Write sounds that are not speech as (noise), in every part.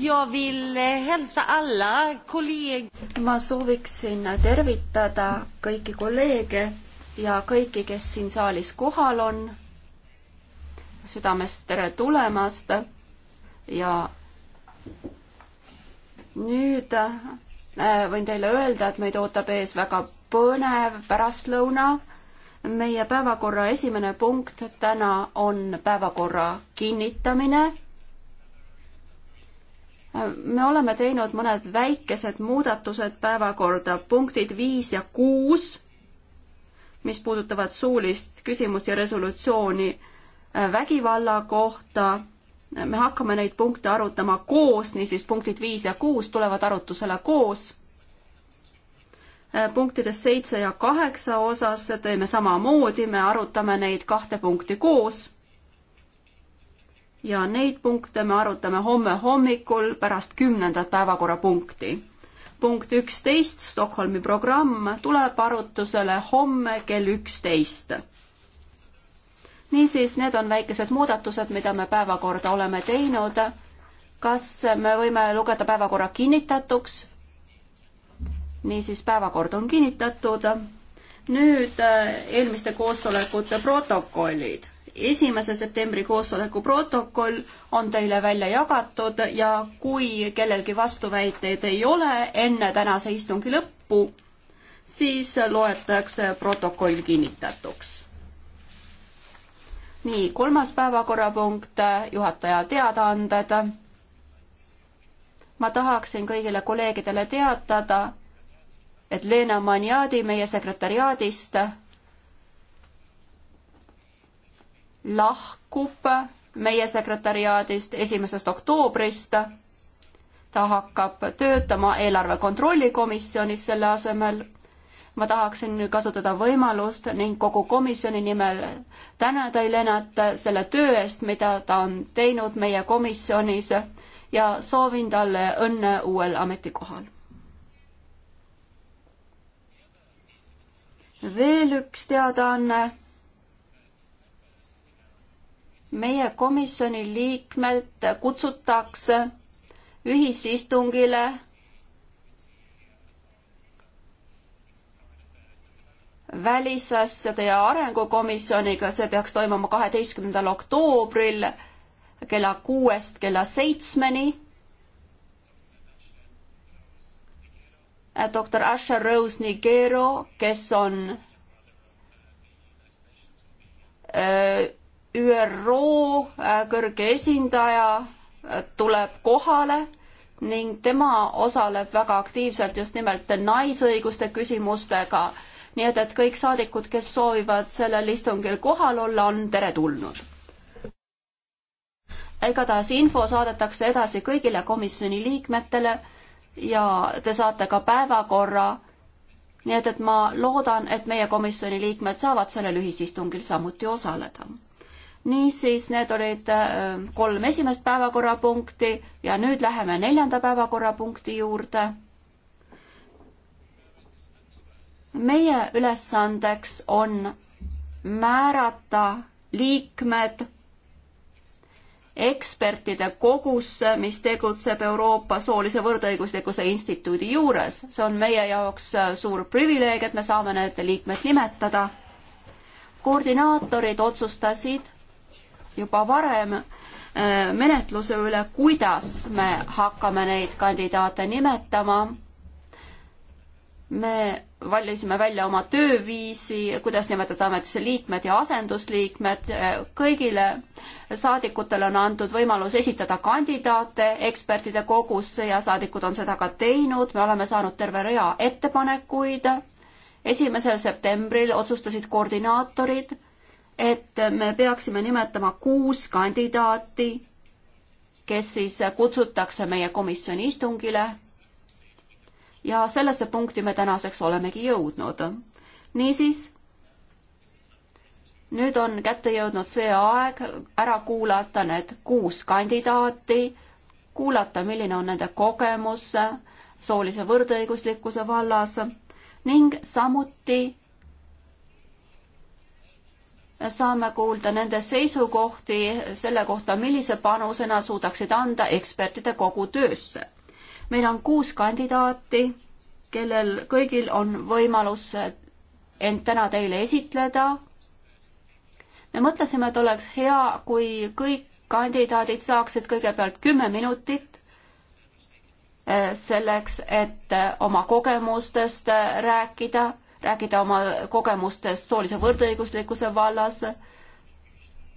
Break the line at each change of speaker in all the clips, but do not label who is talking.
Jag vill eh, hälsa alla kolleeg-. ma sooviksin tervitada kõiki kolleege ja kõiki, kes siin saalis kohal on. südamest tere tulemast ja nüüd eh, võin teile öelda, et meid ootab ees väga põnev pärastlõuna. meie päevakorra esimene punkt täna on päevakorra kinnitamine me oleme teinud mõned väikesed muudatused päevakorda, punktid viis ja kuus, mis puudutavad suulist küsimust ja resolutsiooni äh, vägivalla kohta. me hakkame neid punkte arutama koos, niisiis punktid viis ja kuus tulevad arutusele koos. Äh, punktides seitse ja kaheksa osas teeme samamoodi, me arutame neid kahte punkti koos ja neid punkte me arutame homme hommikul pärast kümnendat päevakorrapunkti. punkt üksteist, Stockholmi programm, tuleb arutusele homme kell üksteist. niisiis, need on väikesed muudatused, mida me päevakorda oleme teinud. kas me võime lugeda päevakorra kinnitatuks? niisiis, päevakord on kinnitatud. nüüd äh, eelmiste koosolekute protokollid esimese septembri koosoleku protokoll on teile välja jagatud ja kui kellelgi vastuväiteid ei ole enne tänase istungi lõppu, siis loetakse protokoll kinnitatuks. nii, kolmas päevakorrapunkt, juhataja teadaanded. ma tahaksin kõigile kolleegidele teatada, et Leena Maniadi meie sekretäriaadist lahkub meie sekretäriaadist esimesest oktoobrist. ta hakkab töötama eelarve kontrolli komisjonis selle asemel. ma tahaksin kasutada võimalust ning kogu komisjoni nimel tänada Helenat selle töö eest, mida ta on teinud meie komisjonis ja soovin talle õnne uuel ametikohal. veel üks teadaanne meie komisjoni liikmed kutsutakse ühisistungile välisasjade ja arengukomisjoniga, see peaks toimuma kaheteistkümnendal oktoobril kella kuuest kella seitsmeni. doktor Asher Rose Nigero, kes on öö, äh, ÜRO äh, kõrge esindaja äh, tuleb kohale ning tema osaleb väga aktiivselt just nimelt naisõiguste küsimustega. nii et, et kõik saadikud, kes soovivad sellel istungil kohal olla, on teretulnud. igatahes info saadetakse edasi kõigile komisjoni liikmetele ja te saate ka päevakorra. nii et, et ma loodan, et meie komisjoni liikmed saavad sellel ühisistungil samuti osaleda niisiis, need olid äh, kolm esimest päevakorrapunkti ja nüüd läheme neljanda päevakorrapunkti juurde. meie ülesandeks on määrata liikmed ekspertide kogusse, mis tegutseb Euroopa Soolise Võrdõiguslikkuse Instituudi juures. see on meie jaoks äh, suur privileeg, et me saame need liikmed nimetada. koordinaatorid otsustasid, juba varem äh, menetluse üle, kuidas me hakkame neid kandidaate nimetama. me valisime välja oma tööviisi, kuidas nimetada ametisse liikmed ja asendusliikmed. Äh, kõigile saadikutele on antud võimalus esitada kandidaate ekspertide kogusse ja saadikud on seda ka teinud. me oleme saanud terve rea ettepanekuid. esimesel septembril otsustasid koordinaatorid et me peaksime nimetama kuus kandidaati, kes siis kutsutakse meie komisjoni istungile. ja sellesse punkti me tänaseks olemegi jõudnud. niisiis, nüüd on kätte jõudnud see aeg ära kuulata need kuus kandidaati, kuulata, milline on nende kogemus soolise võrdõiguslikkuse vallas ning samuti saame kuulda nende seisukohti selle kohta, millise panuse nad suudaksid anda ekspertide kogu töösse. meil on kuus kandidaati, kellel kõigil on võimalus end täna teile esitleda. me mõtlesime, et oleks hea, kui kõik kandidaadid saaksid kõigepealt kümme minutit selleks, et oma kogemustest rääkida rääkida oma kogemustest soolise võrdõiguslikkuse vallas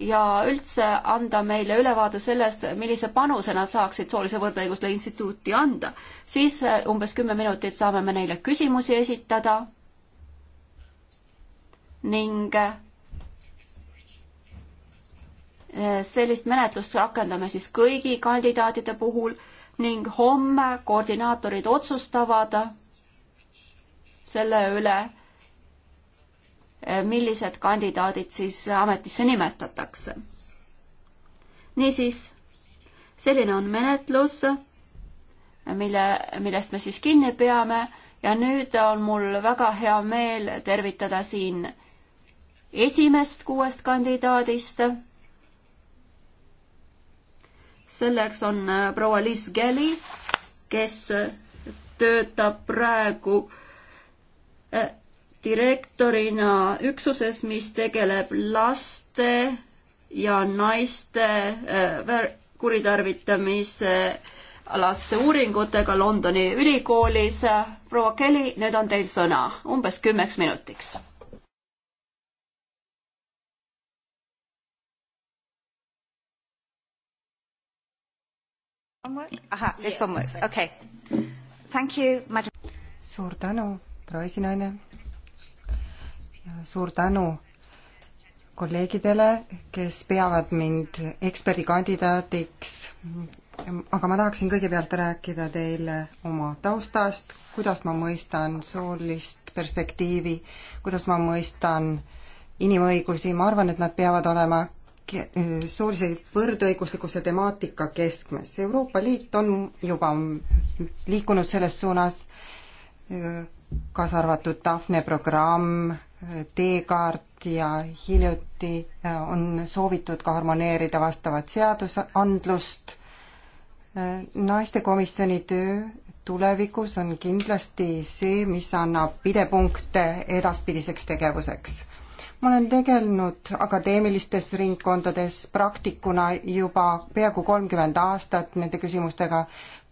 ja üldse anda meile ülevaade sellest, millise panuse nad saaksid soolise võrdõiguslikkuse instituuti anda. siis eh, umbes kümme minutit saame me neile küsimusi esitada ning eh, sellist menetlust rakendame siis kõigi kandidaatide puhul ning homme koordinaatorid otsustavad selle üle, Eh, millised kandidaadid siis ametisse nimetatakse. niisiis, selline on menetlus, mille, millest me siis kinni peame ja nüüd on mul väga hea meel tervitada siin esimest kuuest kandidaadist. selleks on eh, proua Liis Geli, kes töötab praegu eh, direktorina üksuses, mis tegeleb laste ja naiste äh, kuritarvitamise alaste uuringutega Londoni ülikoolis. proua Kelly, nüüd on teil sõna umbes kümneks minutiks
Aha, this yes, one works. Okay. Thank you, madam. suur tänu, proua esinaine suur tänu kolleegidele, kes peavad mind eksperdikandidaadiks, aga ma tahaksin kõigepealt rääkida teile oma taustast, kuidas ma mõistan soolist perspektiivi, kuidas ma mõistan inimõigusi, ma arvan, et nad peavad olema soolise võrdõiguslikkuse temaatika keskmes. Euroopa Liit on juba liikunud selles suunas, kaasa arvatud Daphne programm, teekaart ja hiljuti äh, on soovitud ka harmoneerida vastavat seadusandlust. Äh, naistekomisjoni töö tulevikus on kindlasti see, mis annab pidepunkte edaspidiseks tegevuseks ma olen tegelenud akadeemilistes ringkondades praktikuna juba peaaegu kolmkümmend aastat nende küsimustega.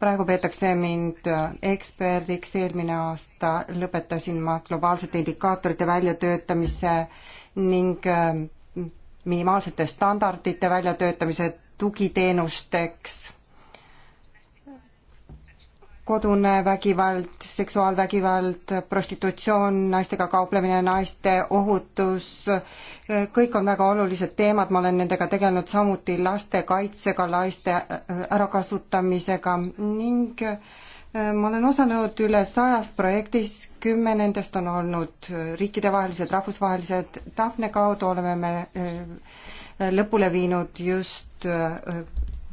praegu peetakse mind äh, eksperdiks, eelmine aasta lõpetasin ma globaalsete indikaatorite väljatöötamise ning äh, minimaalsete standardite väljatöötamise tugiteenusteks kodune vägivald, seksuaalvägivald, prostitutsioon, naistega kauplemine, naiste ohutus, kõik on väga olulised teemad, ma olen nendega tegelenud samuti lastekaitsega, laste ärakasutamisega ning äh, ma olen osalenud üle sajas projektis, kümme nendest on olnud riikidevahelised, rahvusvahelised, Daphne kaudu oleme me äh, lõpule viinud just äh,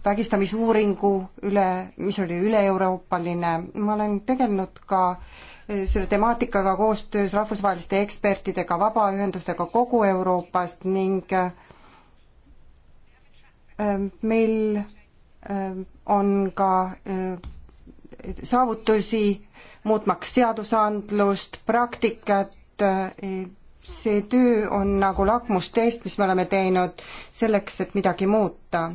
vägistamisuuringu üle, mis oli üle-euroopaline, ma olen tegelenud ka eh, selle temaatikaga koostöös rahvusvaheliste ekspertidega, vabaühendustega kogu Euroopast ning eh, meil eh, on ka saavutusi muutmaks seadusandlust, praktikat, see töö on nagu lakmustest, mis me oleme teinud selleks, et midagi muuta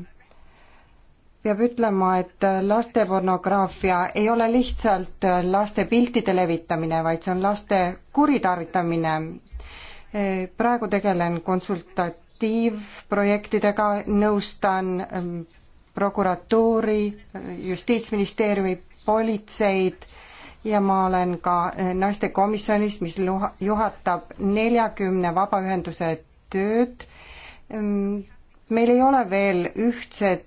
peab ütlema, et lastepornograafia ei ole lihtsalt laste piltide levitamine, vaid see on laste kuritarvitamine. praegu tegelen konsultatiivprojektidega, nõustan ehm, prokuratuuri, Justiitsministeeriumi, politseid ja ma olen ka naistekomisjonis, mis juhatab neljakümne vabaühenduse tööd. Ehm, meil ei ole veel ühtset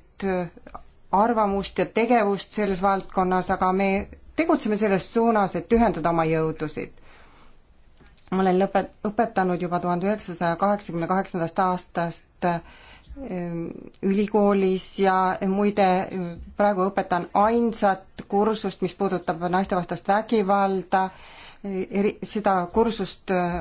arvamust ja tegevust selles valdkonnas, aga me tegutseme selles suunas, et ühendada oma jõudusid. ma olen lõpet-, õpetanud juba tuhande üheksasaja kaheksakümne kaheksandast aastast ehm, ülikoolis ja muide, praegu õpetan ainsat kursust, mis puudutab naistevastast vägivalda, eri, seda kursust äh,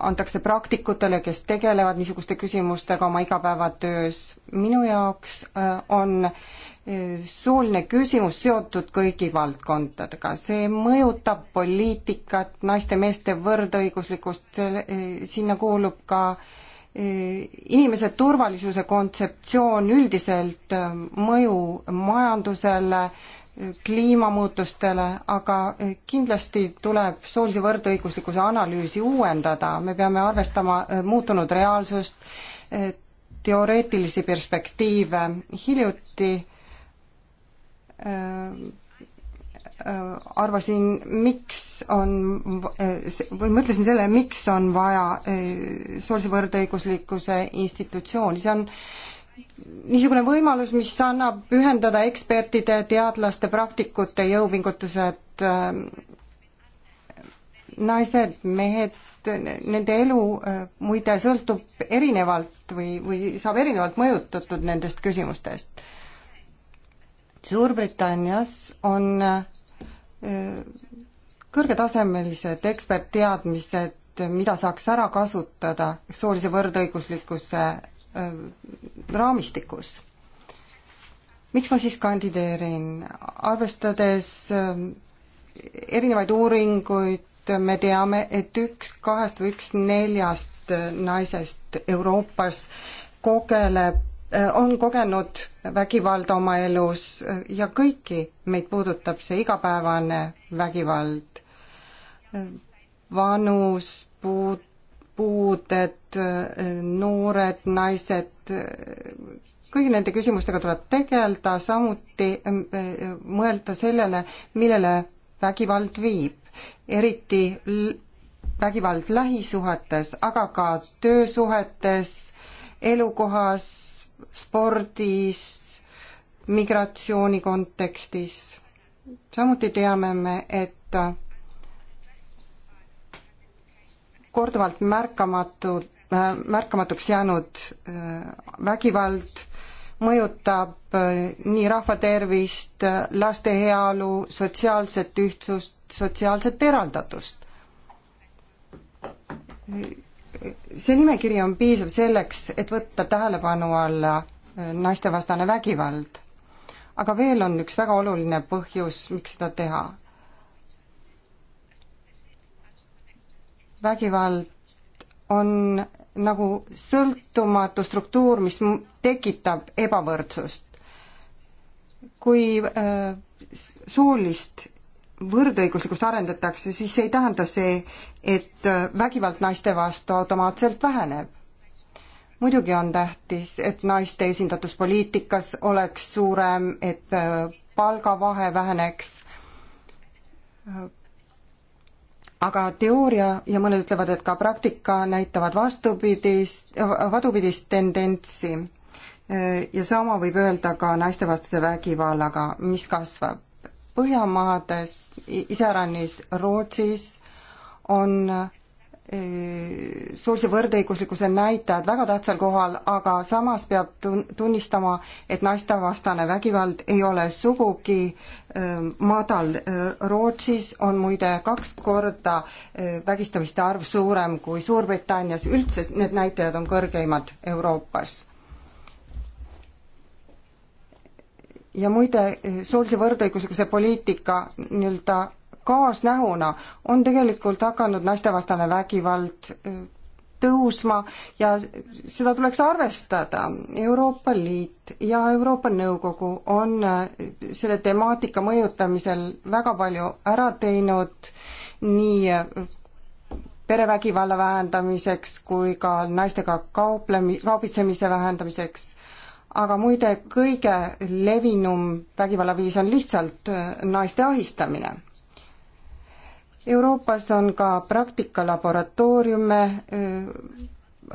antakse praktikutele, kes tegelevad niisuguste küsimustega oma igapäevatöös. minu jaoks äh, on äh, suuline küsimus seotud kõigi valdkondadega, see mõjutab poliitikat, naiste-meeste võrdõiguslikkust, sinna kuulub ka inimese turvalisuse kontseptsioon üldiselt, mõju majandusele, kliimamuutustele, aga kindlasti tuleb soolise võrdõiguslikkuse analüüsi uuendada, me peame arvestama eh, muutunud reaalsust, eh, teoreetilisi perspektiive, hiljuti eh, arvasin, miks on, või mõtlesin selle, miks on vaja soolise võrdõiguslikkuse institutsiooni, see on niisugune võimalus, mis annab ühendada ekspertide, teadlaste, praktikute jõupingutused, ähm, naised, mehed, nende elu äh, muide sõltub erinevalt või, või saab erinevalt mõjutatud nendest küsimustest. Suurbritannias on äh, kõrgetasemelised ekspertteadmised, mida saaks ära kasutada soolise võrdõiguslikkuse Äh, raamistikus. miks ma siis kandideerin? arvestades äh, erinevaid uuringuid, me teame, et üks kahest või üks neljast äh, naisest Euroopas kogeleb, on kogenud vägivalda oma elus ja kõiki meid puudutab see igapäevane vägivald. vanus, puud, puuded, noored naised, kõigi nende küsimustega tuleb tegeleda, samuti eh, mõelda sellele, millele vägivald viib, eriti vägivald lähisuhetes, aga ka töösuhetes, elukohas, spordis, migratsiooni kontekstis. samuti teame me, et korduvalt märkamatu, äh, märkamatuks jäänud äh, vägivald mõjutab äh, nii rahva tervist, laste heaolu, sotsiaalset ühtsust, sotsiaalset eraldatust. see nimekiri on piisav selleks, et võtta tähelepanu alla naistevastane vägivald. aga veel on üks väga oluline põhjus, miks seda teha vägivald on nagu sõltumatu struktuur, mis tekitab ebavõrdsust. kui äh, soolist võrdõiguslikkust arendatakse, siis ei tähenda see, et äh, vägivald naiste vastu automaatselt väheneb. muidugi on tähtis, et naiste esindatus poliitikas oleks suurem, et äh, palgavahe väheneks aga teooria ja mõned ütlevad, et ka praktika näitavad vastupidist, vadupidist tendentsi. ja sama võib öelda ka naistevastase vägivallaga, mis kasvab. Põhjamaades, iseäranis Rootsis, on soolise võrdõiguslikkuse näitajad väga tähtsal kohal, aga samas peab tun-, tunnistama, et naistevastane vägivald ei ole sugugi madal. Rootsis on muide kaks korda vägistamiste arv suurem kui Suurbritannias, üldse need näitajad on kõrgeimad Euroopas. ja muide, soolise võrdõiguslikkuse poliitika nii-öelda kaasnähuna on tegelikult hakanud naistevastane vägivald äh, tõusma ja seda tuleks arvestada. Euroopa Liit ja Euroopa Nõukogu on äh, selle temaatika mõjutamisel väga palju ära teinud nii äh, perevägivalla vähendamiseks kui ka naistega kauplemi-, kaubitsemise vähendamiseks. aga muide, kõige levinum vägivallaviis on lihtsalt naiste ahistamine Euroopas on ka praktikalaboratooriume äh,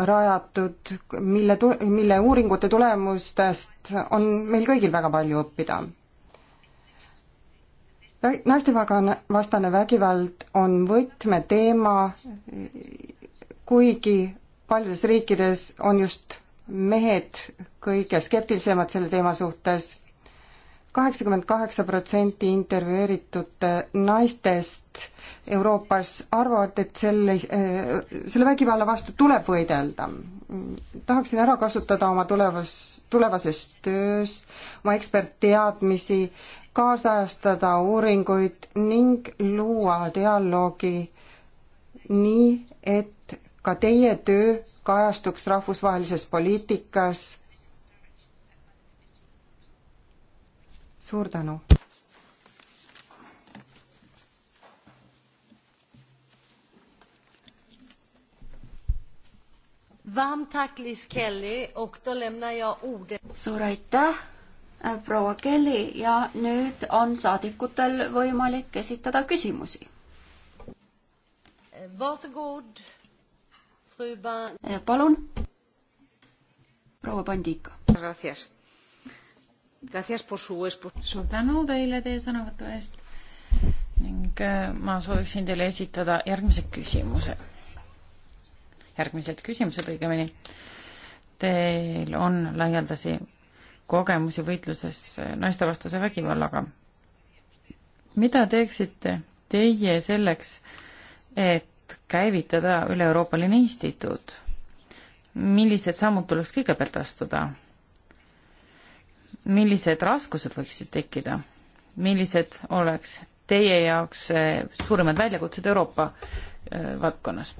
rajatud, mille, mille uuringute tulemustest on meil kõigil väga palju õppida naistevastane vägivald on võtmeteema, kuigi paljudes riikides on just mehed kõige skeptilisemad selle teema suhtes kaheksakümmend kaheksa protsenti intervjueeritud äh, naistest Euroopas arvavad, et selle, äh, selle vägivalla vastu tuleb võidelda. tahaksin ära kasutada oma tulevas, tulevases töös oma ekspertteadmisi, kaasajastada uuringuid ning luua dialoogi nii, et ka teie töö kajastuks rahvusvahelises poliitikas suur tänu!
suur
aitäh, äh, proua Kelly ja nüüd on saadikutel võimalik esitada küsimusi. Eh, palun, proua Pandika
suur tänu teile teie sõnavõtu eest ning äh, ma sooviksin teile esitada järgmise küsimuse. järgmised küsimused õigemini. Teil on laialdasi kogemusi võitluses äh, naistevastase vägivallaga. mida teeksite teie selleks, et käivitada üle-Euroopaline instituut? millised sammud tuleks kõigepealt astuda? millised raskused võiksid tekkida, millised oleks teie jaoks eh, suuremad väljakutsed Euroopa eh, valdkonnas?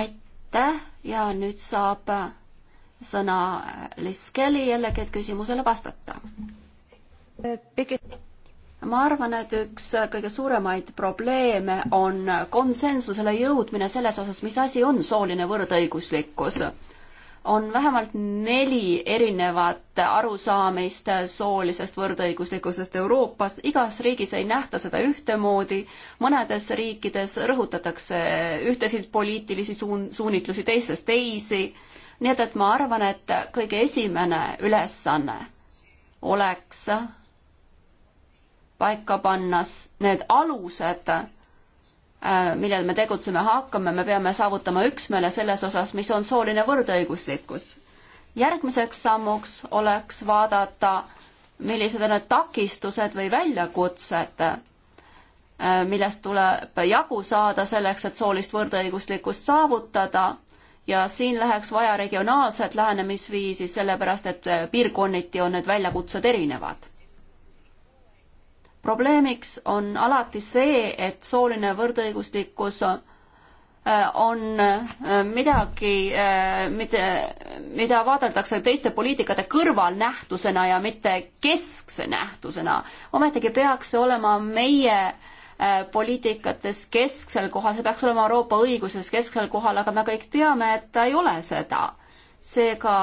aitäh ja nüüd saab eh, sõna Liis Kelly jällegi, et küsimusele vastata ma arvan, et üks kõige suuremaid probleeme on konsensusele jõudmine selles osas, mis asi on sooline võrdõiguslikkus. on vähemalt neli erinevat arusaamist soolisest võrdõiguslikkusest Euroopas, igas riigis ei nähta seda ühtemoodi, mõnedes riikides rõhutatakse ühtesid poliitilisi suun-, suunitlusi, teistes teisi, nii et, et ma arvan, et kõige esimene ülesanne oleks paika panna need alused, äh, millel me tegutsema hakkame, me peame saavutama üksmeele selles osas, mis on sooline võrdõiguslikkus. järgmiseks sammuks oleks vaadata, millised on need takistused või väljakutsed, äh, millest tuleb jagu saada selleks, et soolist võrdõiguslikkust saavutada ja siin läheks vaja regionaalset lähenemisviisi, sellepärast et äh, piirkonniti on need väljakutsed erinevad probleemiks on alati see, et sooline võrdõiguslikkus äh, on äh, midagi, äh, mida, mida vaadeldakse teiste poliitikate kõrvalnähtusena ja mitte keskse nähtusena. ometigi peaks see olema meie poliitikates kesksel kohal, see peaks olema Euroopa õiguses kesksel kohal, aga me kõik teame, et ta ei ole seda. seega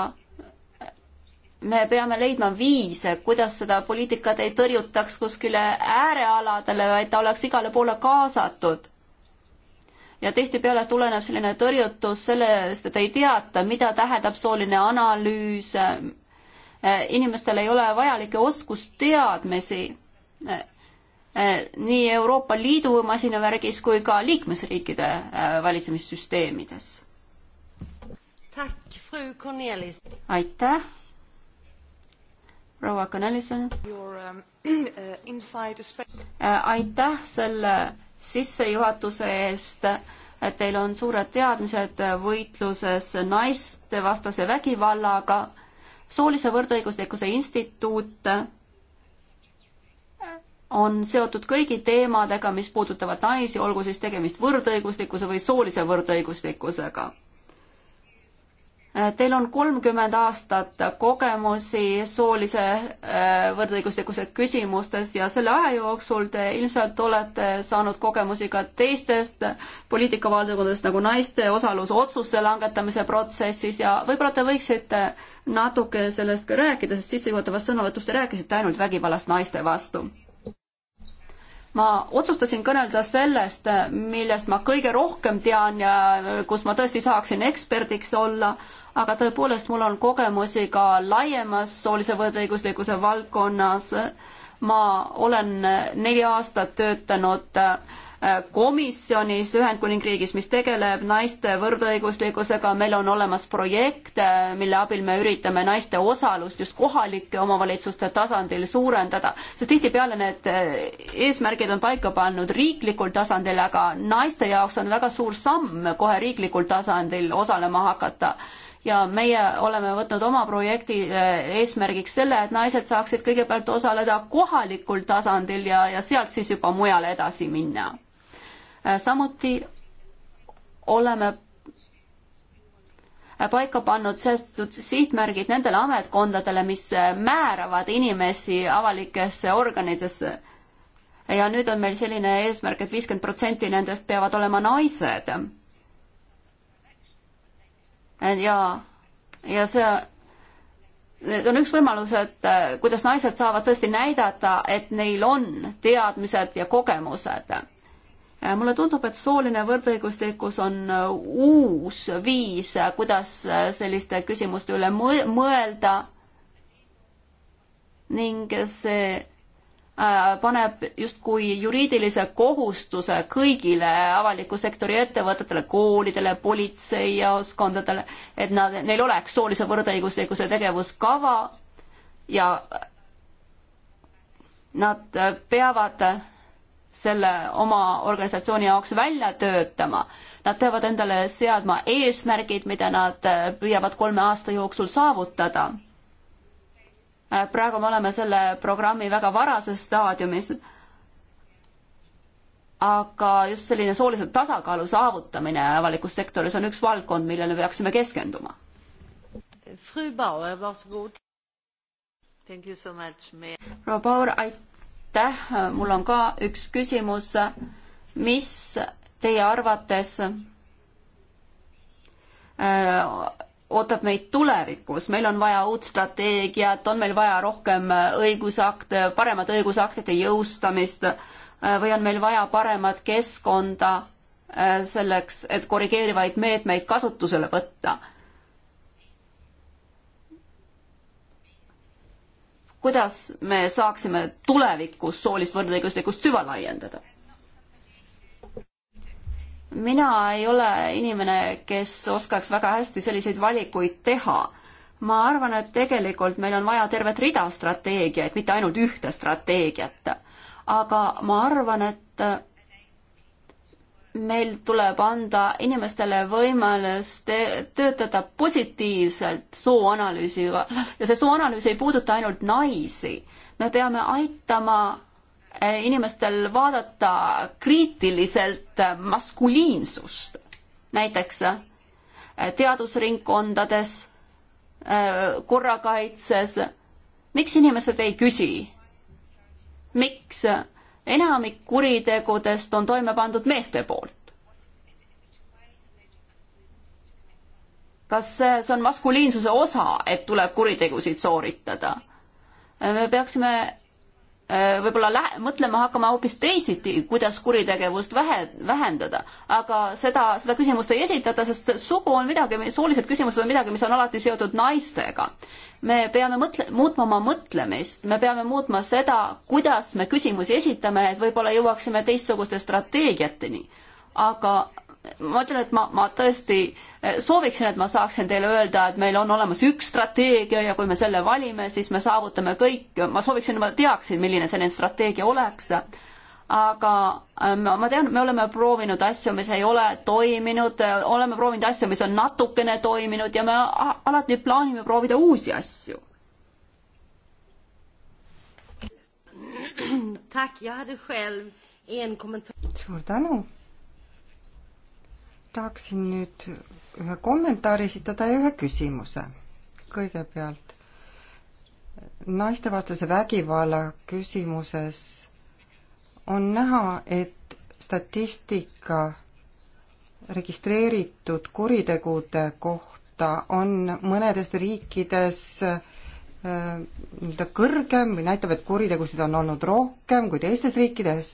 me peame leidma viise, kuidas seda poliitikat ei tõrjutaks kuskile äärealadele, vaid ta oleks igale poole kaasatud. ja tihtipeale tuleneb selline tõrjutus sellest, et ei teata, mida tähendab sooline analüüs. inimestel ei ole vajalikke oskusteadmisi eh, nii Euroopa Liidu masinavärgis kui ka liikmesriikide eh, valitsemissüsteemides. aitäh proua Kõnelison.
Um,
(clears throat) uh, äh,
aitäh selle sissejuhatuse eest, et teil on suured teadmised äh, võitluses naistevastase vägivallaga. soolise võrdõiguslikkuse instituut äh, on seotud kõigi teemadega, mis puudutavad naisi, olgu siis tegemist võrdõiguslikkuse või soolise võrdõiguslikkusega Äh, teil on kolmkümmend aastat kogemusi soolise äh, võrdõiguslikkuse küsimustes ja selle aja jooksul te ilmselt olete saanud kogemusi ka teistest poliitikavaldkondadest nagu naiste osalus otsuste langetamise protsessis ja võib-olla te võiksite natuke sellest ka rääkida, sest sissejuhatavas sõnavõtus te rääkisite ainult vägivallast naiste vastu ma otsustasin kõnelda sellest, millest ma kõige rohkem tean ja kus ma tõesti saaksin eksperdiks olla, aga tõepoolest, mul on kogemusi ka laiemas soolise võrdõiguslikkuse valdkonnas. ma olen neli aastat töötanud äh, komisjonis Ühendkuningriigis, mis tegeleb naiste võrdõiguslikkusega, meil on olemas projekte, äh, mille abil me üritame naiste osalust just kohalike omavalitsuste tasandil suurendada, sest tihtipeale need äh, eesmärgid on paika pannud riiklikul tasandil, aga naiste jaoks on väga suur samm kohe riiklikul tasandil osalema hakata ja meie oleme võtnud oma projekti eh, eesmärgiks selle, et naised saaksid kõigepealt osaleda kohalikul tasandil ja, ja sealt siis juba mujale edasi minna. Eh, samuti oleme paika pannud seatud sihtmärgid nendele ametkondadele, mis eh, määravad inimesi avalikesse organitesse. ja nüüd on meil selline eesmärk et, et viiskümmend protsenti nendest peavad olema naised ja, ja see need on üks võimalus, et äh, kuidas naised saavad tõesti näidata, et neil on teadmised ja kogemused. Äh, mulle tundub, et sooline võrdõiguslikkus on äh, uus viis, kuidas selliste küsimuste üle mõelda ning see Äh, paneb justkui juriidilise kohustuse kõigile avaliku sektori ettevõtetele, koolidele, politseijaoskondadele, et nad, neil oleks soolise võrdõiguslikkuse tegevuskava ja nad peavad selle oma organisatsiooni jaoks välja töötama. Nad peavad endale seadma eesmärgid, mida nad püüavad kolme aasta jooksul saavutada Äh, praegu me oleme selle programmi väga varases staadiumis. aga just selline soolise tasakaalu saavutamine avalikus sektoris on üks valdkond, millele peaksime keskenduma. proua Bauer, aitäh, mul on ka üks küsimus. mis teie arvates äh, ootab meid tulevikus, meil on vaja uut strateegiat, on meil vaja rohkem õigusakte, paremat õigusaktide jõustamist äh, või on meil vaja paremat keskkonda äh, selleks, et korrigeerivaid meetmeid kasutusele võtta. kuidas me saaksime tulevikus soolist võrdõiguslikkust süvalaiendada? mina ei ole inimene, kes oskaks väga hästi selliseid valikuid teha. ma arvan, et tegelikult meil on vaja tervet rida strateegiaid, mitte ainult ühte strateegiat. aga ma arvan, et meil tuleb anda inimestele võimalus töötada positiivselt sooanalüüsiga ja see sooanalüüs ei puuduta ainult naisi. me peame aitama Eh, inimestel vaadata kriitiliselt maskuliinsust. näiteks eh, teadusringkondades, eh, korrakaitses, miks inimesed ei küsi? miks enamik kuritegudest on toime pandud meeste poolt? kas see on maskuliinsuse osa, et tuleb kuritegusid sooritada? me peaksime Äh, võib-olla mõtlema hakkama hoopis teisiti, kuidas kuritegevust vähe, vähendada. aga seda, seda küsimust ei esitata, sest sugu on midagi, soolised küsimused on midagi, mis on alati seotud naistega. me peame mõtle-, muutma oma mõtlemist, me peame muutma seda, kuidas me küsimusi esitame, et võib-olla jõuaksime teistsuguste strateegiateni. aga ma ütlen, et ma, ma tõesti eh, sooviksin, et ma saaksin teile öelda, et meil on olemas üks strateegia ja kui me selle valime, siis me saavutame kõik, ma sooviksin, et ma teaksin, milline selline strateegia oleks. aga eh, ma, ma tean, me oleme proovinud asju, mis ei ole toiminud, oleme proovinud asju, mis on natukene toiminud ja me alati plaanime proovida uusi asju.
suur tänu tahaksin nüüd ühe kommentaari esitada ja ühe küsimuse. kõigepealt naistevastase vägivalla küsimuses on näha, et statistika registreeritud kuritegude kohta on mõnedes riikides äh, nii-öelda kõrgem või näitab, et kuritegusid on olnud rohkem kui teistes riikides,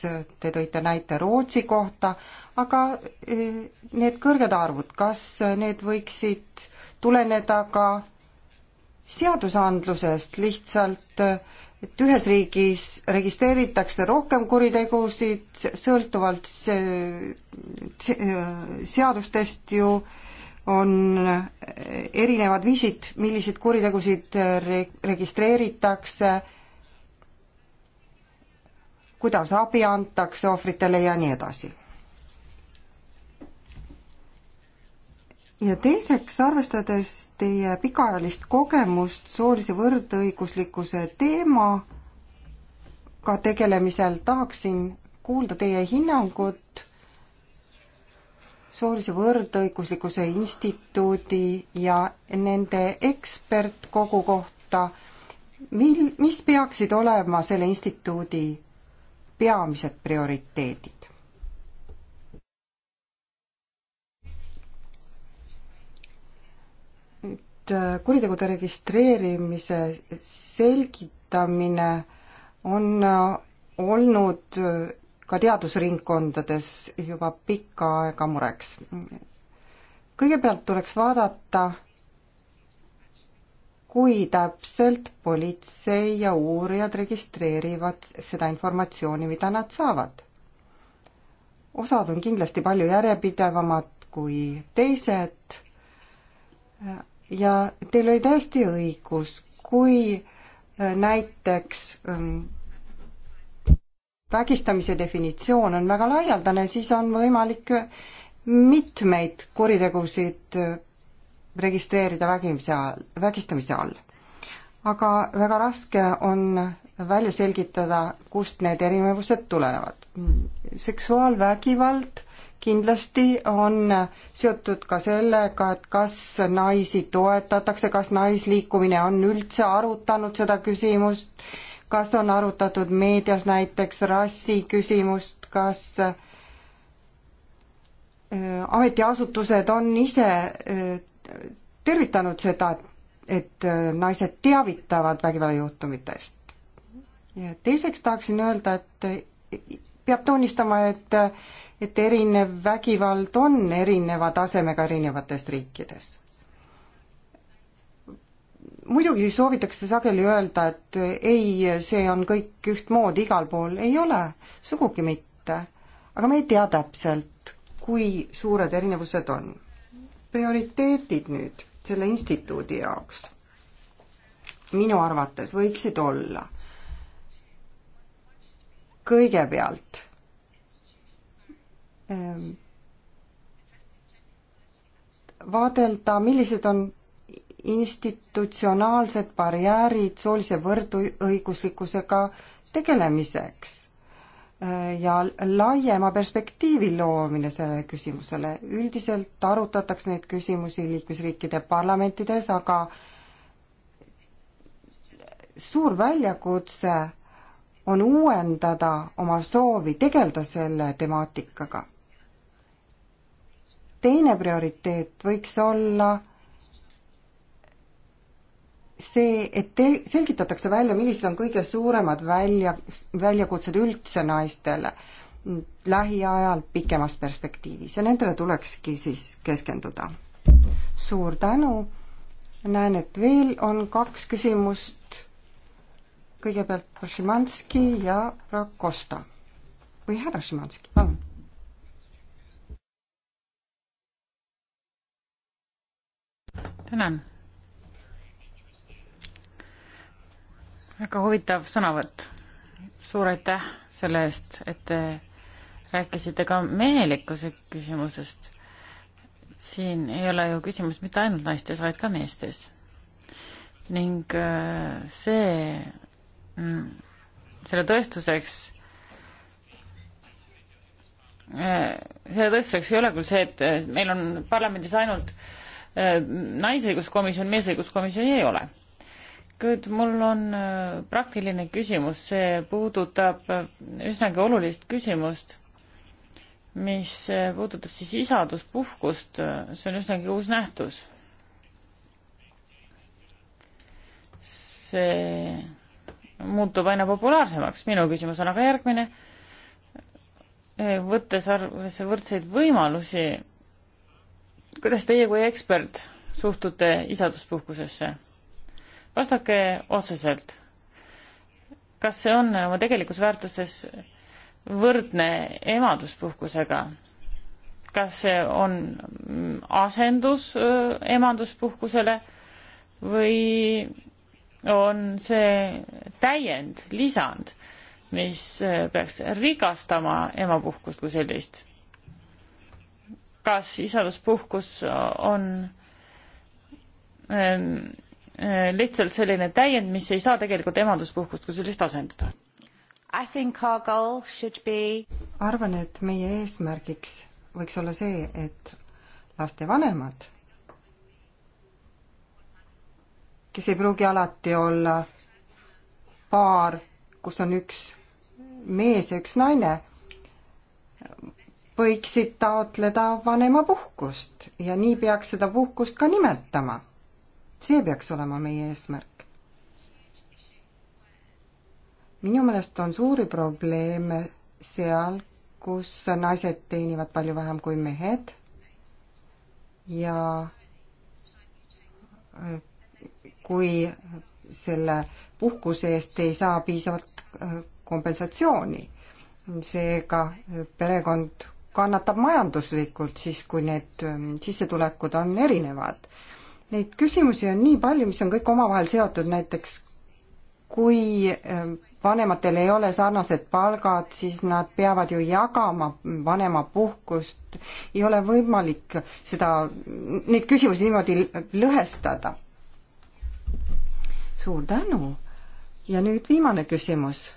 te tõite näite Rootsi kohta, aga eh, need kõrged arvud, kas need võiksid tuleneda ka seadusandlusest lihtsalt, et ühes riigis registreeritakse rohkem kuritegusid sõltuvalt eh, seadustest ju äh, on erinevad viisid, milliseid kuritegusid re-, registreeritakse, kuidas abi antakse ohvritele ja nii edasi. ja teiseks, arvestades teie pikaajalist kogemust soolise võrdõiguslikkuse teemaga tegelemisel, tahaksin kuulda teie hinnangut soolise võrdõiguslikkuse instituudi ja nende ekspertkogu kohta. mil, mis peaksid olema selle instituudi peamised prioriteedid? nüüd äh, kuritegude registreerimise selgitamine on äh, olnud äh, ka teadusringkondades juba pikka aega mureks. kõigepealt tuleks vaadata, kui täpselt politsei ja uurijad registreerivad seda informatsiooni, mida nad saavad. osad on kindlasti palju järjepidevamad kui teised ja teil oli täiesti õigus, kui näiteks ähm, vägistamise definitsioon on väga laialdane, siis on võimalik mitmeid kuritegusid registreerida vägimise all, vägistamise all. aga väga raske on välja selgitada, kust need erinevused tulenevad. seksuaalvägivald kindlasti on seotud ka sellega, et kas naisi toetatakse, kas naisliikumine on üldse arutanud seda küsimust, kas on arutatud meedias näiteks rassi küsimust, kas äh, ametiasutused on ise äh, tervitanud seda, et äh, naised teavitavad vägivallajuhtumitest. ja teiseks tahaksin öelda, et peab tunnistama, et, et erinev vägivald on erineva tasemega erinevates riikides muidugi soovitakse sageli öelda, et ei, see on kõik ühtmoodi igal pool, ei ole, sugugi mitte. aga me ei tea täpselt, kui suured erinevused on. prioriteedid nüüd selle instituudi jaoks minu arvates võiksid olla kõigepealt ehm, vaadelda, millised on institutsionaalsed barjäärid soolise võrdõiguslikkusega tegelemiseks ja laiema perspektiivi loomine sellele küsimusele. üldiselt arutatakse neid küsimusi liikmesriikide parlamentides, aga suur väljakutse on uuendada oma soovi tegeleda selle temaatikaga. teine prioriteet võiks olla see, et te-, selgitatakse välja, millised on kõige suuremad välja, väljakutsed üldse naistele lähiajal pikemas perspektiivis ja nendele tulekski siis keskenduda. suur tänu, näen, et veel on kaks küsimust, kõigepealt Šimanski ja Rakosta. või härra Šimanski, palun. tänan
väga huvitav sõnavõtt. suur aitäh selle eest, et te rääkisite ka mehelikkuse küsimusest. siin ei ole ju küsimus mitte ainult naistes, vaid ka meestes. ning äh, see, mm, selle tõestuseks, äh, selle tõestuseks ei ole küll see, et äh, meil on parlamendis ainult naisõiguskomisjon, meesõiguskomisjoni ei ole kuid mul on äh, praktiline küsimus, see puudutab äh, üsnagi olulist küsimust, mis äh, puudutab siis isaduspuhkust, see on üsnagi uus nähtus. see muutub aina populaarsemaks, minu küsimus on aga järgmine, võttes arvesse võrdseid võimalusi, kuidas teie kui ekspert suhtute isaduspuhkusesse? vastake otseselt, kas see on oma tegelikus väärtuses võrdne emaduspuhkusega? kas see on asendus emaduspuhkusele või on see täiend, lisand, mis peaks rikastama emapuhkust kui sellist? kas isaduspuhkus on ähm, Äh, lihtsalt selline täiend, mis ei saa tegelikult emaduspuhkust kui sellist asendada. Be...
arvan, et meie eesmärgiks võiks olla see, et lastevanemad, kes ei pruugi alati olla paar, kus on üks mees ja üks naine, võiksid taotleda vanemapuhkust ja nii peaks seda puhkust ka nimetama see peaks olema meie eesmärk. minu meelest on suuri probleeme seal, kus naised teenivad palju vähem kui mehed ja äh, kui selle puhkuse eest ei saa piisavalt äh, kompensatsiooni, seega äh, perekond kannatab majanduslikult siis, kui need sissetulekud on erinevad neid küsimusi on nii palju, mis on kõik omavahel seotud, näiteks kui ähm, vanematel ei ole sarnased palgad, siis nad peavad ju jagama vanemapuhkust, ei ole võimalik seda, neid küsimusi niimoodi lõhestada. suur tänu. ja nüüd viimane küsimus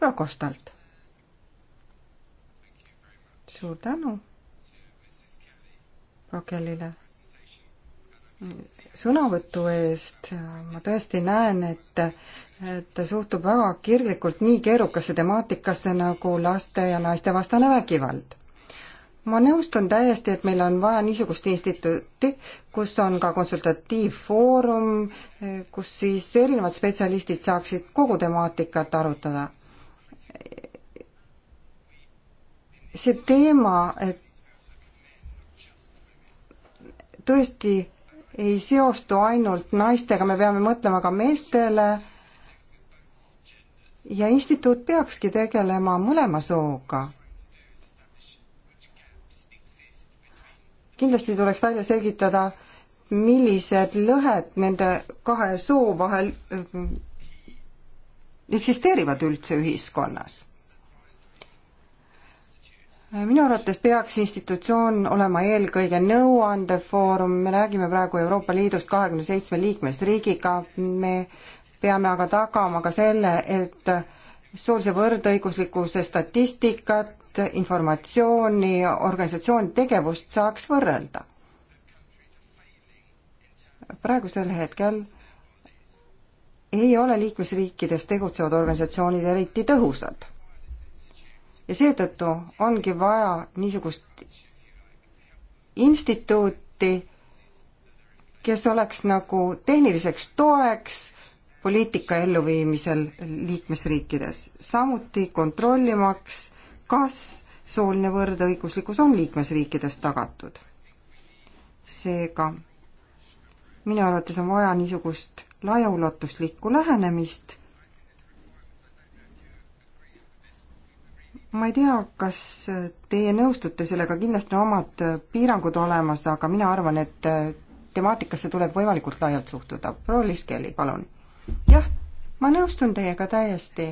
Rakostalt. suur tänu Rokelile sõnavõtu eest, ma tõesti näen, et ta suhtub väga kirglikult nii keerukasse temaatikasse nagu laste ja naiste vastane vägivald. ma nõustun täiesti, et meil on vaja niisugust instituuti, kus on ka konsultatiivfoorum, kus siis erinevad spetsialistid saaksid kogu temaatikat arutada. see teema, et tõesti ei seostu ainult naistega, me peame mõtlema ka meestele ja instituut peakski tegelema mõlema sooga kindlasti tuleks välja selgitada, millised lõhed nende kahe soo vahel eksisteerivad üldse ühiskonnas minu arvates peaks institutsioon olema eelkõige nõuandefoorum, me räägime praegu Euroopa Liidust kahekümne seitsme liikmesriigiga, me peame aga tagama ka selle, et soolise võrdõiguslikkuse statistikat, informatsiooni, organisatsiooni tegevust saaks võrrelda. praegusel hetkel ei ole liikmesriikides tegutsevad organisatsioonid eriti tõhusad ja seetõttu ongi vaja niisugust instituuti, kes oleks nagu tehniliseks toeks poliitika elluviimisel liikmesriikides, samuti kontrollimaks, kas sooline võrdõiguslikkus on liikmesriikides tagatud. seega minu arvates on vaja niisugust laiaulatuslikku lähenemist ma ei tea, kas teie nõustute sellega, kindlasti on omad piirangud olemas, aga mina arvan, et temaatikasse tuleb võimalikult laialt suhtuda. proua Liskeli, palun. jah, ma nõustun teiega täiesti.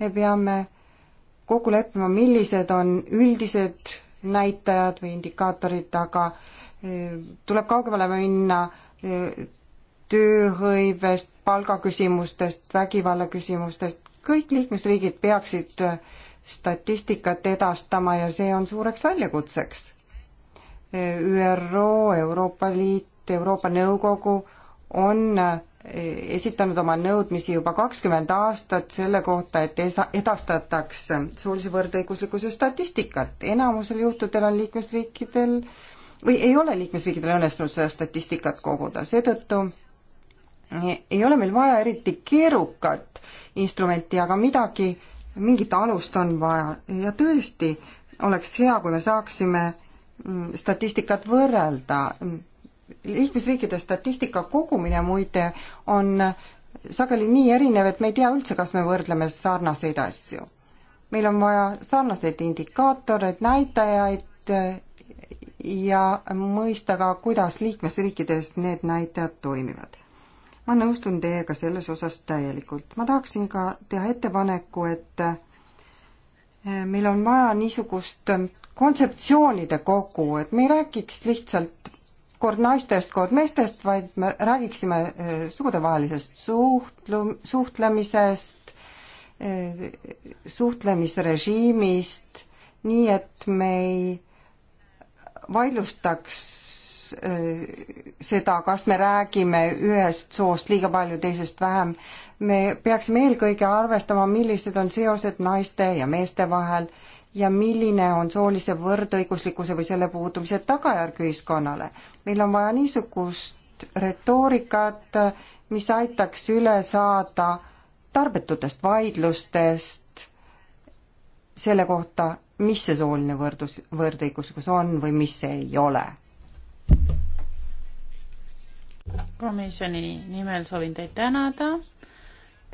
me peame kokku leppima, millised on üldised näitajad või indikaatorid, aga e, tuleb kaugemale minna e, tööhõivest, palgaküsimustest, vägivallaküsimustest, kõik liikmesriigid peaksid äh, statistikat edastama ja see on suureks väljakutseks. ÜRO, Euroopa Liit, Euroopa Nõukogu on äh, esitanud oma nõudmisi juba kakskümmend aastat selle kohta, et edastataks soolise võrdõiguslikkuse statistikat. enamusel juhtudel on liikmesriikidel või ei ole liikmesriikidel õnnestunud seda statistikat koguda, seetõttu ei ole meil vaja eriti keerukat instrumenti, aga midagi, mingit alust on vaja ja tõesti oleks hea, kui me saaksime mm, statistikat võrrelda. liikmesriikide statistika kogumine muide on sageli nii erinev, et me ei tea üldse, kas me võrdleme sarnaseid asju. meil on vaja sarnaseid indikaatoreid, näitajaid ja mõista ka, kuidas liikmesriikides need näitajad toimivad ma nõustun teiega selles osas täielikult. ma tahaksin ka teha ettepaneku, et eh, meil on vaja niisugust kontseptsioonide kogu, et me ei räägiks lihtsalt kord naistest, kord meestest, vaid me räägiksime eh, sugudevahelisest suhtlu-, suhtlemisest, eh, suhtlemisrežiimist, nii et me ei vaidlustaks Äh, seda, kas me räägime ühest soost liiga palju, teisest vähem. me peaksime eelkõige arvestama, millised on seosed naiste ja meeste vahel ja milline on soolise võrdõiguslikkuse või selle puudumise tagajärg ühiskonnale. meil on vaja niisugust retoorikat, mis aitaks üle saada tarbetutest vaidlustest selle kohta, mis see sooline võrdus, võrdõiguslikkus on või mis see ei ole
komisjoni nimel soovin teid tänada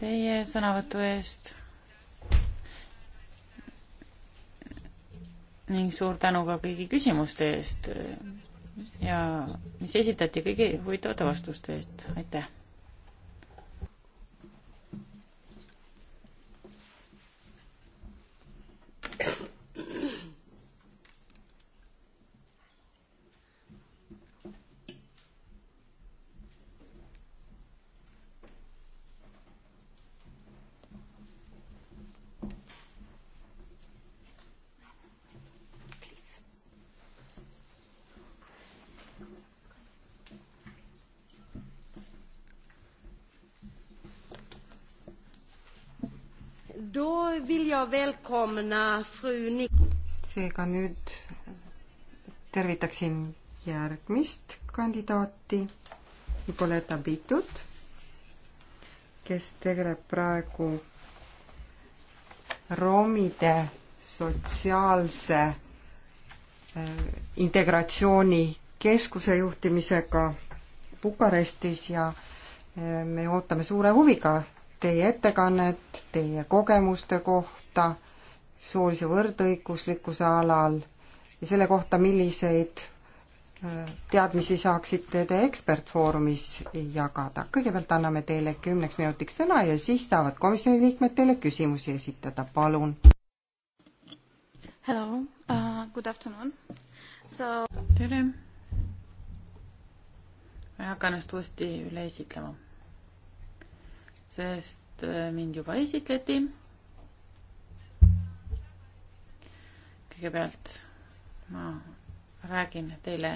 teie sõnavõtu eest ning suur tänu ka kõigi küsimuste eest ja mis esitati kõigi huvitavate vastuste eest, aitäh!
you Då vill jag välkomna fru Nik- seega nüüd tervitaksin järgmist kandidaati, Nicoleta Pitut, kes tegeleb praegu romide sotsiaalse äh, integratsiooni keskuse juhtimisega Bukarestis ja äh, me ootame suure huviga teie ettekannet teie kogemuste kohta soolise võrdõiguslikkuse alal ja selle kohta, milliseid äh, teadmisi saaksite te ekspertfoorumis jagada. kõigepealt anname teile kümneks minutiks sõna ja siis saavad komisjoni liikmed teile küsimusi esitada, palun.
Hello uh,, good afternoon.
So
tere. ma ei hakka ennast uuesti üle esitlema sest äh, mind juba esitleti. kõigepealt ma räägin teile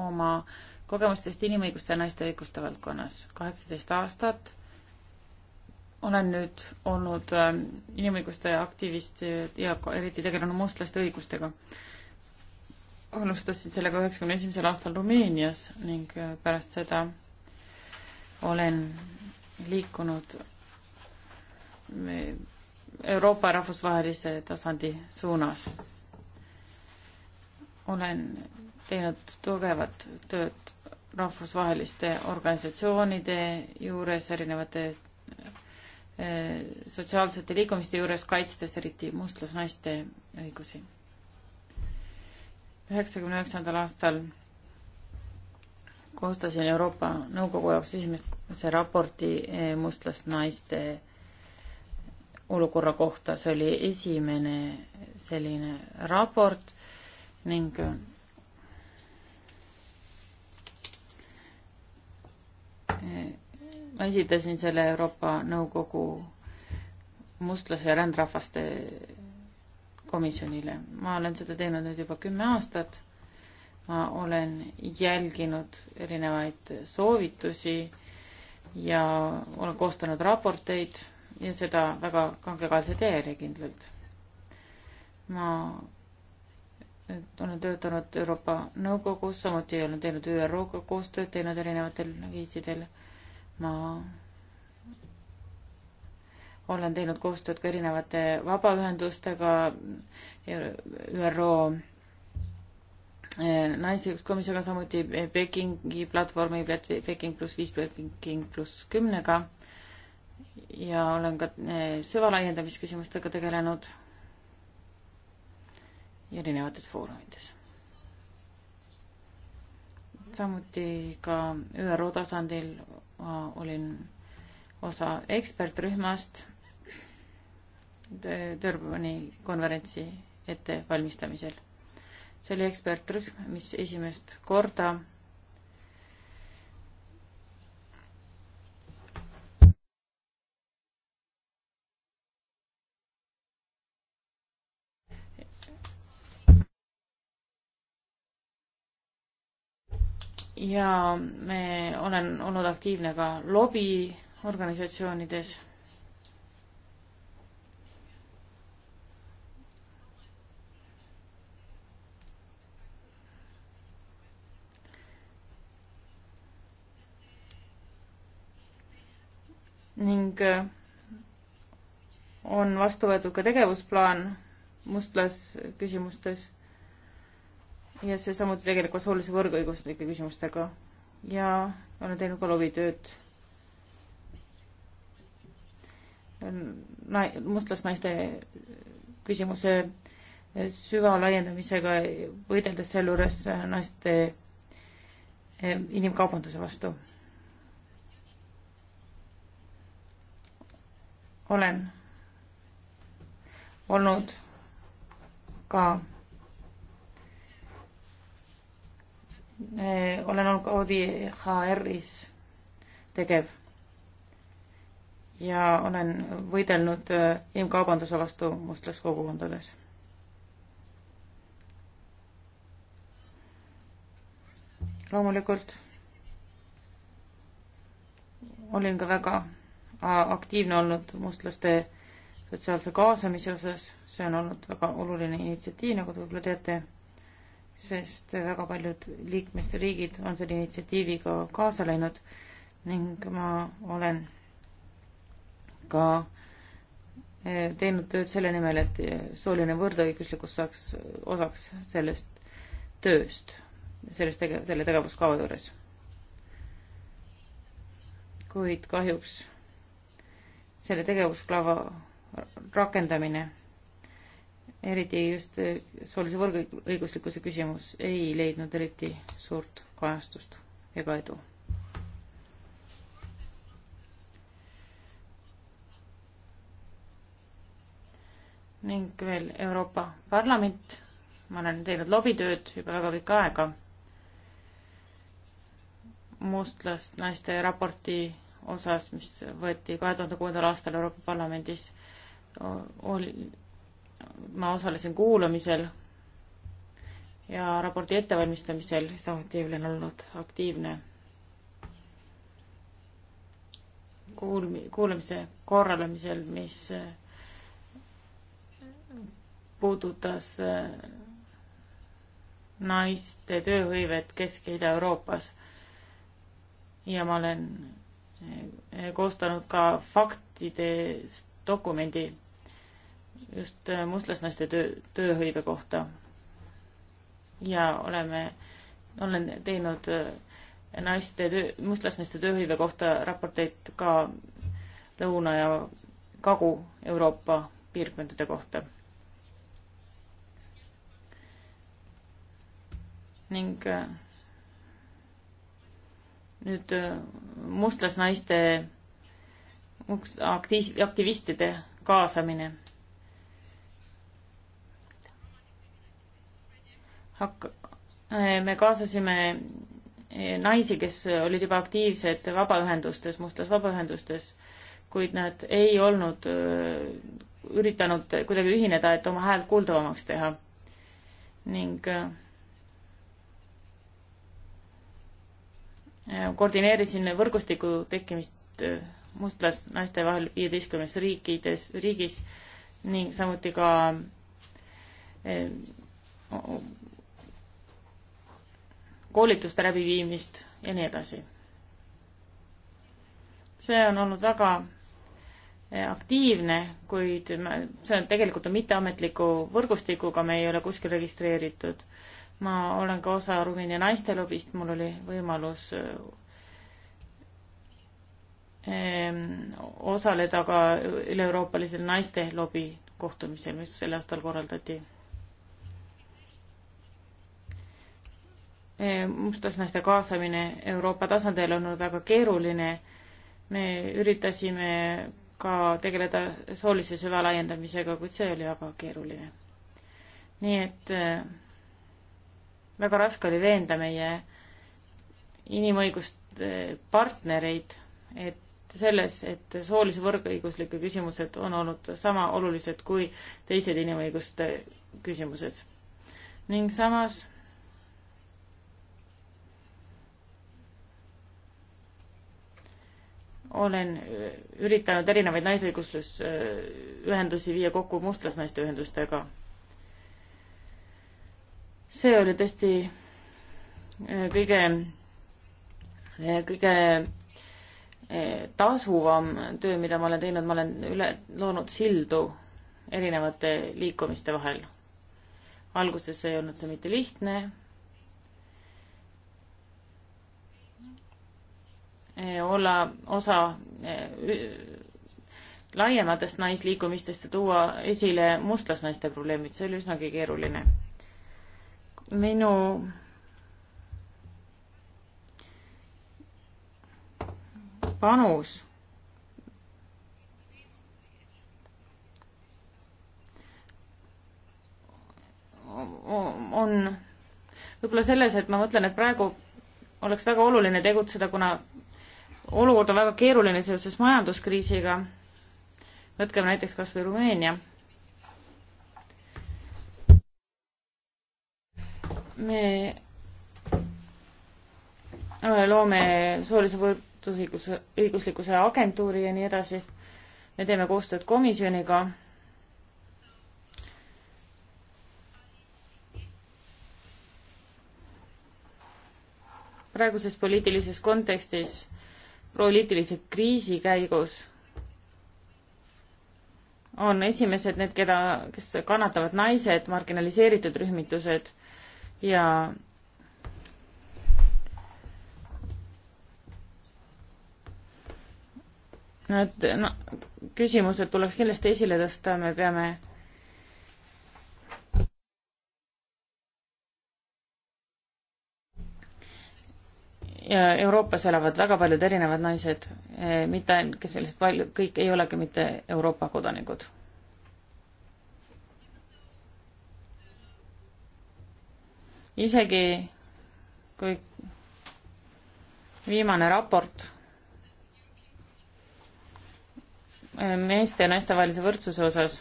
oma kogemustest inimõiguste ja naiste õiguste valdkonnas. kaheksateist aastat olen nüüd olnud ähm, inimõiguste aktivist ja eriti tegelenud mustlaste õigustega. alustasin sellega üheksakümne esimesel aastal Rumeenias ning äh, pärast seda olen liikunud Euroopa rahvusvahelise tasandi suunas. olen teinud tugevat tööd rahvusvaheliste organisatsioonide juures, erinevate eh, sotsiaalsete liikumiste juures, kaitstes eriti mustlasnaiste õigusi. üheksakümne üheksandal aastal koostasin Euroopa Nõukogu jaoks esimese raporti eh, mustlast naiste olukorra kohta, see oli esimene selline raport ning eh, ma esitasin selle Euroopa Nõukogu mustlase ja rändrahvaste komisjonile. ma olen seda teinud nüüd juba kümme aastat ma olen jälginud erinevaid soovitusi ja olen koostanud raporteid ja seda väga kangekaelselt ja järjekindlalt. ma olen töötanud Euroopa Nõukogus, samuti olen teinud ÜRO-ga koostööd, teinud erinevatel viisidel. ma olen teinud koostööd ka erinevate vabaühendustega, ÜRO Eh, naisõiguskomisjoniga, samuti Pekingi platvormi Peking pluss viis, Peking pluss kümnega ja olen ka eh, süvalaiendamisküsimustega tegelenud erinevates foorumites. samuti ka ÜRO tasandil olin osa ekspertrühmast Durbani konverentsi ettevalmistamisel see oli ekspertrühm, mis esimest korda ja me olen olnud aktiivne ka lobiorganisatsioonides ning äh, on vastu võetud ka tegevusplaan mustlas küsimustes ja see samuti tegelikult soolise võrguõiguslike küsimustega ja olen teinud ka lobitööd nai-, mustlasnaiste küsimuse süvalaiendamisega, võideldes sealjuures naiste äh, inimkaubanduse vastu. olen olnud ka eh, olen olnud ka ODHR-is tegev ja olen võidelnud eh, inimkaubanduse vastu mustlaskogukondades. loomulikult olin ka väga aktiivne olnud mustlaste sotsiaalse kaasamise osas, see on olnud väga oluline initsiatiiv, nagu te võib-olla teate, sest väga paljud liikmesriigid on selle initsiatiiviga kaasa läinud ning ma olen ka eh, teinud tööd selle nimel, et sooline võrdõiguslikkus saaks osaks sellest tööst, sellest tege-, selle tegevuskava juures. kuid kahjuks selle tegevusklava rakendamine, eriti just soolise võrdõiguslikkuse küsimus ei leidnud eriti suurt kajastust ega edu. ning veel Euroopa Parlament, ma olen teinud lobitööd juba väga pikka aega, mustlast naiste raporti osas, mis võeti kahe tuhande kuuendal aastal Euroopa Parlamendis, oli, ma osalesin kuulamisel ja raporti ettevalmistamisel, samuti olen olnud aktiivne. kuulmi-, kuulamise korraldamisel, mis puudutas naiste tööhõivet Kesk- ja Ida-Euroopas. ja ma olen koostanud ka faktidest dokumendi just äh, mustlasnaiste töö, tööhõive kohta. ja oleme, olen teinud äh, naiste töö, mustlasnaiste tööhõive kohta raporteid ka Lõuna- ja Kagu-Euroopa piirkondade kohta. ning äh, nüüd äh, mustlasnaiste aktiis-, aktivistide kaasamine. Hakk-, äh, me kaasasime äh, naisi, kes olid juba aktiivsed vabaühendustes, mustlas vabaühendustes, kuid nad ei olnud üritanud kuidagi ühineda, et oma häält kuuldavamaks teha. ning äh, Äh, koordineerisin võrgustiku tekkimist äh, mustlasnaiste vahel viieteistkümnes riikides, riigis ning samuti ka äh, koolituste läbiviimist ja nii edasi. see on olnud väga aktiivne, kuid see on tegelikult on mitteametliku võrgustikuga, me ei ole kuskil registreeritud ma olen ka osa Rumeenia naistelobist, mul oli võimalus ehm, osaleda ka üle-euroopalisel naiste lobi kohtumisel, mis sel aastal korraldati. Ehm, mustasnaiste kaasamine Euroopa tasandil on olnud väga keeruline. me üritasime ka tegeleda soolise süvalaiendamisega, kuid see oli väga keeruline. nii et äh, väga raske oli veenda meie inimõiguste partnereid, et selles, et soolise võrdõiguslikke küsimused on olnud sama olulised kui teised inimõiguste küsimused. ning samas olen üritanud erinevaid naisõiguslusühendusi viia kokku mustlasnaiste ühendustega see oli tõesti äh, kõige, äh, kõige äh, tasuvam töö, mida ma olen teinud, ma olen üle, loonud sildu erinevate liikumiste vahel. alguses ei olnud see mitte lihtne. olla osa laiematest naisliikumistest ja tuua esile mustlasnaiste probleemid, see oli üsnagi keeruline minu panus on võib-olla selles, et ma mõtlen, et praegu oleks väga oluline tegutseda, kuna olukord on väga keeruline seoses majanduskriisiga. võtkem näiteks kas või Rumeenia me loome soolise võrdsusõiguse, õiguslikkuse agentuuri ja nii edasi. me teeme koostööd komisjoniga. praeguses poliitilises kontekstis, poliitilise kriisi käigus on esimesed need, keda, kes kannatavad naised, marginaliseeritud rühmitused ja no et no küsimused tuleks kindlasti esile tõsta, me peame ja Euroopas elavad väga paljud erinevad naised, eh, mitte ainult, kes sellised palju, kõik ei olegi mitte Euroopa kodanikud isegi kui viimane raport eh, meeste ja naiste vahelise võrdsuse osas,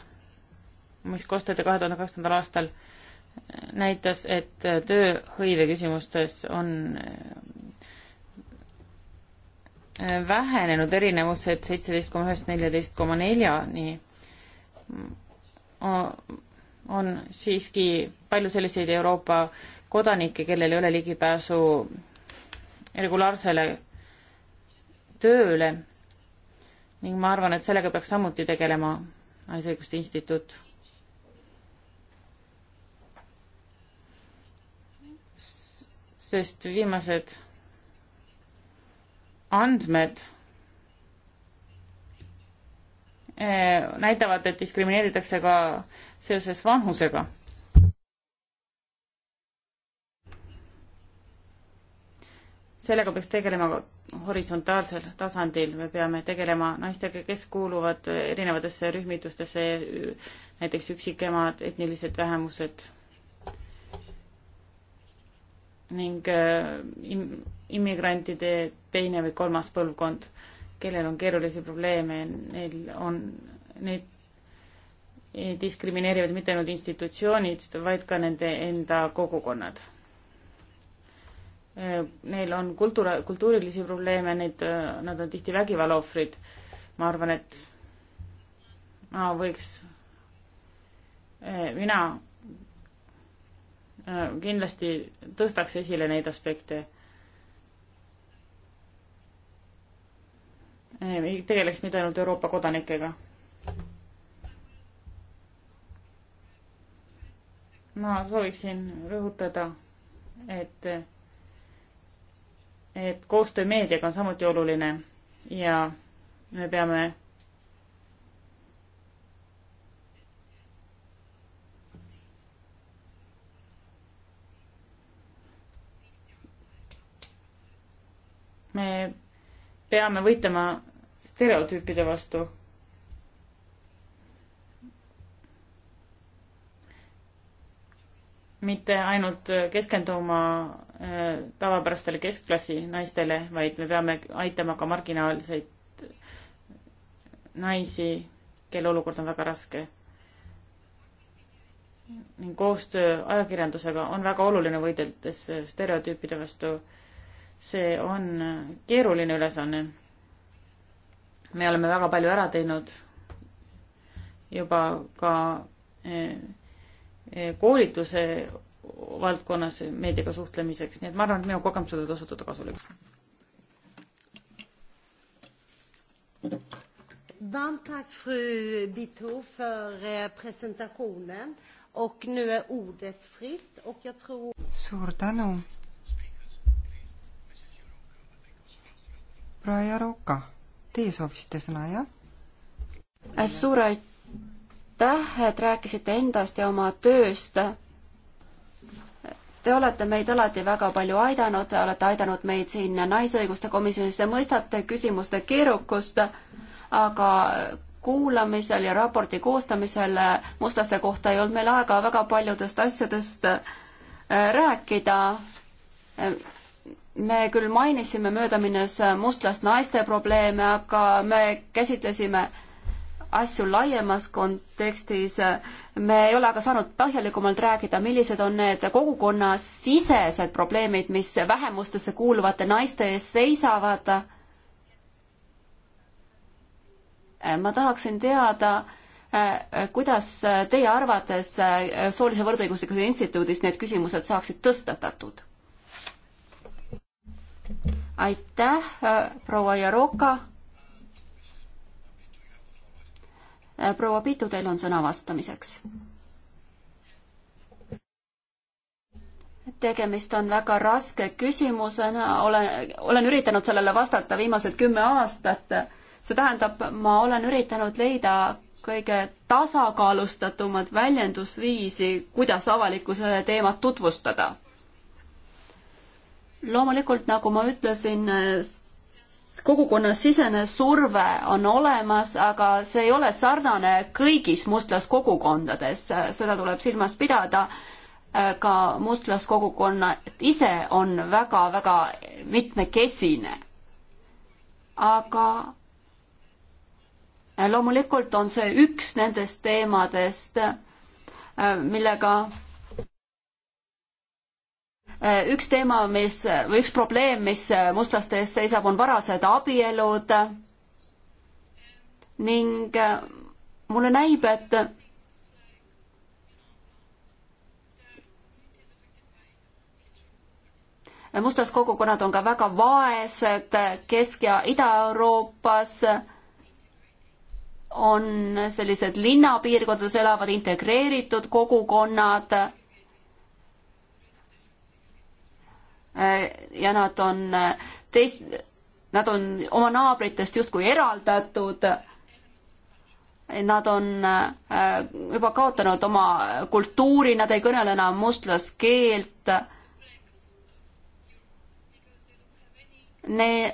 mis koostati kahe tuhande kaheksandal aastal, näitas, et eh, tööhõive küsimustes on eh, vähenenud erinevused seitseteist koma ühest neljateist koma neljani, on siiski palju selliseid Euroopa kodanikke, kellel ei ole ligipääsu regulaarsele tööle ning ma arvan, et sellega peaks samuti tegelema Naisõiguste Instituut. sest viimased andmed eh, näitavad, et diskrimineeritakse ka seoses vanusega sellega peaks tegelema horisontaalsel tasandil, me peame tegelema naistega, kes kuuluvad erinevatesse rühmitustesse, näiteks üksikemad, etnilised vähemused ning äh, im-, immigrantide teine või kolmas põlvkond, kellel on keerulisi probleeme, neil on, neid diskrimineerivad mitte ainult institutsioonid, vaid ka nende enda kogukonnad Äh, neil on kultuura, kultuurilisi probleeme, neid, äh, nad on tihti vägivalla ohvrid. ma arvan, et ma võiks, äh, mina kindlasti tõstaks esile neid aspekte. ei tegeleks mitte ainult Euroopa kodanikega ma sooviksin rõhutada, et et koostöö meediaga on samuti oluline ja me peame me peame võitlema stereotüüpide vastu. mitte ainult keskenduma tavapärastele keskklassi naistele, vaid me peame aitama ka marginaalseid naisi, kelle olukord on väga raske. ning koostöö ajakirjandusega on väga oluline võideldes stereotüüpide vastu. see on keeruline ülesanne. me oleme väga palju ära teinud juba ka eh, eh, koolituse valdkonnas meediaga suhtlemiseks, nii et ma arvan, et minu kogemused võivad osutuda kasulikuks.
Varmt tack fru Bito för eh, presentationen och nu är ordet fritt och jag tror...
Suur tänu. Praia Roka, teie soovisite sõna, jah? suur aitäh, et
rääkisite endast ja oma tööst Te olete meid alati väga palju aidanud, olete aidanud meid siin Naisõiguste komisjonis, te mõistate küsimuste keerukust, aga kuulamisel ja raporti koostamisel mustlaste kohta ei olnud meil aega väga paljudest asjadest äh, rääkida. me küll mainisime möödaminnes mustlast naiste probleeme, aga me käsitlesime äh, asju laiemas kontekstis. me ei ole aga saanud põhjalikumalt rääkida, millised on need kogukonnasisesed probleemid, mis vähemustesse kuuluvate naiste ees seisavad. ma tahaksin teada, kuidas teie arvates Soolise Võrdõiguslikkuse Instituudis need küsimused saaksid tõstatatud? aitäh, proua Jaroka Eh, proua Pitu, teil on sõna vastamiseks. tegemist on väga raske küsimusena, olen, olen üritanud sellele vastata viimased kümme aastat. see tähendab, ma olen üritanud leida kõige tasakaalustatumat väljendusviisi, kuidas avalikkusele teemat tutvustada loomulikult, nagu ma ütlesin, kogukonnasisene surve on olemas, aga see ei ole sarnane kõigis mustlaskogukondades, seda tuleb silmas pidada. ka mustlaskogukonnad ise on väga-väga mitmekesine. aga loomulikult on see üks nendest teemadest, millega Äh, üks teema, mis või üks probleem, mis äh, mustlaste ees seisab, on varased abielud. ning äh, mulle näib, et mustlas kogukonnad on ka väga vaesed Kesk- ja Ida-Euroopas on sellised linnapiirkondades elavad integreeritud kogukonnad Äh, ja nad on äh, teist, nad on oma naabritest justkui eraldatud. Nad on äh, juba kaotanud oma kultuuri, nad ei kõnele enam mustlaskeelt. Ne-,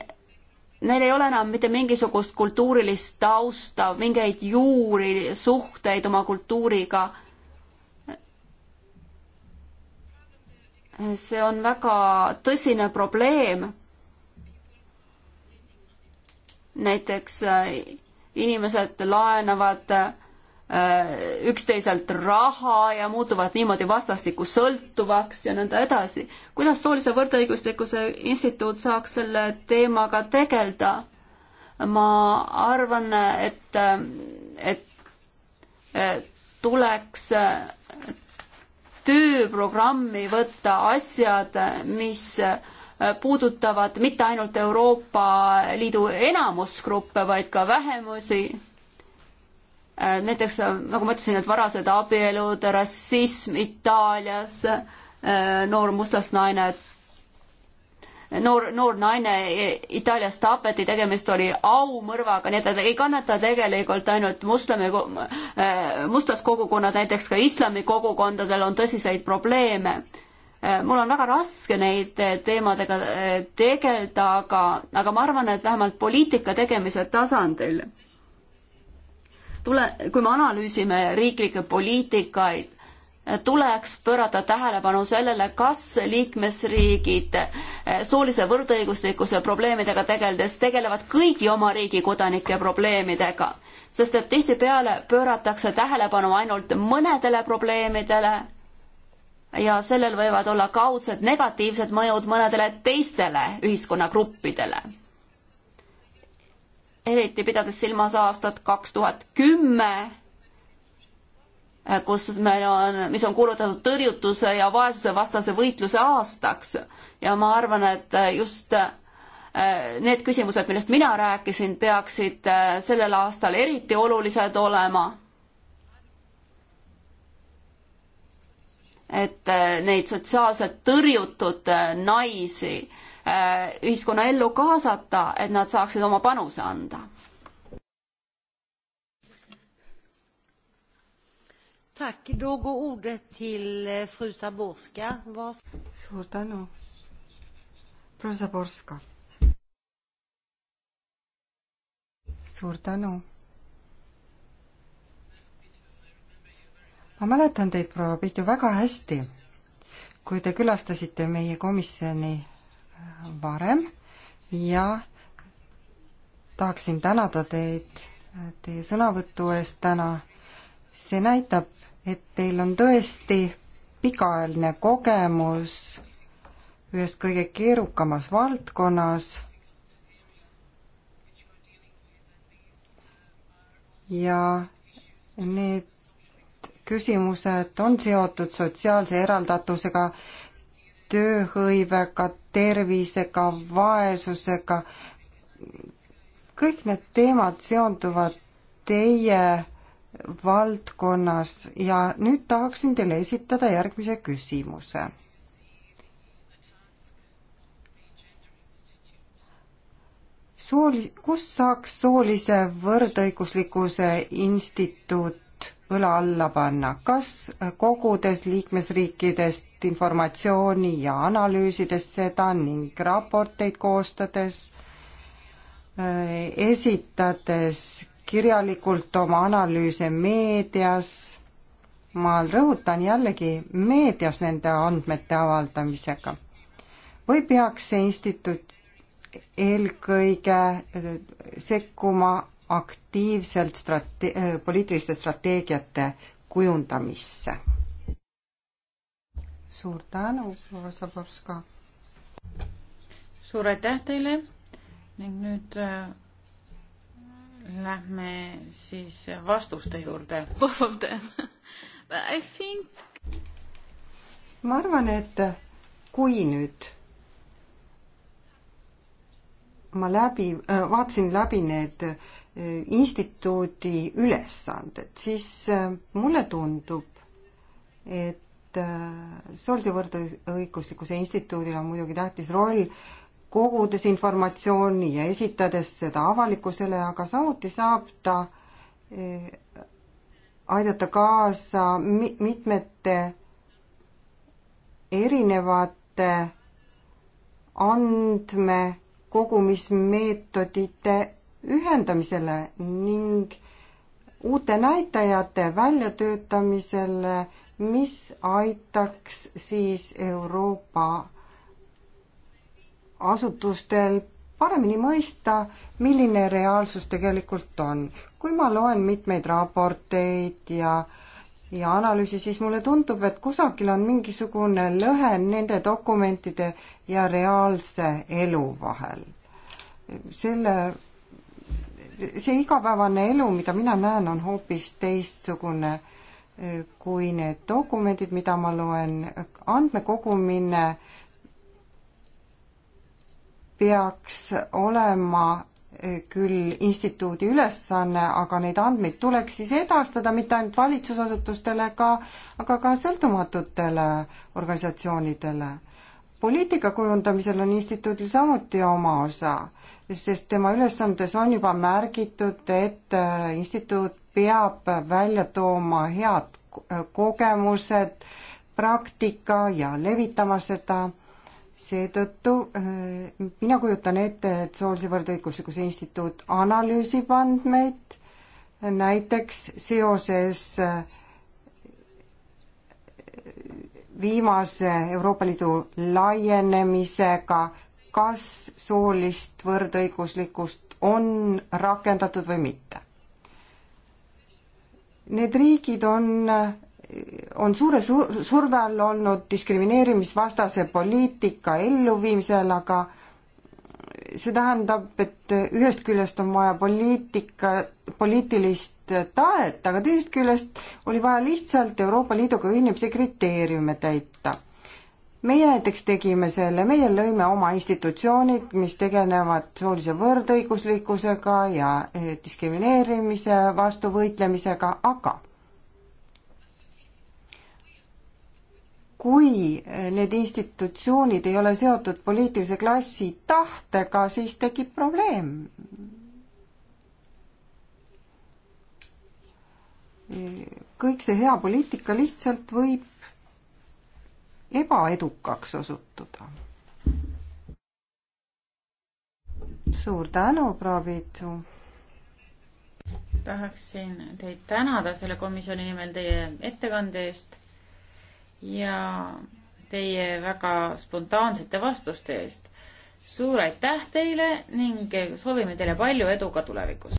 neil ei ole enam mitte mingisugust kultuurilist tausta, mingeid juuri, suhteid oma kultuuriga see on väga tõsine probleem. näiteks äh, inimesed laenavad äh, üksteiselt raha ja muutuvad niimoodi vastastikku sõltuvaks ja nõnda edasi. kuidas soolise võrdõiguslikkuse instituut saaks selle teemaga tegeleda? ma arvan, et, äh, et tuleks tööprogrammi võtta asjad, mis puudutavad mitte ainult Euroopa Liidu enamusgruppe, vaid ka vähemusi. näiteks nagu ma ütlesin, need varased abielud, rassism Itaalias, noor mustlasnaine noor, noor naine Itaalias tapeti, tegemist oli aumõrvaga, nii et ta ei kannata tegelikult ainult moslemi, äh, mustlaskogukonnad, näiteks ka islamikogukondadel on tõsiseid probleeme äh, mul on väga raske neid äh, teemadega tegeleda, aga, aga ma arvan, et vähemalt poliitika tegemise tasandil tule, kui me analüüsime riiklikke poliitikaid, tuleks pöörata tähelepanu sellele, kas liikmesriigid soolise võrdõiguslikkuse probleemidega tegeldes tegelevad kõigi oma riigi kodanike probleemidega, sest et tihtipeale pööratakse tähelepanu ainult mõnedele probleemidele ja sellel võivad olla kaudsed negatiivsed mõjud mõnedele teistele ühiskonnagruppidele. eriti pidades silmas aastat kaks tuhat kümme Äh, kus meil on, mis on kuulutatud tõrjutuse ja vaesuse vastase võitluse aastaks ja ma arvan, et äh, just äh, need küsimused, millest mina rääkisin, peaksid sellel aastal eriti olulised olema. et neid sotsiaalselt tõrjutud naisi ühiskonnaellu kaasata, et nad saaksid oma panuse anda
Tack. Då går ordet till eh, fru Zaborska. Vars...
Suur tänu. Proua Zaborska. suur tänu. ma mäletan teid, proua Pitu, väga hästi, kui te külastasite meie komisjoni äh, varem ja tahaksin tänada teid äh, teie sõnavõtu eest täna. see näitab, et teil on tõesti pikaajaline kogemus ühes kõige keerukamas valdkonnas ja need küsimused on seotud sotsiaalse eraldatusega, tööhõivega, tervisega, vaesusega. kõik need teemad seonduvad teie valdkonnas ja nüüd tahaksin teile esitada järgmise küsimuse. Sooli-, kus saaks soolise võrdõiguslikkuse instituut õla alla panna, kas kogudes liikmesriikidest informatsiooni ja analüüsides seda ning raporteid koostades, eh, esitades kirjalikult oma analüüse meedias. ma rõhutan jällegi meedias nende andmete avaldamisega. või peaks see instituut eelkõige sekkuma aktiivselt strate-, äh, poliitiliste strateegiate kujundamisse? suur tänu, proua Zabovska! suur aitäh teile ning nüüd äh,
Lähme siis vastuste juurde. Both of them. (laughs)
I think.
ma arvan, et kui nüüd ma läbi, äh, vaatasin läbi need äh, instituudi ülesanded, siis äh, mulle tundub, et soolise võrdõiguslikkuse instituudil on muidugi tähtis roll kogudes informatsiooni ja esitades seda avalikkusele, aga samuti saab ta eh, aidata kaasa mitmete erinevate andmekogumismeetodite ühendamisele ning uute näitajate väljatöötamisele, mis aitaks siis Euroopa asutustel paremini mõista, milline reaalsus tegelikult on. kui ma loen mitmeid raporteid ja ja analüüsi, siis mulle tundub, et kusagil on mingisugune lõhe nende dokumentide ja reaalse elu vahel. selle, see igapäevane elu, mida mina näen, on hoopis teistsugune eh, kui need dokumendid, mida ma loen. andmekogumine peaks olema eh, küll instituudi ülesanne, aga neid andmeid tuleks siis edastada mitte ainult valitsusasutustele, aga, aga ka sõltumatutele organisatsioonidele. poliitika kujundamisel on instituudil samuti oma osa, sest tema ülesandes on juba märgitud, et eh, instituut peab välja tooma head eh, kogemused, praktika ja levitama seda seetõttu äh, mina kujutan ette, et soolise võrdõiguslikkuse instituut analüüsib andmeid näiteks seoses äh, viimase Euroopa Liidu laienemisega, kas soolist võrdõiguslikkust on rakendatud või mitte. Need riigid on on suure sur-, surve all olnud diskrimineerimisvastase poliitika elluviimisel, aga see tähendab, et ühest küljest on vaja poliitika, poliitilist tahet, aga teisest küljest oli vaja lihtsalt Euroopa Liiduga ühinemise kriteeriume täita. meie näiteks tegime selle, meie lõime oma institutsioonid, mis tegelevad soolise võrdõiguslikkusega ja diskrimineerimise vastu võitlemisega, aga kui eh, need institutsioonid ei ole seotud poliitilise klassi tahtega, siis tekib probleem. kõik see hea poliitika lihtsalt võib ebaedukaks osutuda. suur tänu, proua Piitu!
tahaksin teid tänada selle komisjoni nimel teie ettekande eest ja teie väga spontaansete vastuste eest. suur aitäh teile ning soovime teile palju edu ka tulevikus.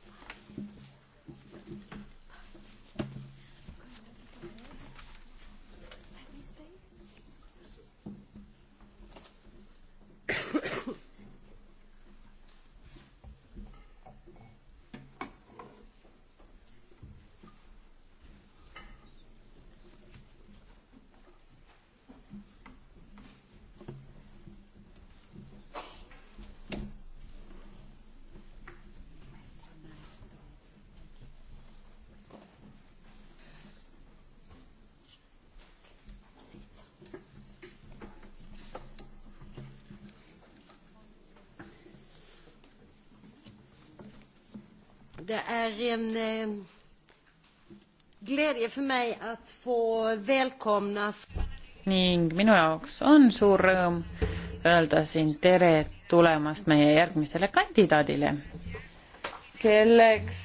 Det är en eh, glädje för mig att få välkomna
ning minu jaoks on suur rõõm öelda siin tere tulemast meie järgmisele kandidaadile, kelleks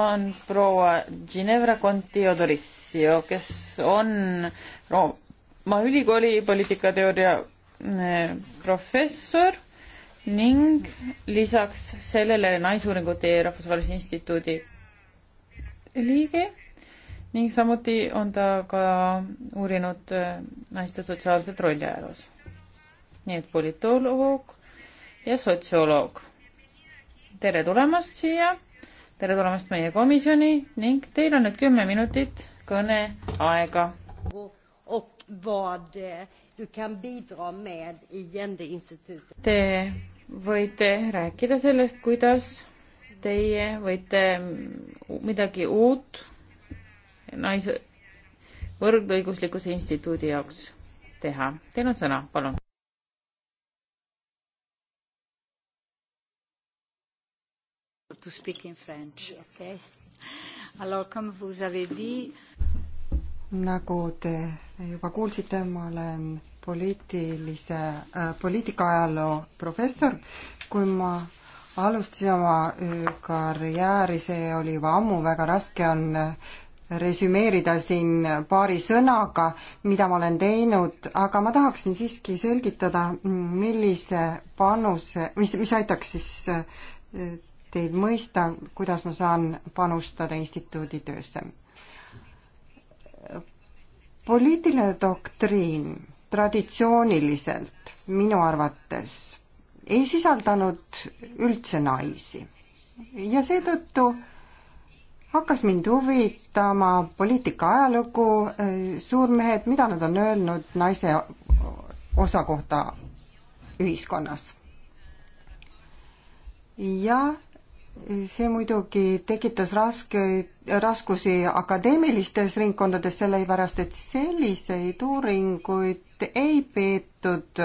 on proua Ginevra Contiodorissio, kes on Rooma Ülikooli poliitikateooria eh, professor ning lisaks sellele Naisuuringute Rahvusvahelise Instituudi liige ning samuti on ta ka uurinud äh, naiste sotsiaalset rolli ajaloos. nii et politoloog ja sotsioloog. tere tulemast siia, tere tulemast meie komisjoni ning teil on nüüd kümme minutit kõneaega
du kan bidra med i Gendeinstitutet.
Te võite rääkida sellest, kuidas teie võite midagi uut naise võrdõiguslikkuse instituudi jaoks teha. Teil on sõna, palun.
To speak in French, yes. okay? Alors, comme vous avez dit,
nagu te juba kuulsite, ma olen poliitilise äh,, poliitikaajaloo professor. kui ma alustasin oma äh, karjääri, see oli juba ammu väga raske, on äh, resümeerida siin paari sõnaga, mida ma olen teinud, aga ma tahaksin siiski selgitada, millise panuse, mis, mis aitaks siis äh, teil mõista, kuidas ma saan panustada instituudi töösse poliitiline doktriin traditsiooniliselt minu arvates ei sisaldanud üldse naisi ja seetõttu hakkas mind huvitama poliitika ajalugu, äh, suurmehed, mida nad on öelnud naise osa kohta ühiskonnas. ja see muidugi tekitas raske, raskusi akadeemilistes ringkondades, sellepärast et selliseid uuringuid ei peetud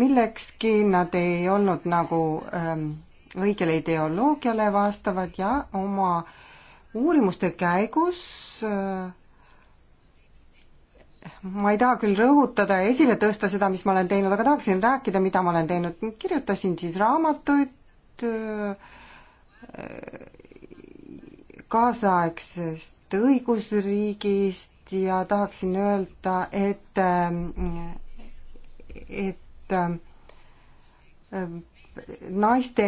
millekski, nad ei olnud nagu ähm, õigele ideoloogiale vastavad ja oma uurimuste käigus äh, ma ei taha küll rõhutada ja esile tõsta seda, mis ma olen teinud, aga tahaksin rääkida, mida ma olen teinud. kirjutasin siis raamatuid äh,, kaasaegsest õigusriigist ja tahaksin öelda, et, et naiste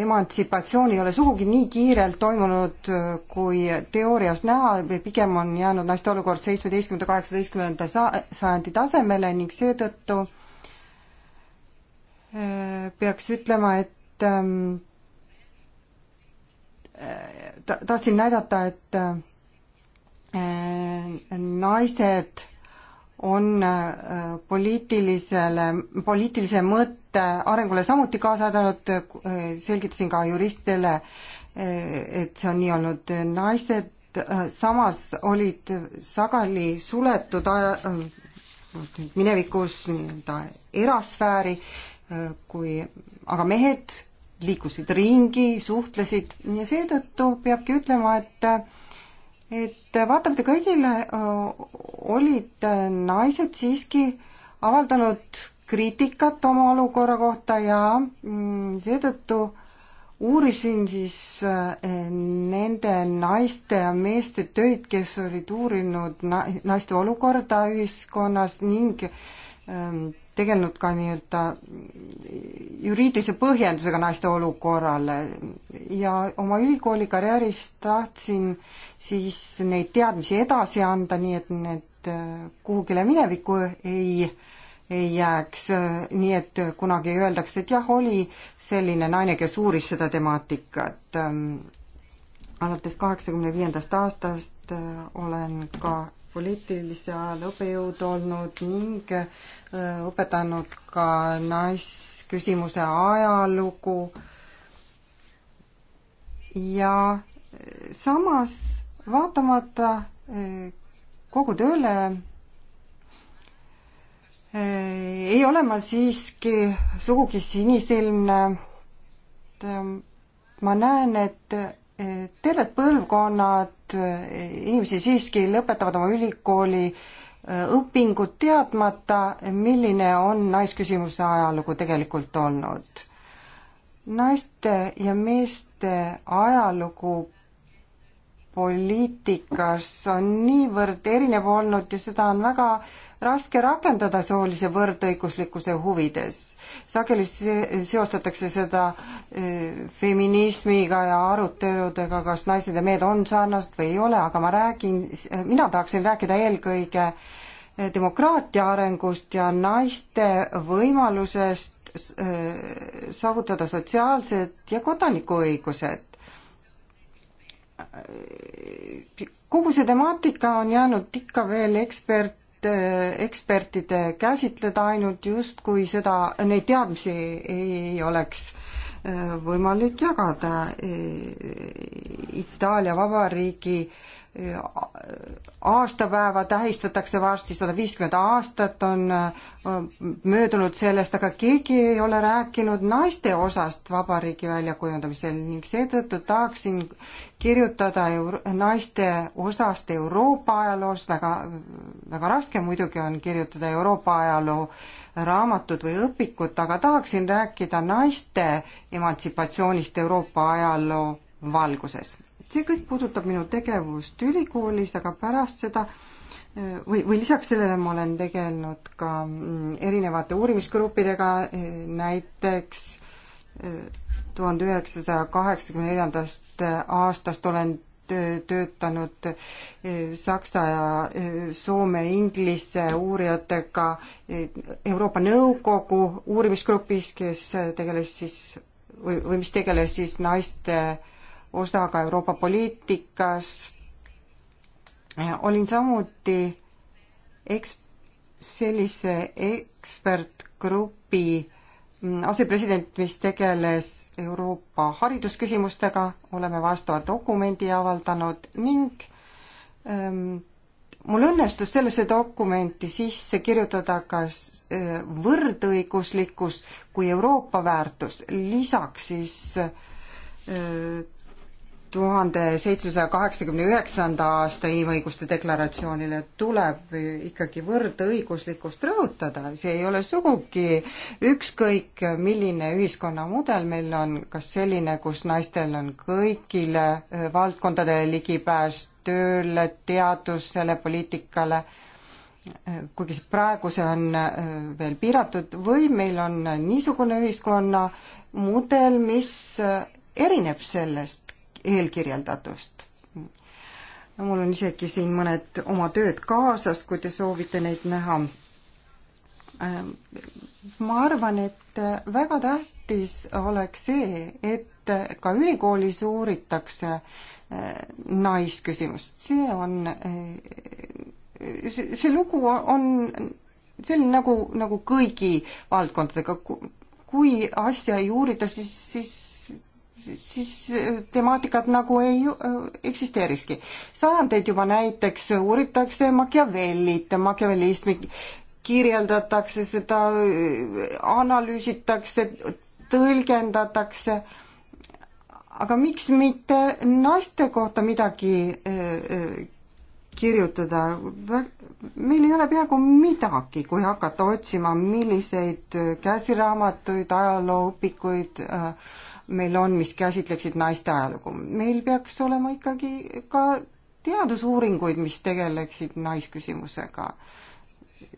emantsipatsioon ei ole sugugi nii kiirelt toimunud, kui teoorias näha, pigem on jäänud naiste olukord seitsmeteistkümnenda, kaheksateistkümnenda sajandi tasemele ning seetõttu eh, peaks ütlema, et ehm, ta-, tahtsin näidata, et äh, naised on äh, poliitilisele, poliitilise mõtte arengule samuti kaasa aidanud, äh, selgitasin ka juristidele, et see on nii olnud, naised samas olid sageli suletud aja, minevikus nii-öelda erasfääri, kui aga mehed liikusid ringi, suhtlesid ja seetõttu peabki ütlema, et et vaatamata kõigile olid naised siiski avaldanud kriitikat oma olukorra kohta ja mm, seetõttu uurisin siis nende naiste ja meeste töid, kes olid uurinud naiste olukorda ühiskonnas ning tegelenud ka nii-öelda juriidilise põhjendusega naiste olukorrale ja oma ülikooli karjääris tahtsin siis neid teadmisi edasi anda, nii et need äh, kuhugile minevikku ei, ei jääks, nii et kunagi ei öeldaks, et jah, oli selline naine, kes uuris seda temaatikat. alates kaheksakümne viiendast aastast äh, olen ka poliitilise ajal õppejõud olnud ning äh, õpetanud ka naisküsimuse ajalugu. ja äh, samas vaatamata äh, kogu tööle ei ole ma siiski sugugi sinisilmne. ma näen, et terved põlvkonnad inimesi siiski lõpetavad oma ülikooli äh, õpingud teadmata, milline on naisküsimuse ajalugu tegelikult olnud. naiste ja meeste ajalugu poliitikas on niivõrd erinev olnud ja seda on väga äh, raske rakendada soolise võrdõiguslikkuse huvides. sageli seostatakse seda e, feminismiga ja aruteludega, kas naised ja mehed on sarnased või ei ole, aga ma räägin, mina tahaksin rääkida eelkõige e, demokraatia arengust ja naiste võimalusest e, saavutada sotsiaalsed ja kodanikuõigused. kogu see temaatika on jäänud ikka veel ekspert et äh, ekspertide käsitleda ainult justkui seda, neid teadmisi ei oleks äh, võimalik jagada. Äh, Itaalia Vabariigi äh, aastapäeva tähistatakse varsti, sada viiskümmend aastat on äh, möödunud sellest, aga keegi ei ole rääkinud naiste osast vabariigi väljakujundamisel ning seetõttu tahaksin kirjutada euro-, naiste osast Euroopa ajaloos, väga, väga raske muidugi on kirjutada Euroopa ajaloo raamatut või õpikut, aga tahaksin rääkida naiste emantsipatsioonist Euroopa ajaloo valguses see kõik puudutab minu tegevust ülikoolis, aga pärast seda või, või lisaks sellele ma olen tegelenud ka mm, erinevate uurimisgruppidega, eh, näiteks eh, tuhande üheksasaja kaheksakümne neljandast eh, aastast olen töötanud saksa ja soome, inglise uurijatega Euroopa Nõukogu uurimisgrupis, kes tegeles siis või, või mis tegeles siis naiste osa ka Euroopa poliitikas. olin samuti eks-, sellise ekspertgrupi asepresident, mis tegeles Euroopa haridusküsimustega, oleme vastava dokumendi avaldanud ning ähm, mul õnnestus sellesse dokumenti sisse kirjutada kas äh, võrdõiguslikkus kui Euroopa väärtus, lisaks siis äh, tuhande seitsmesaja kaheksakümne üheksanda aasta inimõiguste deklaratsioonile tuleb ikkagi võrdõiguslikkust rõhutada, see ei ole sugugi ükskõik, milline ühiskonnamudel meil on, kas selline, kus naistel on kõigile äh, valdkondadele ligipääs, tööle, teadusele, poliitikale, äh, kuigi praegu see on äh, veel piiratud, või meil on niisugune ühiskonnamudel, mis erineb sellest, eelkirjeldatust. mul on isegi siin mõned oma tööd kaasas, kui te soovite neid näha. Ehm, ma arvan, et väga tähtis oleks see, et ka ülikoolis uuritakse ehm, naisküsimust, see on, ehm, see lugu on selline nagu, nagu kõigi valdkondadega, kui asja ei uurita, siis, siis siis äh, temaatikat nagu ei äh, eksisteerikski. sajandeid juba näiteks uuritakse Machiavellit ja Machiavellismi, kirjeldatakse seda, äh, analüüsitakse, tõlgendatakse, aga miks mitte naiste kohta midagi kirjutada, meil ei ole peaaegu midagi, kui hakata otsima, milliseid käsiraamatuid, ajalooõpikuid äh, meil on, mis käsitleksid naiste ajalugu. meil peaks olema ikkagi ka teadusuuringuid, mis tegeleksid naisküsimusega.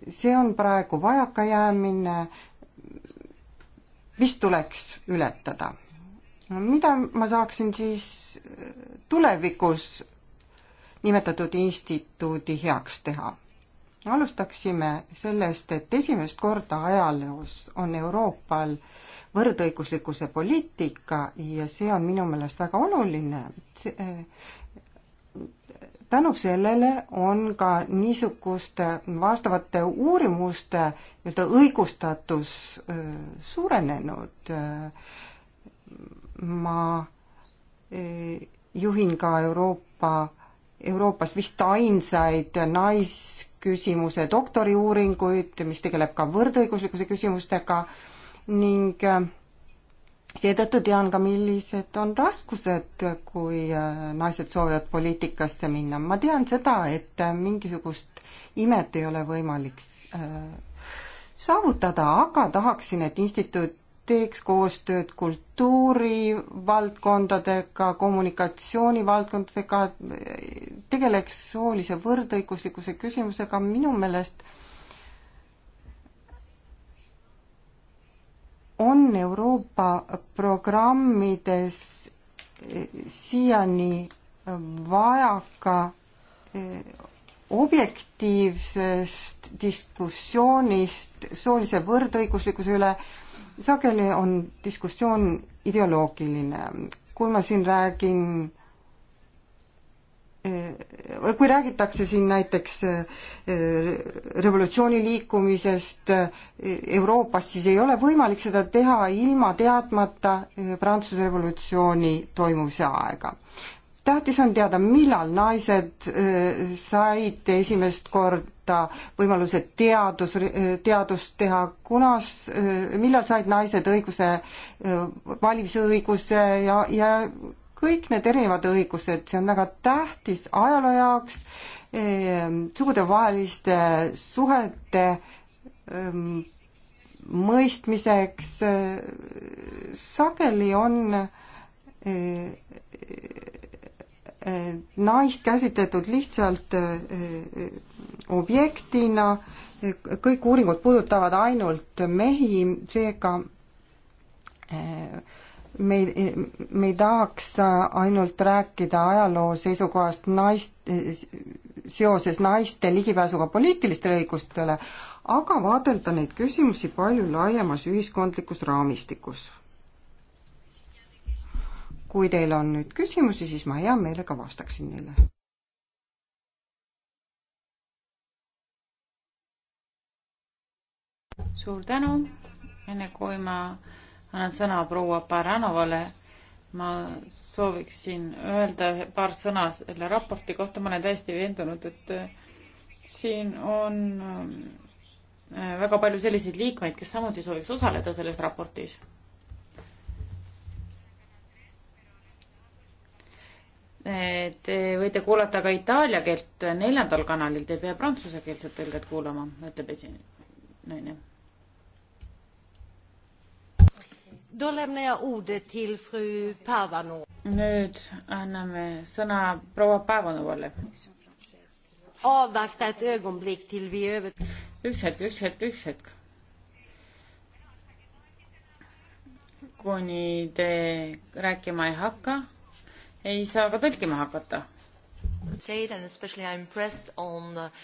see on praegu vajakajäämine, mis tuleks ületada. mida ma saaksin siis tulevikus nimetatud instituudi heaks teha? alustaksime sellest, et esimest korda ajaloos on Euroopal äh, võrdõiguslikkuse poliitika ja see on minu meelest väga oluline. Eh, tänu sellele on ka niisuguste vastavate uurimuste nii-öelda õigustatus eh, suurenenud. Eh, ma juhin ka Euroopa Euroopas vist ainsaid naisküsimuse doktoriuuringuid, mis tegeleb ka võrdõiguslikkuse küsimustega ning äh, seetõttu tean ka, millised on raskused, kui äh, naised soovivad poliitikasse minna. ma tean seda, et äh, mingisugust imet ei ole võimalik saavutada, aga tahaksin, et instituut teeks koostööd kultuurivaldkondadega, kommunikatsioonivaldkondadega, tegeleks soolise võrdõiguslikkuse küsimusega, minu meelest äh, on Euroopa programmides eh, siiani eh, vajaka eh, objektiivsest diskussioonist soolise võrdõiguslikkuse üle, sageli on diskussioon ideoloogiline. kui ma siin räägin Äh, kui räägitakse siin näiteks äh, revolutsiooni liikumisest äh, Euroopas, siis ei ole võimalik seda teha ilma teadmata Prantsuse revolutsiooni toimumise aega. tähtis on teada, millal naised said esimest korda võimaluse teadus, teadust teha, kunas, millal said naised õiguse, valimisõiguse ja, ja kõik need erinevad õigused, see on väga tähtis ajaloo jaoks, ehm, sugudevaheliste suhete ehm, mõistmiseks. Ehm, sageli on naist käsitletud lihtsalt objektina, kõik uuringud puudutavad ainult mehi, seega me ei, me ei tahaks ainult rääkida ajaloo seisukohast naist, seoses naiste ligipääsuga poliitilistele õigustele, aga vaadelda neid küsimusi palju laiemas ühiskondlikus raamistikus. kui teil on nüüd küsimusi, siis ma hea meelega vastaksin neile.
suur tänu, enne kui ma annan sõna proua Baranovale. ma sooviksin öelda paar sõna selle raporti kohta, ma olen täiesti veendunud, et äh, siin on äh, väga palju selliseid liikmeid, kes samuti sooviks osaleda selles raportis. Äh, te võite kuulata ka itaalia keelt neljandal kanalil, te ei pea prantsusekeelset tõlget kuulama, ütleb esinaine
no, nüüd anname
sõna proua Pavanovale. üks hetk, üks hetk, üks hetk. kuni te rääkima ei hakka, ei saa ka tõlkima
hakata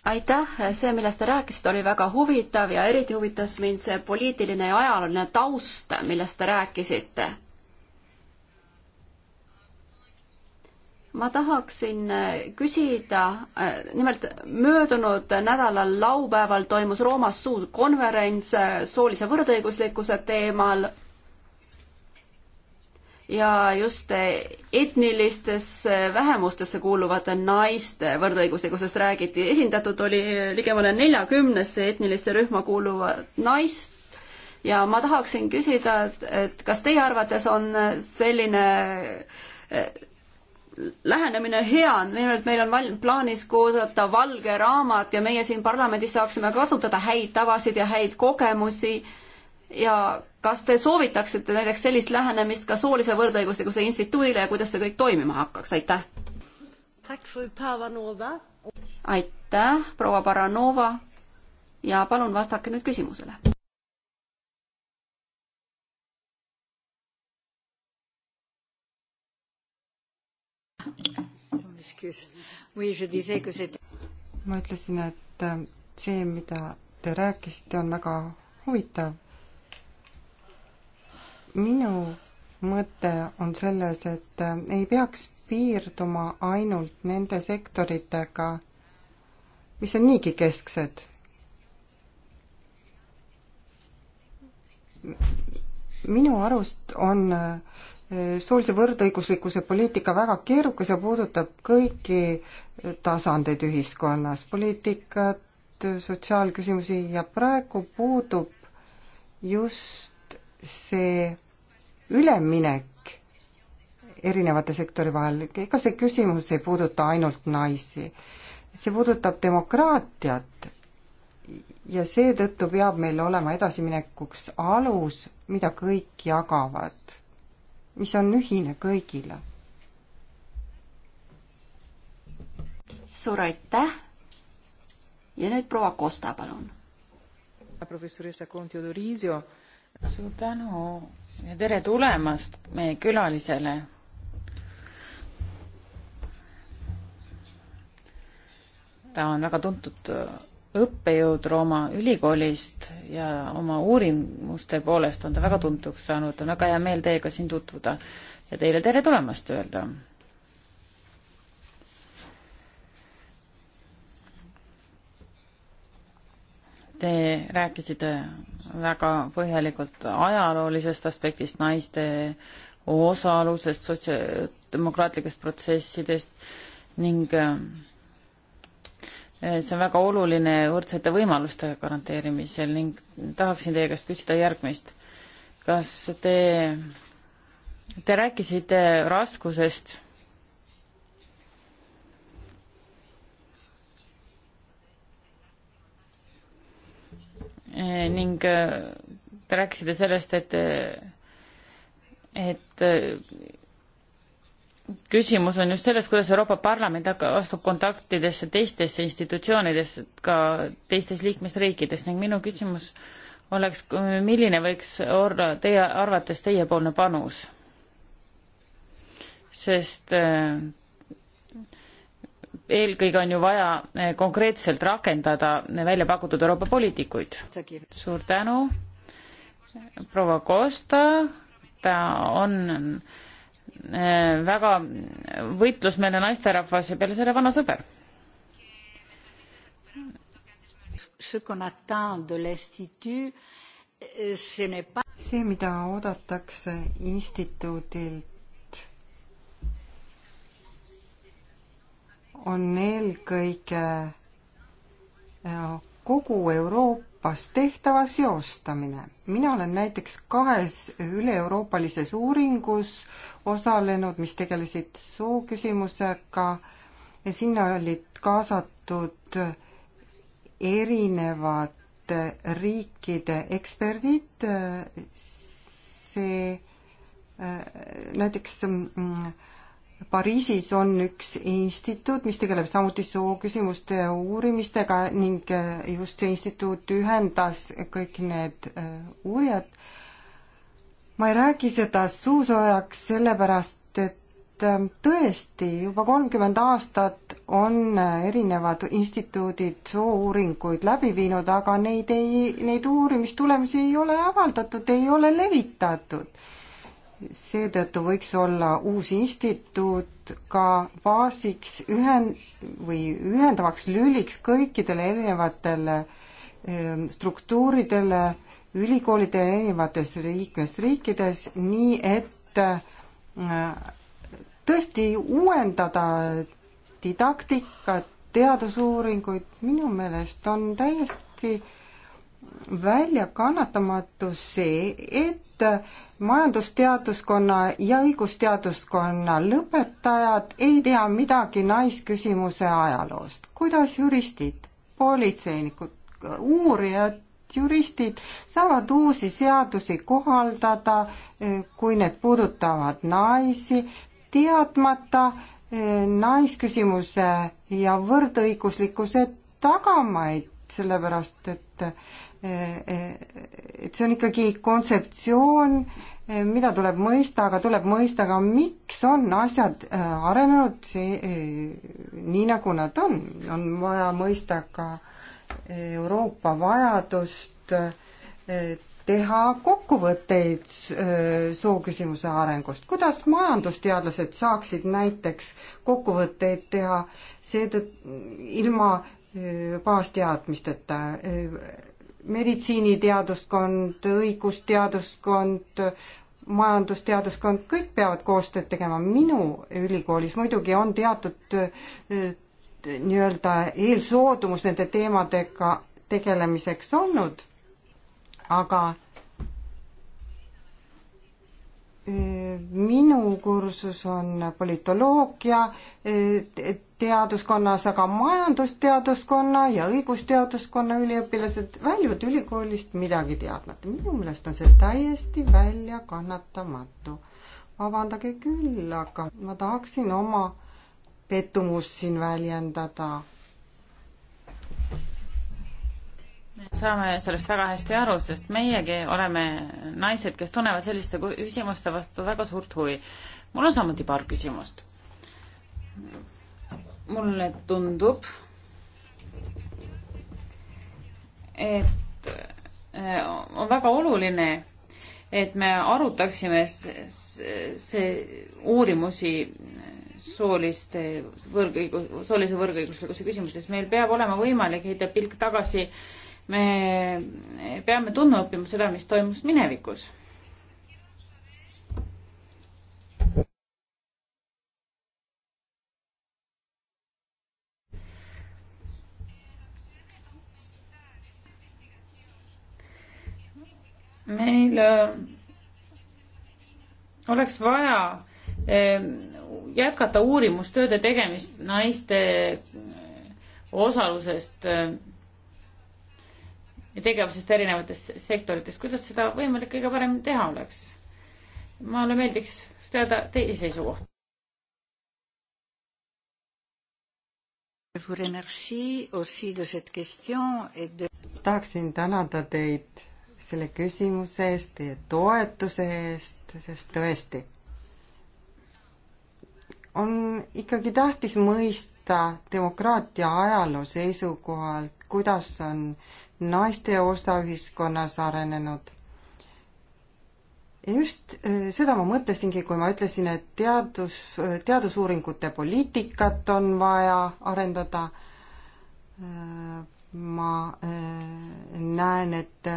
aitäh, see, millest te rääkisite, oli väga huvitav ja eriti huvitas mind see poliitiline ja ajalooline taust, millest te rääkisite. ma tahaksin äh, küsida, äh, nimelt möödunud nädalal laupäeval toimus Roomas suur konverents äh, soolise võrdõiguslikkuse teemal ja just etnilistesse vähemustesse kuuluvate naiste võrdõiguslikkusest räägiti. esindatud oli ligemale neljakümnesse etnilisse rühma kuuluvat naist ja ma tahaksin küsida, et, et kas teie arvates on selline eh, lähenemine hea, nimelt meil on val-, plaanis kuulata valge raamat ja meie siin parlamendis saaksime kasutada häid tavasid ja häid kogemusi äh, ja kas te soovitaksite näiteks sellist lähenemist ka soolise võrdõiguslikkuse instituudile ja kuidas see kõik toimima hakkaks, aitäh! aitäh, proua Baranova ja palun vastake nüüd küsimusele.
ma ütlesin, et äh, see, mida te rääkisite, on väga huvitav minu mõte on selles, et äh, ei peaks piirduma ainult nende sektoritega, mis on niigi kesksed. minu arust on äh, soolise võrdõiguslikkuse poliitika väga keerukas ja puudutab kõiki äh, tasandeid ühiskonnas, poliitikat, sotsiaalküsimusi ja praegu puudub just see üleminek erinevate sektori vahel, ega see küsimus ei puuduta ainult naisi. see puudutab demokraatiat ja seetõttu peab meil olema edasiminekuks alus, mida kõik jagavad, mis on ühine kõigile.
suur aitäh ja nüüd proua Kosta, palun. professor Esa Conti-Odorisio. suur tänu
tere tulemast meie külalisele. ta on väga tuntud äh, õppejõud Rooma ülikoolist ja oma uurimuste poolest on ta väga tuntuks saanud, on väga hea meel teiega siin tutvuda ja teile tere tulemast öelda. Te rääkisite väga põhjalikult ajaloolisest aspektist, naiste osalusest, sotsiaaldemokraatlikest protsessidest ning äh, see on väga oluline võrdsete võimaluste garanteerimisel ning tahaksin teie käest küsida järgmist. kas te, te rääkisite raskusest Eh, ning eh, te rääkisite sellest, et, eh, et küsimus on just selles, kuidas Euroopa Parlament hakkab, astub kontaktidesse teistesse institutsioonidesse, ka teistes liikmesriikides ning minu küsimus oleks, milline võiks olla teie arvates teiepoolne panus? sest äh, eelkõige on ju vaja eh, konkreetselt rakendada välja pakutud Euroopa poliitikuid. suur tänu, proua Costa, ta on eh, väga võitlusmeelne naisterahvas ja peale selle vana sõber.
Eh, see, mida oodatakse instituudilt, on eelkõige äh, kogu Euroopas tehtava seostamine. mina olen näiteks kahes üle-euroopalises uuringus osalenud, mis tegelesid sooküsimusega ja sinna olid kaasatud erinevate riikide eksperdid, see äh, näiteks mm, Pariisis on üks instituut, mis tegeleb samuti sooküsimuste uurimistega ning eh, just see instituut ühendas kõik need eh, uurijad. ma ei räägi seda suusoojaks, sellepärast et eh, tõesti juba kolmkümmend aastat on erinevad instituudid soouuringuid läbi viinud, aga neid ei, neid uurimistulemusi ei ole avaldatud, ei ole levitatud seetõttu võiks olla uus instituut ka baasiks ühend- või ühendavaks lüliks kõikidele erinevatele ähm, struktuuridele, ülikoolidele erinevates liikmesriikides, nii et äh, tõesti uuendada didaktikat, teadusuuringuid, minu meelest on täiesti välja kannatamatu see, et majandusteaduskonna ja õigusteaduskonna lõpetajad ei tea midagi naisküsimuse ajaloost. kuidas juristid, politseinikud, uurijad, juristid saavad uusi seadusi kohaldada, kui need puudutavad naisi, teadmata eh, naisküsimuse ja võrdõiguslikkuse tagamaid, sellepärast et et see on ikkagi kontseptsioon, mida tuleb mõista, aga tuleb mõista ka, miks on asjad äh, arenenud see, äh, nii, nagu nad on. on vaja mõista ka äh, Euroopa vajadust teha kokkuvõtteid sooküsimuse arengust, kuidas majandusteadlased saaksid näiteks kokkuvõtteid teha seetõttu ilma baasteadmisteta meditsiiniteaduskond, õigusteaduskond, majandusteaduskond, kõik peavad koostööd tegema. minu ülikoolis muidugi on teatud eh, nii-öelda eelsoodumus nende teemadega tegelemiseks olnud, aga eh, minu kursus on politoloogia, eh, teaduskonnas, aga majandusteaduskonna ja õigusteaduskonna üliõpilased väljuvad ülikoolist midagi teadmata. minu meelest on see täiesti väljakannatamatu. vabandage küll, aga ma tahaksin oma pettumust siin väljendada.
me saame sellest väga hästi aru, sest meiegi oleme naised, kes tunnevad selliste küsimuste vastu väga suurt huvi. mul on samuti paar küsimust mulle tundub, et äh, on väga oluline, et me arutaksime see uurimusi sooliste võrgõigu-, soolise võrgõiguslikkuse küsimuses. meil peab olema võimalik heita pilk tagasi. me peame tundma õppima seda, mis toimus minevikus. meil äh, oleks vaja äh, jätkata uurimustööde tegemist naiste äh, osalusest ja tegevusest erinevates sektorites, kuidas seda võimalik kõige parem teha oleks? mulle meeldiks teada teie seisukohta.
tahaksin tänada teid selle küsimuse eest, teie toetuse eest, sest tõesti on ikkagi tähtis mõista demokraatia ajaloo seisukohalt, kuidas on naiste osa ühiskonnas arenenud. ja just eh, seda ma mõtlesingi, kui ma ütlesin, et teadus, eh, teadusuuringute poliitikat on vaja arendada. Eh, ma näen, et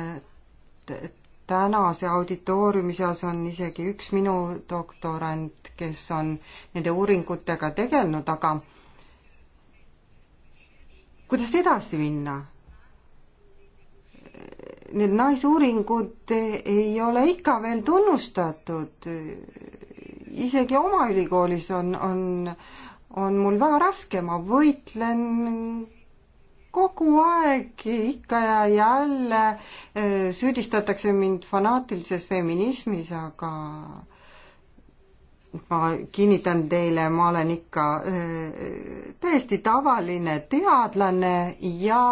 et tänase auditooriumi seas on isegi üks minu doktorant, kes on nende uuringutega tegelenud, aga kuidas edasi minna? Need naisuuringud ei ole ikka veel tunnustatud. isegi oma ülikoolis on, on, on mul väga raske, ma võitlen kogu aeg ikka ja jälle äh, süüdistatakse mind fanaatilises feminismis, aga ma kinnitan teile, ma olen ikka äh, täiesti tavaline teadlane ja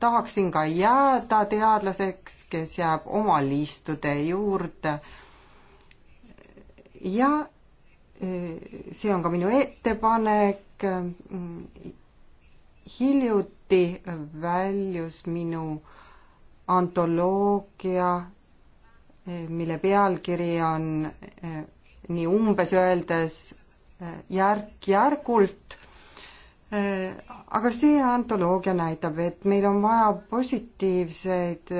tahaksin ka jääda teadlaseks, kes jääb oma liistude juurde. ja äh, see on ka minu ettepanek hiljuti väljus minu antoloogia, mille pealkiri on eh, nii umbes öeldes eh, järk-järgult eh, aga see antoloogia näitab, et meil on vaja positiivseid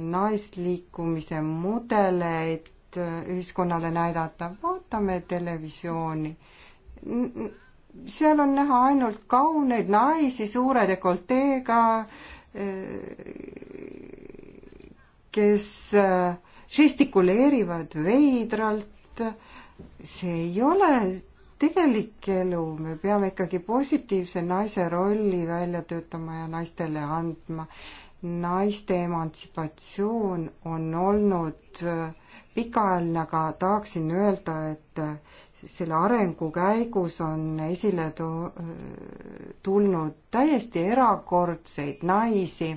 naisliikumise mudeleid ühiskonnale näidata, vaatame televisiooni seal on näha ainult kauneid naisi suure dekolteega, kes äh, žestikuleerivad veidralt. see ei ole tegelik elu, me peame ikkagi positiivse naise rolli välja töötama ja naistele andma. naiste emantsipatsioon on olnud äh, pikaajaline, aga tahaksin öelda, et äh, siis selle arengu käigus on esile to-, tulnud täiesti erakordseid naisi,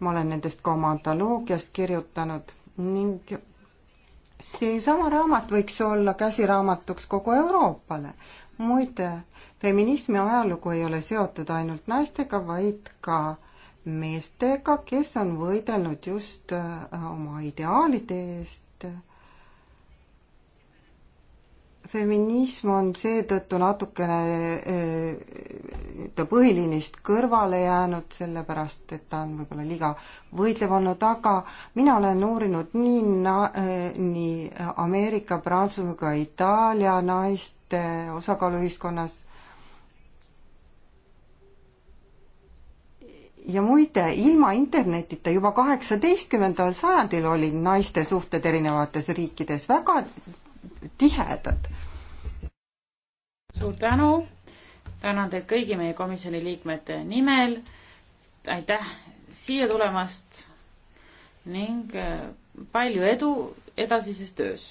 ma olen nendest ka oma antoloogias kirjutanud ning seesama raamat võiks olla käsiraamatuks kogu Euroopale. muide, feminismi ajalugu ei ole seotud ainult naistega, vaid ka meestega, kes on võidelnud just äh, oma ideaalide eest feminism on seetõttu natukene nii-öelda eh, põhiliinist kõrvale jäänud, sellepärast et ta on võib-olla liiga võitlev olnud, aga mina olen uurinud nii na-, eh, nii Ameerika, Prantsusmaa kui ka Itaalia naiste osakaalu ühiskonnas. ja muide, ilma internetita juba kaheksateistkümnendal sajandil olid naiste suhted erinevates riikides väga tihedad.
suur tänu, tänan teid kõigi meie komisjoni liikmete nimel, aitäh siia tulemast ning äh, palju edu edasises töös.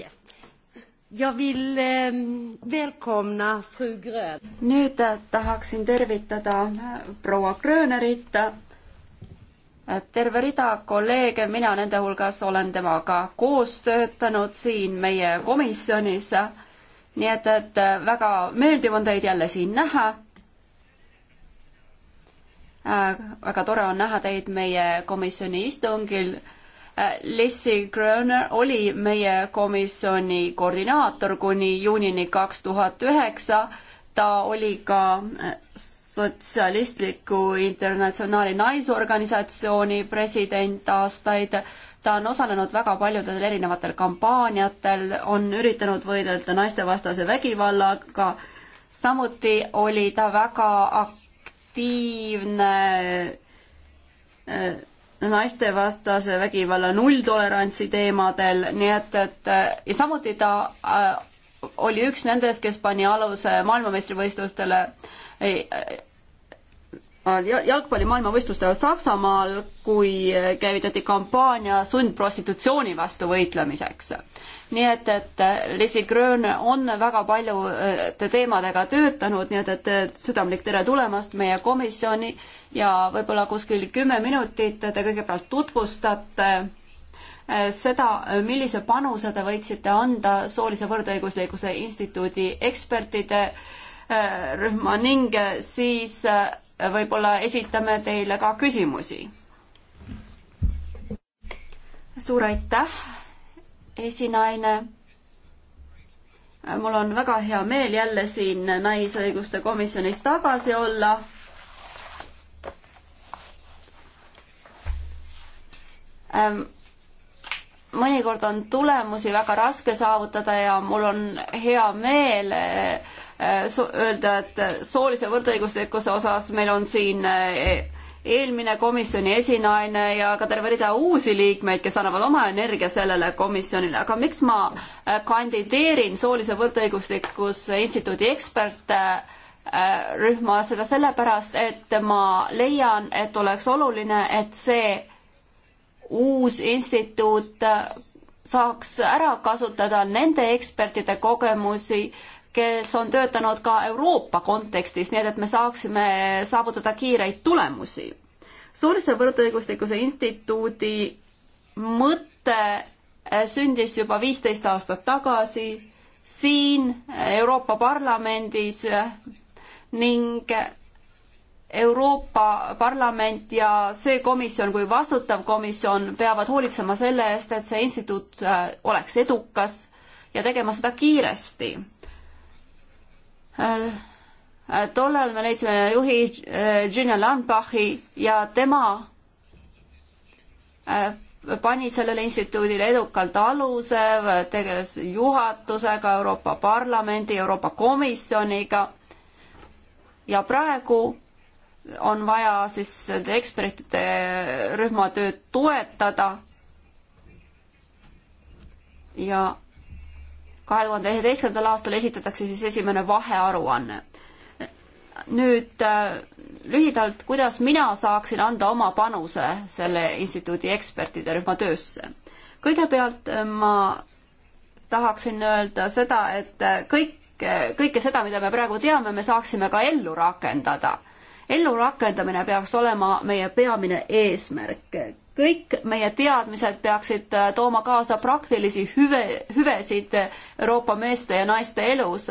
Yes.
Jag vill eh, välkomna fru Grön. Nüüd eh, tahaksin tervitada eh, proua Grönerit. Eh, terve rida kolleege, mina nende hulgas olen temaga koos töötanud siin meie komisjonis. Nii et, et väga meeldiv on teid jälle siin näha väga tore on näha teid meie komisjoni istungil. Äh, Lissi Gröner oli meie komisjoni koordinaator kuni juunini kaks tuhat üheksa. ta oli ka äh, Sotsialistliku Internatsionaali Naisorganisatsiooni president aastaid. ta on osalenud väga paljudel erinevatel kampaaniatel, on üritanud võidelda naistevastase vägivallaga. samuti oli ta väga aktiivne äh, naistevastase vägivalla nulltolerantsi teemadel, nii et, et ja samuti ta äh, oli üks nendest, kes pani aluse maailmameistrivõistlustele äh, äh, jalgpalli maailmavõistlustel Saksamaal, kui käivitati kampaania sundprostitutsiooni vastu võitlemiseks nii et, et äh, Leslie Grön on väga paljude teemadega töötanud, nii et, et äh, südamlik tere tulemast meie komisjoni ja võib-olla kuskil kümme minutit te kõigepealt tutvustate äh, seda, millise panuse te võiksite anda soolise võrdõiguslikkuse instituudi ekspertide rühma ning siis võib-olla esitame teile ka küsimusi. suur aitäh esinaine. mul on väga hea meel jälle siin Naisõiguste Komisjonis tagasi olla. Ähm, mõnikord on tulemusi väga raske saavutada ja mul on hea meel äh, öelda, et soolise võrdõiguslikkuse osas meil on siin äh, eelmine komisjoni esinaine ja ka terve rida uusi liikmeid, kes annavad oma energia sellele komisjonile, aga miks ma äh, kandideerin soolise võrdõiguslikkuse instituudi ekspertrühma, äh, seda sellepärast, et ma leian, et oleks oluline, et see uus instituut äh, saaks ära kasutada nende ekspertide kogemusi, kes on töötanud ka Euroopa kontekstis, nii et, et me saaksime saavutada kiireid tulemusi. soolise võrdõiguslikkuse instituudi mõte eh, sündis juba viisteist aastat tagasi siin eh, Euroopa Parlamendis eh, ning Euroopa Parlament ja see komisjon kui vastutav komisjon peavad hoolitsema selle eest, et see instituut oleks edukas ja tegema seda kiiresti Äh, äh, tollal me leidsime juhi Julian äh, Landbachi ja tema pani sellele instituudile edukalt aluse, tegeles juhatusega, Euroopa Parlamendi, Euroopa Komisjoniga ja praegu on vaja siis ekspertide rühma tööd toetada ja kahe tuhande üheteistkümnendal aastal esitatakse siis esimene vahearuanne. nüüd äh, lühidalt, kuidas mina saaksin anda oma panuse selle instituudi ekspertide rühma töösse? kõigepealt äh, ma tahaksin öelda seda, et äh, kõik, kõike seda, mida me praegu teame, me saaksime ka ellu rakendada. ellu rakendamine peaks olema meie peamine eesmärk kõik meie teadmised peaksid äh, tooma kaasa praktilisi hüve, hüvesid Euroopa meeste ja naiste elus.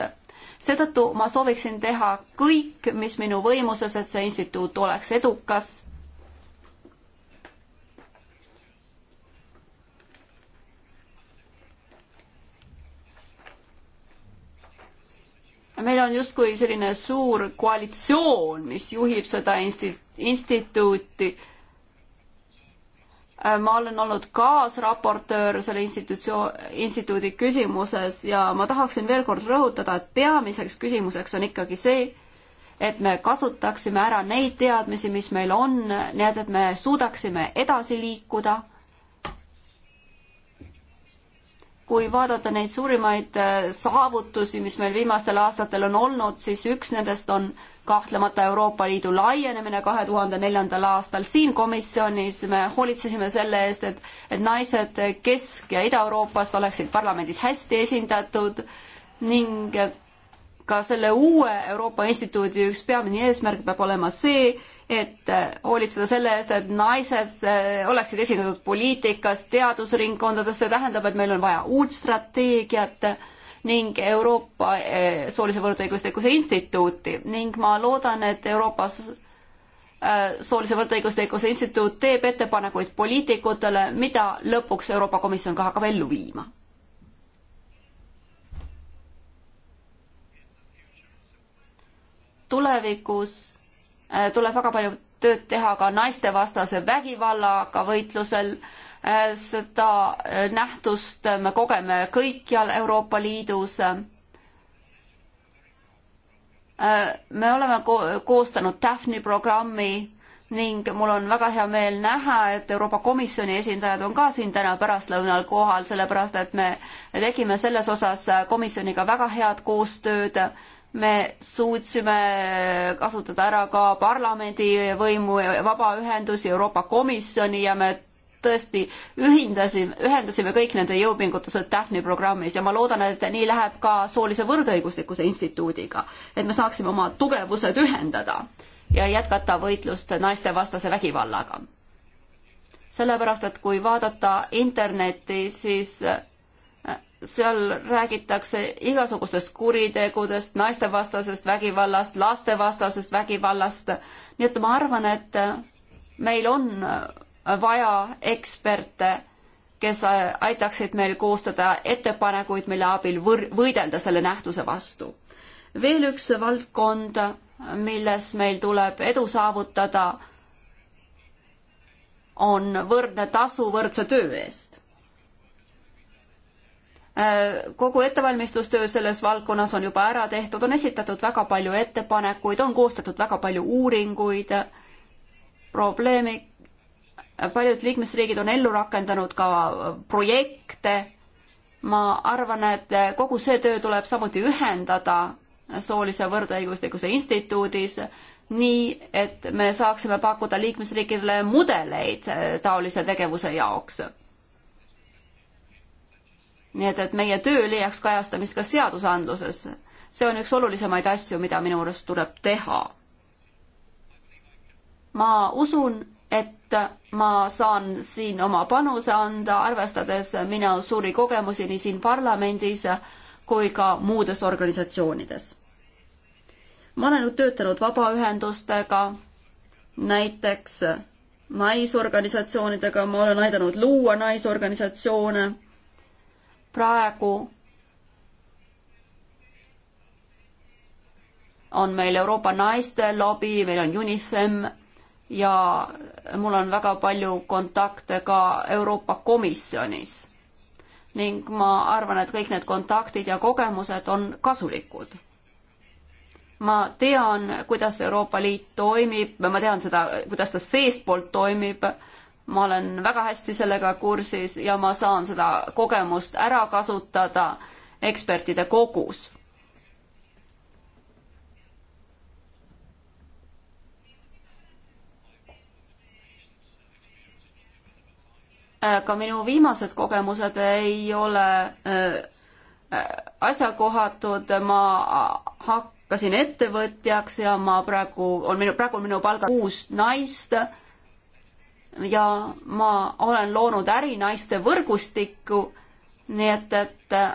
seetõttu ma sooviksin teha kõik, mis minu võimuses, et see instituut oleks edukas. meil on justkui selline suur koalitsioon, mis juhib seda insti-, instituuti Äh, ma olen olnud kaasraportöör selle institutsioon, instituudi küsimuses ja ma tahaksin veel kord rõhutada, et peamiseks küsimuseks on ikkagi see, et me kasutaksime ära neid teadmisi, mis meil on, nii et, et me suudaksime edasi liikuda kui vaadata neid suurimaid äh, saavutusi, mis meil viimastel aastatel on olnud, siis üks nendest on kahtlemata Euroopa Liidu laienemine kahe tuhande neljandal aastal. siin komisjonis me hoolitsesime selle eest, et, et naised Kesk- ja Ida-Euroopast oleksid parlamendis hästi esindatud ning ka selle uue Euroopa Instituudi üks peamine eesmärk peab olema see, et äh, hoolitseda selle eest, et naised äh, oleksid esindatud poliitikas, teadusringkondades, see tähendab, et meil on vaja uut strateegiat ning Euroopa äh, Soolise Võrdõiguslikkuse Instituuti ning ma loodan, et Euroopas soolise võrdõiguslikkuse instituut teeb ettepanekuid poliitikutele, mida lõpuks Euroopa Komisjon ka hakkab ellu viima tulevikus äh, tuleb väga palju tööd teha ka naistevastase vägivallaga võitlusel. Äh, seda äh, nähtust me kogeme kõikjal Euroopa Liidus. me oleme ko koostanud Daphne programmi ning mul on väga hea meel näha, et Euroopa Komisjoni esindajad on ka siin täna pärastlõunal kohal, sellepärast et me tegime selles osas komisjoniga väga head koostööd me suutsime kasutada ära ka parlamendi võimu, vabaühendusi, Euroopa Komisjoni ja me tõesti ühendasime, ühendasime kõik nende jõupingutused Daphne programmis ja ma loodan, et nii läheb ka soolise võrdõiguslikkuse instituudiga, et me saaksime oma tugevused ühendada ja jätkata võitlust naistevastase vägivallaga. sellepärast, et kui vaadata internetti, siis seal räägitakse igasugustest kuritegudest, naistevastasest vägivallast, lastevastasest vägivallast. nii et ma arvan, et meil on vaja eksperte, kes aitaksid meil koostada ettepanekuid, mille abil võr-, võidelda selle nähtuse vastu. veel üks valdkond, milles meil tuleb edu saavutada, on võrdne tasu võrdse töö eest Äh, kogu ettevalmistustöö selles valdkonnas on juba ära tehtud, on esitatud väga palju ettepanekuid, on koostatud väga palju uuringuid, probleemi, paljud liikmesriigid on ellu rakendanud ka projekte, ma arvan, et kogu see töö tuleb samuti ühendada soolise võrdõiguslikkuse instituudis, nii et me saaksime pakkuda liikmesriikidele mudeleid äh, taolise tegevuse jaoks nii et, et meie töö leiaks kajastamist ka seadusandluses. see on üks olulisemaid asju, mida minu arust tuleb teha. ma usun, et ma saan siin oma panuse anda, arvestades minu suuri kogemusi nii siin parlamendis kui ka muudes organisatsioonides. ma olen töötanud vabaühendustega, näiteks naisorganisatsioonidega, ma olen aidanud luua naisorganisatsioone praegu on meil Euroopa naiste lobi, meil on UNIFEM ja mul on väga palju kontakte ka Euroopa Komisjonis. ning ma arvan, et kõik need kontaktid ja kogemused on kasulikud. ma tean, kuidas Euroopa Liit toimib, ma tean seda, kuidas ta seestpoolt toimib ma olen väga hästi sellega kursis ja ma saan seda kogemust ära kasutada ekspertide kogus. ka minu viimased kogemused ei ole äh, äh, asjakohatud, ma hakkasin ettevõtjaks ja ma praegu, on minu, praegu on minu palgal kuus naist ja ma olen loonud ärinaiste võrgustikku, nii et, et äh,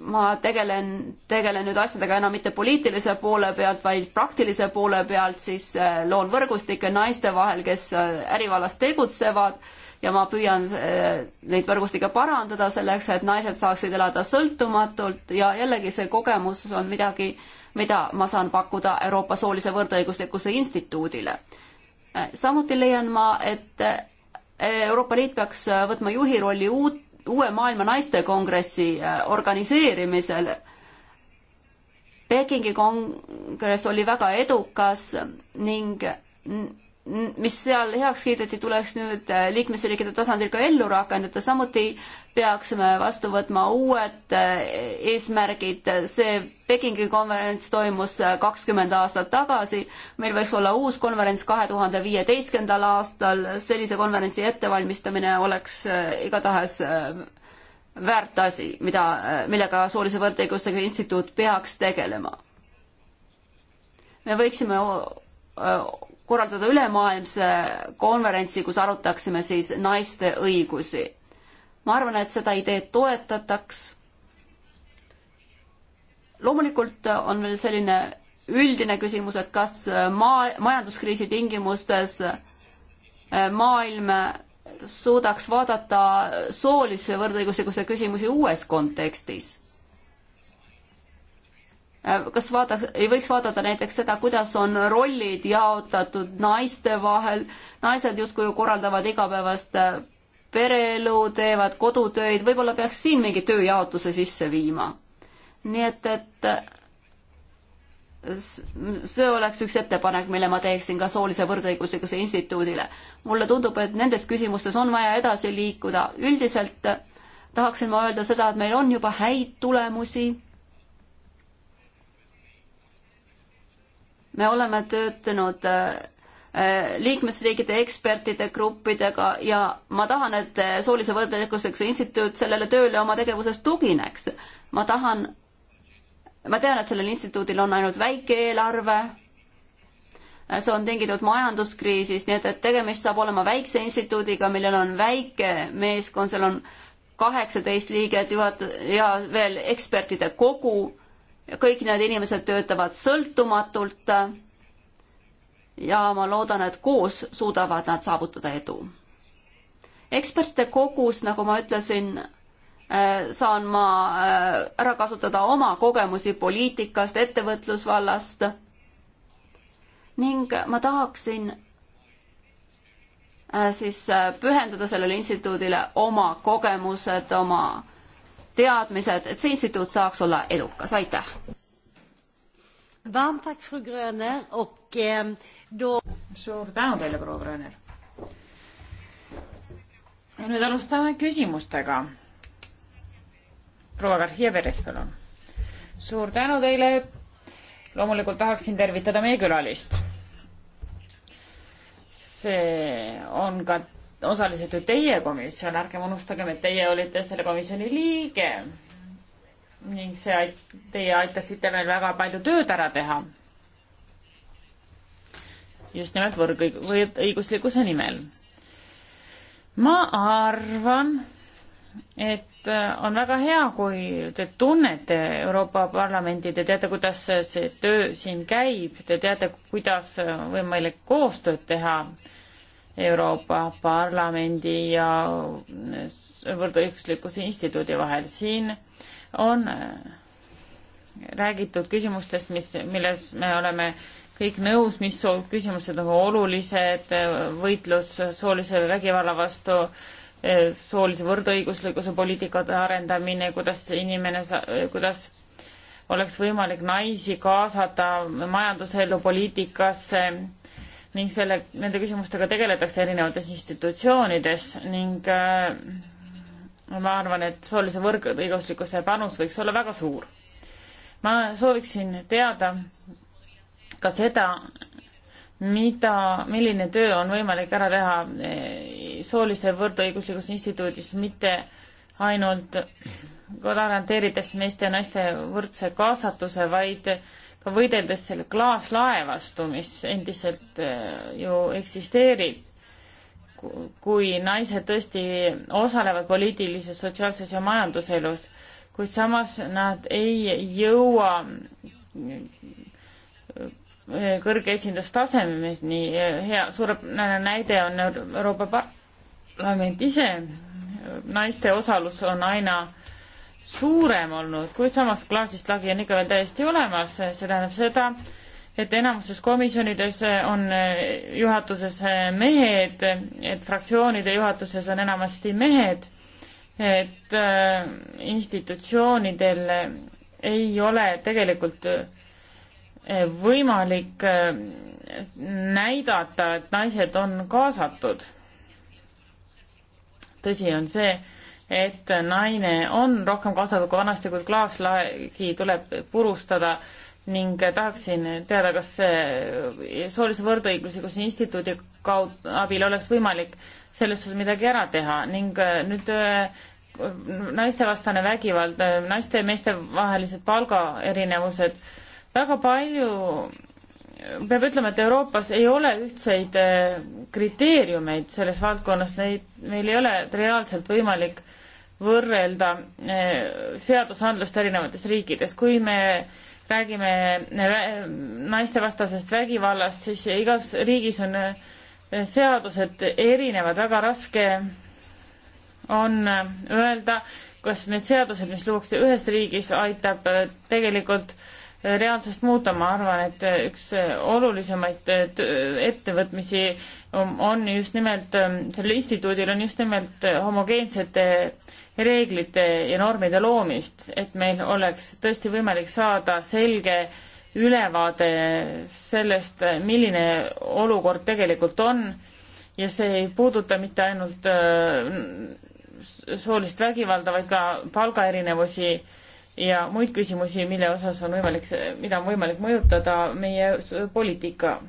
ma tegelen, tegelen nüüd asjadega enam mitte poliitilise poole pealt, vaid praktilise poole pealt, siis äh, loon võrgustikke naiste vahel, kes äh, ärivallas tegutsevad ja ma püüan neid võrgustikke parandada selleks, et naised saaksid elada sõltumatult ja jällegi see kogemus on midagi, mida ma saan pakkuda Euroopa Soolise Võrdõiguslikkuse Instituudile samuti leian ma, et äh, Euroopa Liit peaks äh, võtma juhi rolli uut, uue maailma naistekongressi äh, organiseerimisel. Pekingi kongress oli väga edukas ning mis seal heaks kiideti, tuleks nüüd äh, liikmesriikide tasandil ka ellu rakendada, samuti peaksime vastu võtma uued äh, eesmärgid, see Pekingi konverents toimus äh, kakskümmend aastat tagasi, meil võiks olla uus konverents kahe tuhande viieteistkümnendal aastal, sellise konverentsi ettevalmistamine oleks igatahes väärt asi, mida, millega soolise võrdõigusega instituut peaks tegelema. me võiksime korraldada ülemaailmse konverentsi, kus arutaksime siis naiste õigusi. ma arvan, et seda ideed toetataks. loomulikult on veel selline üldine küsimus, et kas maa, majanduskriisi tingimustes äh, maailm suudaks vaadata soolise võrdõiguslikkuse küsimusi uues kontekstis Äh, kas vaada, ei võiks vaadata näiteks seda, kuidas on rollid jaotatud naiste vahel, naised justkui korraldavad igapäevast äh, pereelu, teevad kodutöid, võib-olla peaks siin mingi tööjaotuse sisse viima. nii et, et äh, see oleks üks ettepanek, mille ma teeksin ka soolise võrdõiguslikkuse instituudile. mulle tundub, et nendes küsimustes on vaja edasi liikuda, üldiselt tahaksin ma öelda seda, et meil on juba häid tulemusi me oleme töötanud äh, äh, liikmesriikide ekspertide gruppidega ja ma tahan, et äh, soolise võrdõiguslikkuse instituut sellele tööle oma tegevuses tugineks. ma tahan, ma tean, et sellel instituudil on ainult väike eelarve, see on tingitud majanduskriisist, nii et, et tegemist saab olema väikse instituudiga, millel on väike meeskond, seal on kaheksateist liiget juhat- ja veel ekspertide kogu kõik need inimesed töötavad sõltumatult ja ma loodan, et koos suudavad nad saavutada edu. ekspertide kogus, nagu ma ütlesin, äh, saan ma äh, ära kasutada oma kogemusi poliitikast, ettevõtlusvallast ning ma tahaksin äh, siis pühendada sellele instituudile oma kogemused, oma teadmised, et see instituut saaks olla edukas, aitäh!
Eh, suur tänu teile, proua Gröner! ja nüüd
alustame küsimustega. proua Garcia Perez, palun! suur tänu teile! loomulikult tahaksin tervitada meie külalist. see on ka osaliselt ju teie komisjon, ärgem unustagem, et teie olite selle komisjoni liige. ning see, teie aitasite meil väga palju tööd ära teha. just nimelt võrgõig-, või õiguslikkuse nimel. ma arvan, et äh, on väga hea, kui te tunnete Euroopa Parlamendi, te teate, kuidas see töö siin käib, te teate, kuidas äh, võimalik koostööd teha Euroopa Parlamendi ja võrdõiguslikkuse instituudi vahel. siin on räägitud küsimustest, mis, milles me oleme kõik nõus, mis küsimused on olulised, võitlus soolise vägivalla vastu, soolise võrdõiguslikkuse poliitikate arendamine, kuidas inimene, kuidas oleks võimalik naisi kaasata majandusellu poliitikasse ning selle, nende küsimustega tegeletakse erinevates institutsioonides ning äh, ma arvan, et soolise võrdõiguslikkuse panus võiks olla väga suur. ma sooviksin teada ka seda, mida, milline töö on võimalik ära teha eh, soolise võrdõiguslikkuse instituudis, mitte ainult garanteerides meeste ja naiste võrdse kaasatuse, vaid äh, ka võideldes selle klaaslae vastu, mis endiselt äh, ju eksisteerib. kui naised tõesti osalevad poliitilises, sotsiaalses ja majanduselus, kuid samas nad ei jõua äh, kõrge esindustasemeni, äh, hea, suurepärane näide on Euroopa Parlament ise, naiste osalus on aina äh, suurem olnud, kuid samas klaasist lagi on ikka veel täiesti olemas, see tähendab seda, et enamuses komisjonides on juhatuses mehed, et fraktsioonide juhatuses on enamasti mehed, et äh, institutsioonidel ei ole tegelikult äh, võimalik äh, näidata, et naised on kaasatud. tõsi on see, et naine on rohkem kaasatud kui vanasti, kuid klaaslaegi tuleb purustada ning tahaksin teada, kas see soolise võrdõiguslikkuse instituudi kaud-, abil oleks võimalik selles suhtes midagi ära teha ning äh, nüüd äh, naistevastane vägivald, äh, naiste ja meeste vahelised palgaerinevused, väga palju peab ütlema, et Euroopas ei ole ühtseid kriteeriumeid selles valdkonnas, neid, meil ei ole reaalselt võimalik äh, võrrelda eh, seadusandlust erinevates riikides. kui me räägime eh, naistevastasest vägivallast, siis igas riigis on eh, seadused erinevad, väga raske on öelda, kas need seadused, mis luuakse ühes riigis, aitab tegelikult äh, reaalsust muuta, ma arvan, et üks olulisemaid äh, ettevõtmisi um, on just nimelt, ähm, sellel instituudil on just nimelt äh, homogeensete reeglite ja normide loomist, et meil oleks tõesti võimalik saada selge ülevaade sellest, milline olukord tegelikult on ja see ei puuduta mitte ainult äh, soolist vägivalda, vaid ka palgaerinevusi ja muid küsimusi, mille osas on võimalik, mida on võimalik mõjutada meie poliitikaga.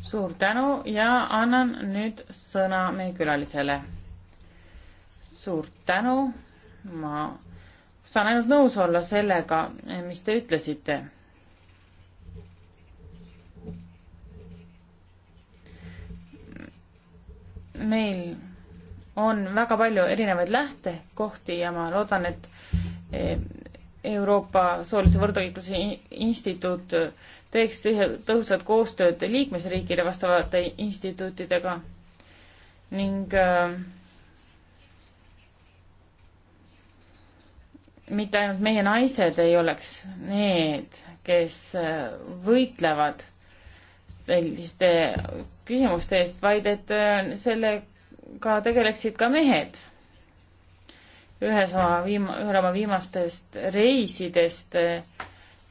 suur tänu ja annan nüüd sõna meie külalisele. suur tänu, ma saan ainult nõus olla sellega, mis te ütlesite meil on väga palju erinevaid lähtekohti ja ma loodan, et eh, Euroopa Soolise Võrdõigluse Instituut teeks tõhusat koostööd liikmesriikide vastavate instituutidega ning äh, mitte ainult meie naised ei oleks need, kes äh, võitlevad selliste küsimuste eest, vaid et äh, selle ka tegeleksid ka mehed. ühes oma viim-, ühel oma viimastest reisidest, eh,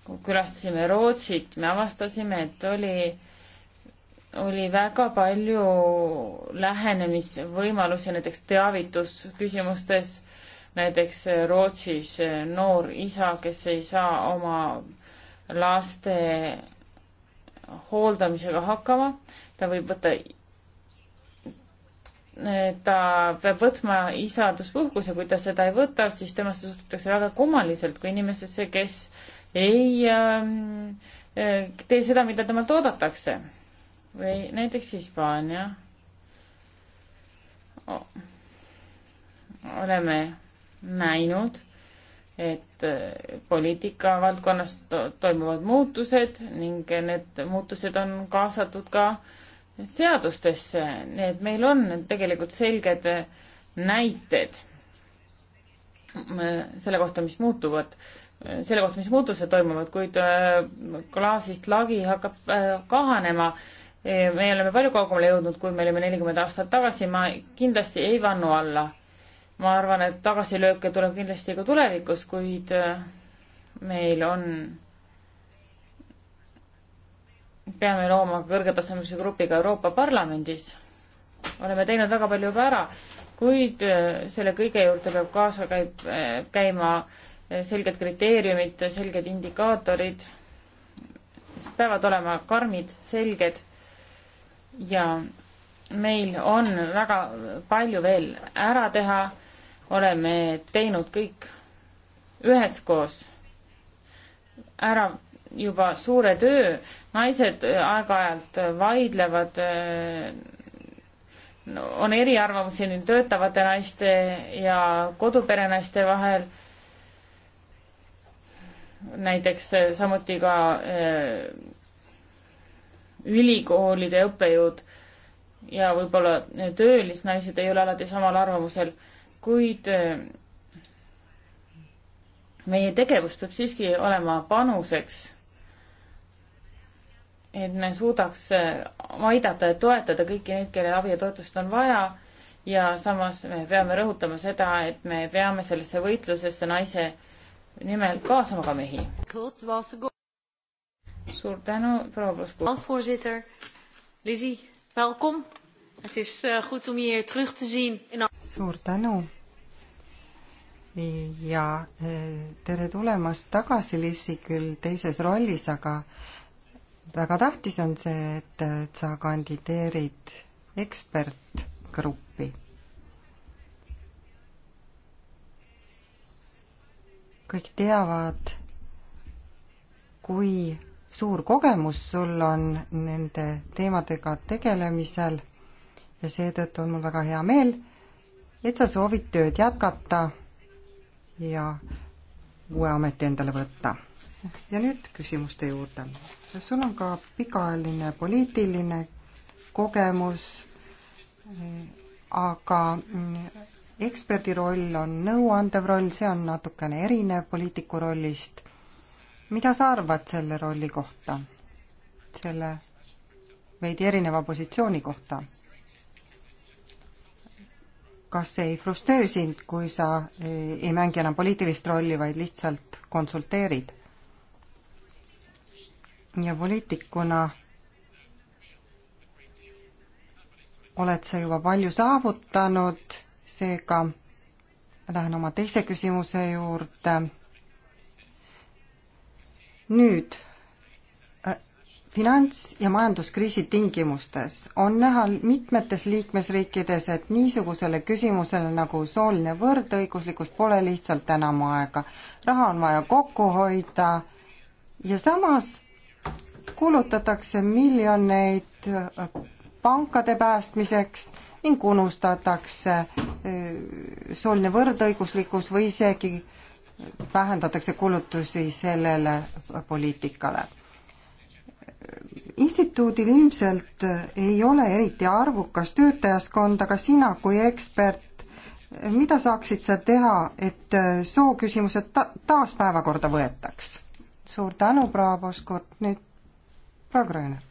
kui külastasime Rootsit, me avastasime, et oli, oli väga palju lähenemisvõimalusi näiteks teavitusküsimustes, näiteks eh, Rootsis eh, noor isa, kes ei saa oma laste hooldamisega hakkama, ta võib võtta ta peab võtma isaduspuhkuse, kui ta seda ei võta, siis temasse suhtutakse väga kummaliselt kui inimesesse, kes ei ähm, äh, tee seda, mida temalt oodatakse. või näiteks Hispaania oh.. oleme näinud, et äh, poliitika valdkonnas to toimuvad muutused ning need muutused on kaasatud ka äh, seadustesse, nii et meil on tegelikult selged näited selle kohta, mis muutuvad, selle kohta, mis muutused toimuvad, kuid äh, klaasist lagi hakkab äh, kahanema. me oleme palju kaugemale jõudnud, kui me olime nelikümmend aastat tagasi, ma kindlasti ei vannu alla. ma arvan, et tagasilööke tuleb kindlasti ka tulevikus, kuid äh, meil on peame looma kõrgetasemelise grupiga Euroopa Parlamendis. oleme teinud väga palju juba ära, kuid äh, selle kõige juurde peab kaasa käib, äh, käima äh, selged kriteeriumid, selged indikaatorid, mis peavad olema karmid, selged ja meil on väga palju veel ära teha, oleme teinud kõik üheskoos ära juba suure töö, naised äh, aeg-ajalt äh, vaidlevad, äh, on eriarvamusi nüüd töötavate naiste ja koduperenaiste vahel, näiteks samuti ka ülikoolide õppejõud ja võib-olla töölisnaised ei ole alati samal arvamusel, kuid meie tegevus peab siiski olema panuseks et me suudaks äh, aidata ja toetada kõiki neid, kellel abi ja toetust on vaja ja samas me peame rõhutama seda, et me peame sellesse võitlusesse naise nimel kaasama ka mehi. suur tänu, proua Posku. Lisi, welkom. Het is uh, goed
om je terug te zien.
Suur tänu ja eh, tere tulemast tagasi, Lissi, küll teises rollis, aga väga tähtis on see, et, et sa kandideerid ekspertgruppi. kõik teavad, kui suur kogemus sul on nende teemadega tegelemisel ja seetõttu on mul väga hea meel, et sa soovid tööd jätkata ja uue ameti endale võtta ja nüüd küsimuste juurde. sul on ka pikaajaline poliitiline kogemus, aga mm, eksperdi roll on nõuandev roll, see on natukene erinev poliitiku rollist. mida sa arvad selle rolli kohta, selle veidi erineva positsiooni kohta? kas see ei frustreeri sind, kui sa eh, ei mängi enam poliitilist rolli, vaid lihtsalt konsulteerid? ja poliitikuna oled sa juba palju saavutanud, seega lähen oma teise küsimuse juurde. nüüd äh, finants- ja majanduskriisi tingimustes on näha mitmetes liikmesriikides, et niisugusele küsimusele nagu sooline võrdõiguslikkus pole lihtsalt enam aega. raha on vaja kokku hoida ja samas kulutatakse miljoneid äh, pankade päästmiseks ning unustatakse äh, sooline võrdõiguslikkus või isegi vähendatakse kulutusi sellele poliitikale. instituudil ilmselt äh, ei ole eriti arvukas töötajaskond, aga sina kui ekspert, mida saaksid sa teha, et sooküsimused ta-, taas päevakorda võetaks? suur tänu, proua Poskurt, nüüd proua Gröner.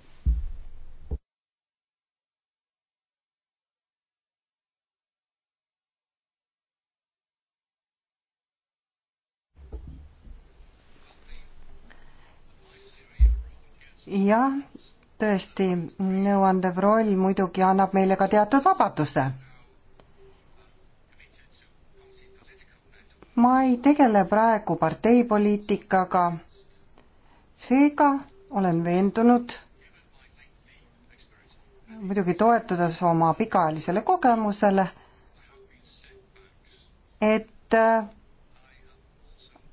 jah, tõesti, nõuandev roll muidugi annab meile ka teatud vabaduse. ma ei tegele praegu parteipoliitikaga seega olen veendunud, muidugi toetudes oma pikaajalisele kogemusele, et äh,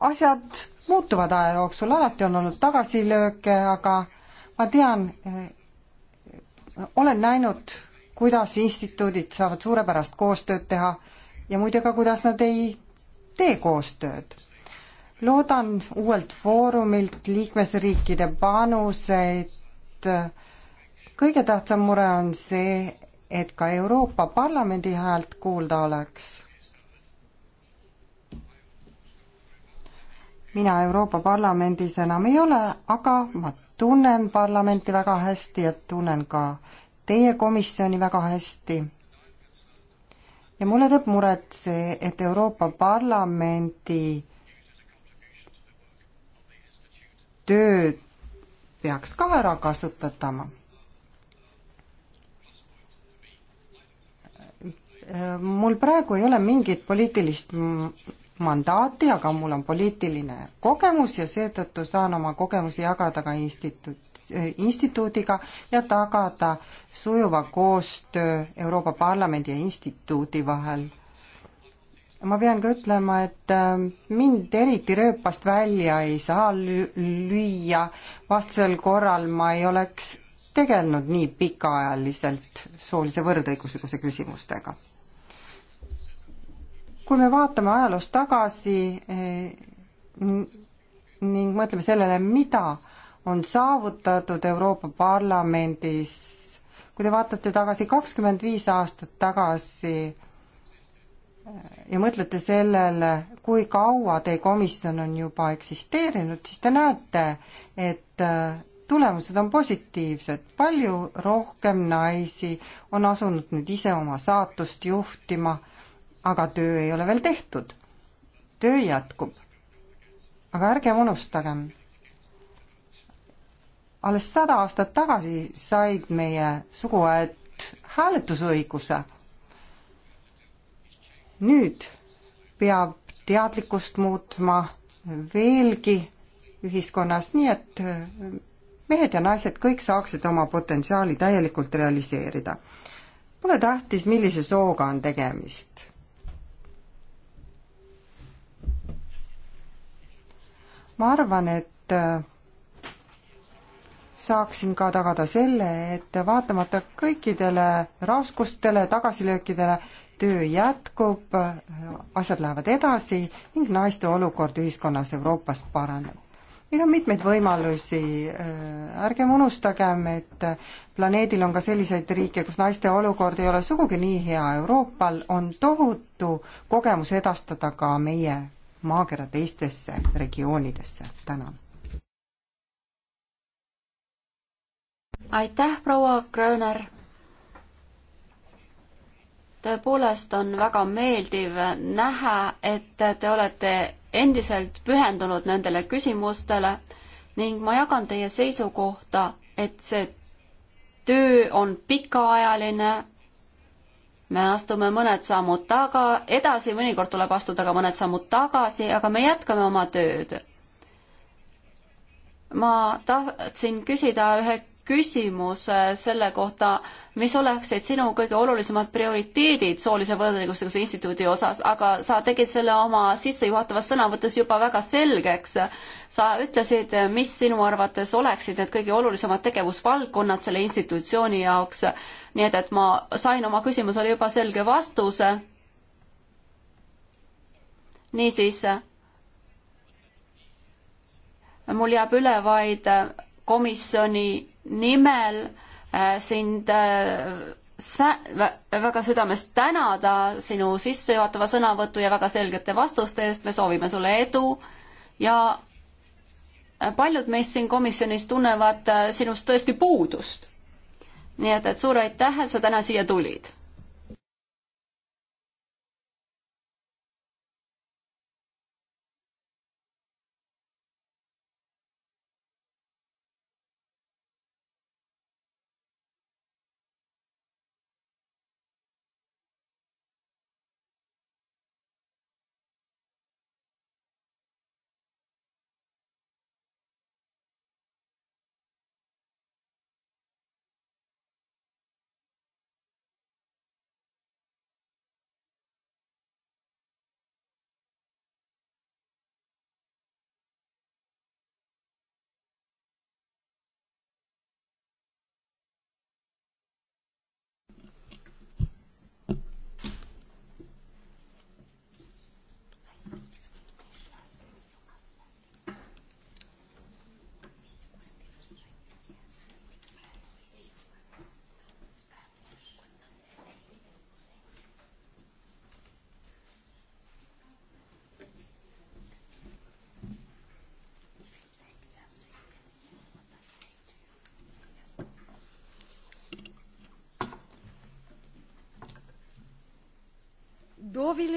asjad muutuvad aja jooksul, alati on olnud tagasilööke, aga ma tean, äh, olen näinud, kuidas instituudid saavad suurepärast koostööd teha ja muide ka, kuidas nad ei tee koostööd loodan uuelt foorumilt liikmesriikide panuseid. kõige tähtsam mure on see, et ka Euroopa Parlamendi häält kuulda oleks. mina Euroopa Parlamendis enam ei ole, aga ma tunnen parlamenti väga hästi ja tunnen ka teie komisjoni väga hästi ja mulle teeb muret see, et Euroopa Parlamendi töö peaks ka ära kasutatama. mul praegu ei ole mingit poliitilist mandaati, aga mul on poliitiline kogemus ja seetõttu saan oma kogemusi jagada ka instituut, instituudiga ja tagada sujuva koostöö Euroopa Parlamendi ja instituudi vahel ma pean ka ütlema, et äh, mind eriti rööpast välja ei saa lüüa, vastasel korral ma ei oleks tegelenud nii pikaajaliselt soolise võrdõiguslikkuse küsimustega. kui me vaatame ajaloos tagasi äh, ning mõtleme sellele, mida on saavutatud Euroopa Parlamendis, kui te vaatate tagasi kakskümmend viis aastat tagasi, ja mõtlete sellele, kui kaua teie komisjon on juba eksisteerinud, siis te näete, et äh, tulemused on positiivsed, palju rohkem naisi on asunud nüüd ise oma saatust juhtima, aga töö ei ole veel tehtud. töö jätkub. aga ärgem unustagem, alles sada aastat tagasi said meie suguäed hääletusõiguse nüüd peab teadlikkust muutma veelgi ühiskonnas, nii et äh, mehed ja naised kõik saaksid oma potentsiaali täielikult realiseerida. Pole tähtis, millise sooga on tegemist. ma arvan, et äh, saaksin ka tagada selle, et vaatamata kõikidele raskustele, tagasilöökidele, töö jätkub, asjad lähevad edasi ning naiste olukord ühiskonnas Euroopas paraneb. meil on mitmeid võimalusi, äh, ärgem unustagem, et planeedil on ka selliseid riike, kus naiste olukord ei ole sugugi nii hea, Euroopal on tohutu kogemus edastada ka meie maakera teistesse regioonidesse, tänan.
aitäh, proua Gröner tõepoolest on väga meeldiv näha, et te olete endiselt pühendunud nendele küsimustele ning ma jagan teie seisukohta, et see töö on pikaajaline, me astume mõned sammud taga, edasi, mõnikord tuleb astuda ka mõned sammud tagasi, aga me jätkame oma tööd. ma tahtsin küsida ühe küsimus äh, selle kohta, mis oleksid sinu kõige olulisemad prioriteedid soolise võrdõiguslikkuse instituudi osas, aga sa tegid selle oma sissejuhatavas sõnavõttes juba väga selgeks. sa ütlesid, mis sinu arvates oleksid need kõige olulisemad tegevusvaldkonnad selle institutsiooni jaoks, nii et, et ma sain oma küsimusele juba selge vastuse. niisiis mul jääb üle vaid komisjoni nimel äh, sind äh, väga südamest tänada sinu sissejuhatava sõnavõtu ja väga selgete vastuste eest, me soovime sulle edu ja äh, paljud meist siin komisjonis tunnevad sinust tõesti puudust. nii et, et suur aitäh, et sa täna siia tulid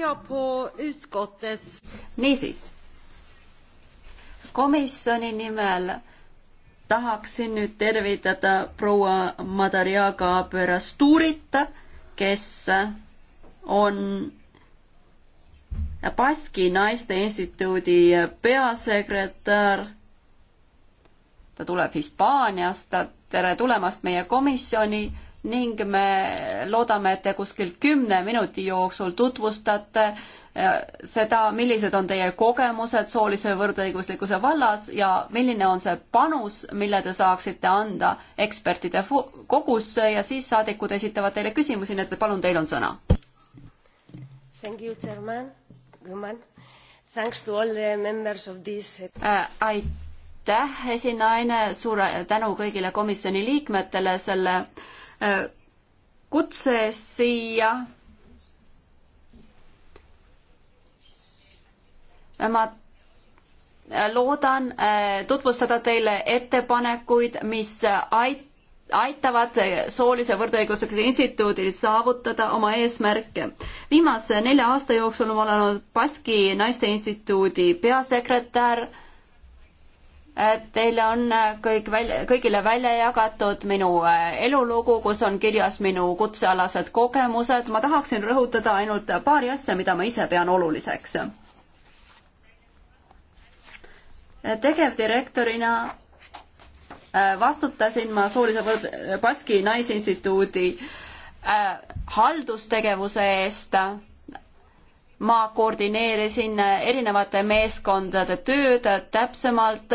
jag på utskottets... Niisiis, komisjoni nimel tahaksin nüüd tervitada proua Madariaga Pörastuurit, kes on Baski Naiste Instituudi peasekretär. ta tuleb Hispaaniast, tere tulemast meie komisjoni ning me loodame, et te kuskil kümne minuti jooksul tutvustate äh, seda, millised on teie kogemused soolise võrdõiguslikkuse vallas ja milline on see panus, mille te saaksite anda ekspertide kogusse ja siis saadikud esitavad teile küsimusi, nii et palun, teil on sõna. Thank you, chairman, Guman. Thanks to all the
members of this uh,.
aitäh, esinaine, suure tänu kõigile komisjoni liikmetele selle uh, Äh, kutse eest siia. ma äh, loodan äh, tutvustada teile ettepanekuid, mis ait-, aitavad soolise võrdõiguslikkuse instituudil saavutada oma eesmärke. viimase nelja aasta jooksul ma olen olnud Baski Naiste Instituudi peasekretär Teile on äh, kõik välja, kõigile välja jagatud minu äh, elulugu, kus on kirjas minu kutsealased kogemused. ma tahaksin rõhutada ainult paari asja, mida ma ise pean oluliseks. tegevdirektorina äh, vastutasin ma soolise võrd-, Baski Naisinstituudi haldustegevuse eest ma koordineerisin erinevate meeskondade tööd täpsemalt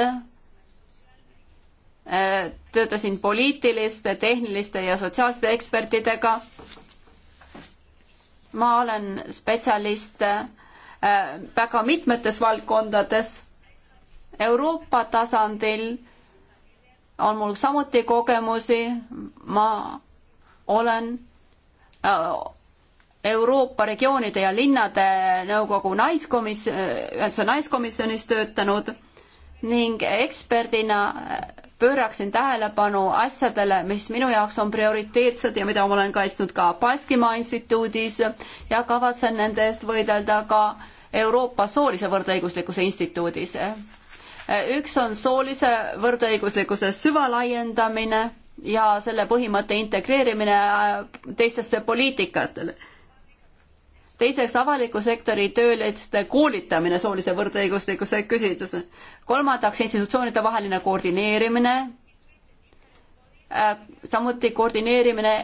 töötasin poliitiliste, tehniliste ja sotsiaalsete ekspertidega. ma olen spetsialist äh, väga mitmetes valdkondades. Euroopa tasandil on mul samuti kogemusi, ma olen äh, Euroopa regioonide ja linnade nõukogu naiskomis-, ühenduse naiskomisjonis töötanud ning eksperdina pööraksin tähelepanu asjadele, mis minu jaoks on prioriteetsed ja mida ma olen kaitsnud ka Baskimaa instituudis ja kavatsen nende eest võidelda ka Euroopa soolise võrdõiguslikkuse instituudis. üks on soolise võrdõiguslikkuse süvalaiendamine ja selle põhimõtte integreerimine teistesse poliitikatele teiseks avaliku sektori tööliste koolitamine soolise võrdõiguslikkuse küsitluse, kolmandaks institutsioonide vaheline koordineerimine, äh, samuti koordineerimine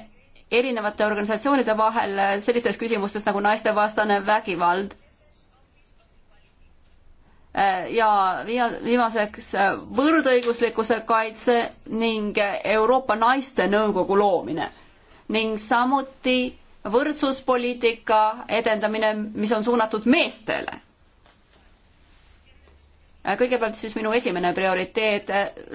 erinevate organisatsioonide vahel sellistes küsimustes nagu naistevastane vägivald äh, ja viimaseks äh, võrdõiguslikkuse kaitse ning Euroopa Naiste Nõukogu loomine ning samuti võrdsuspoliitika edendamine, mis on suunatud meestele. kõigepealt siis minu esimene prioriteet,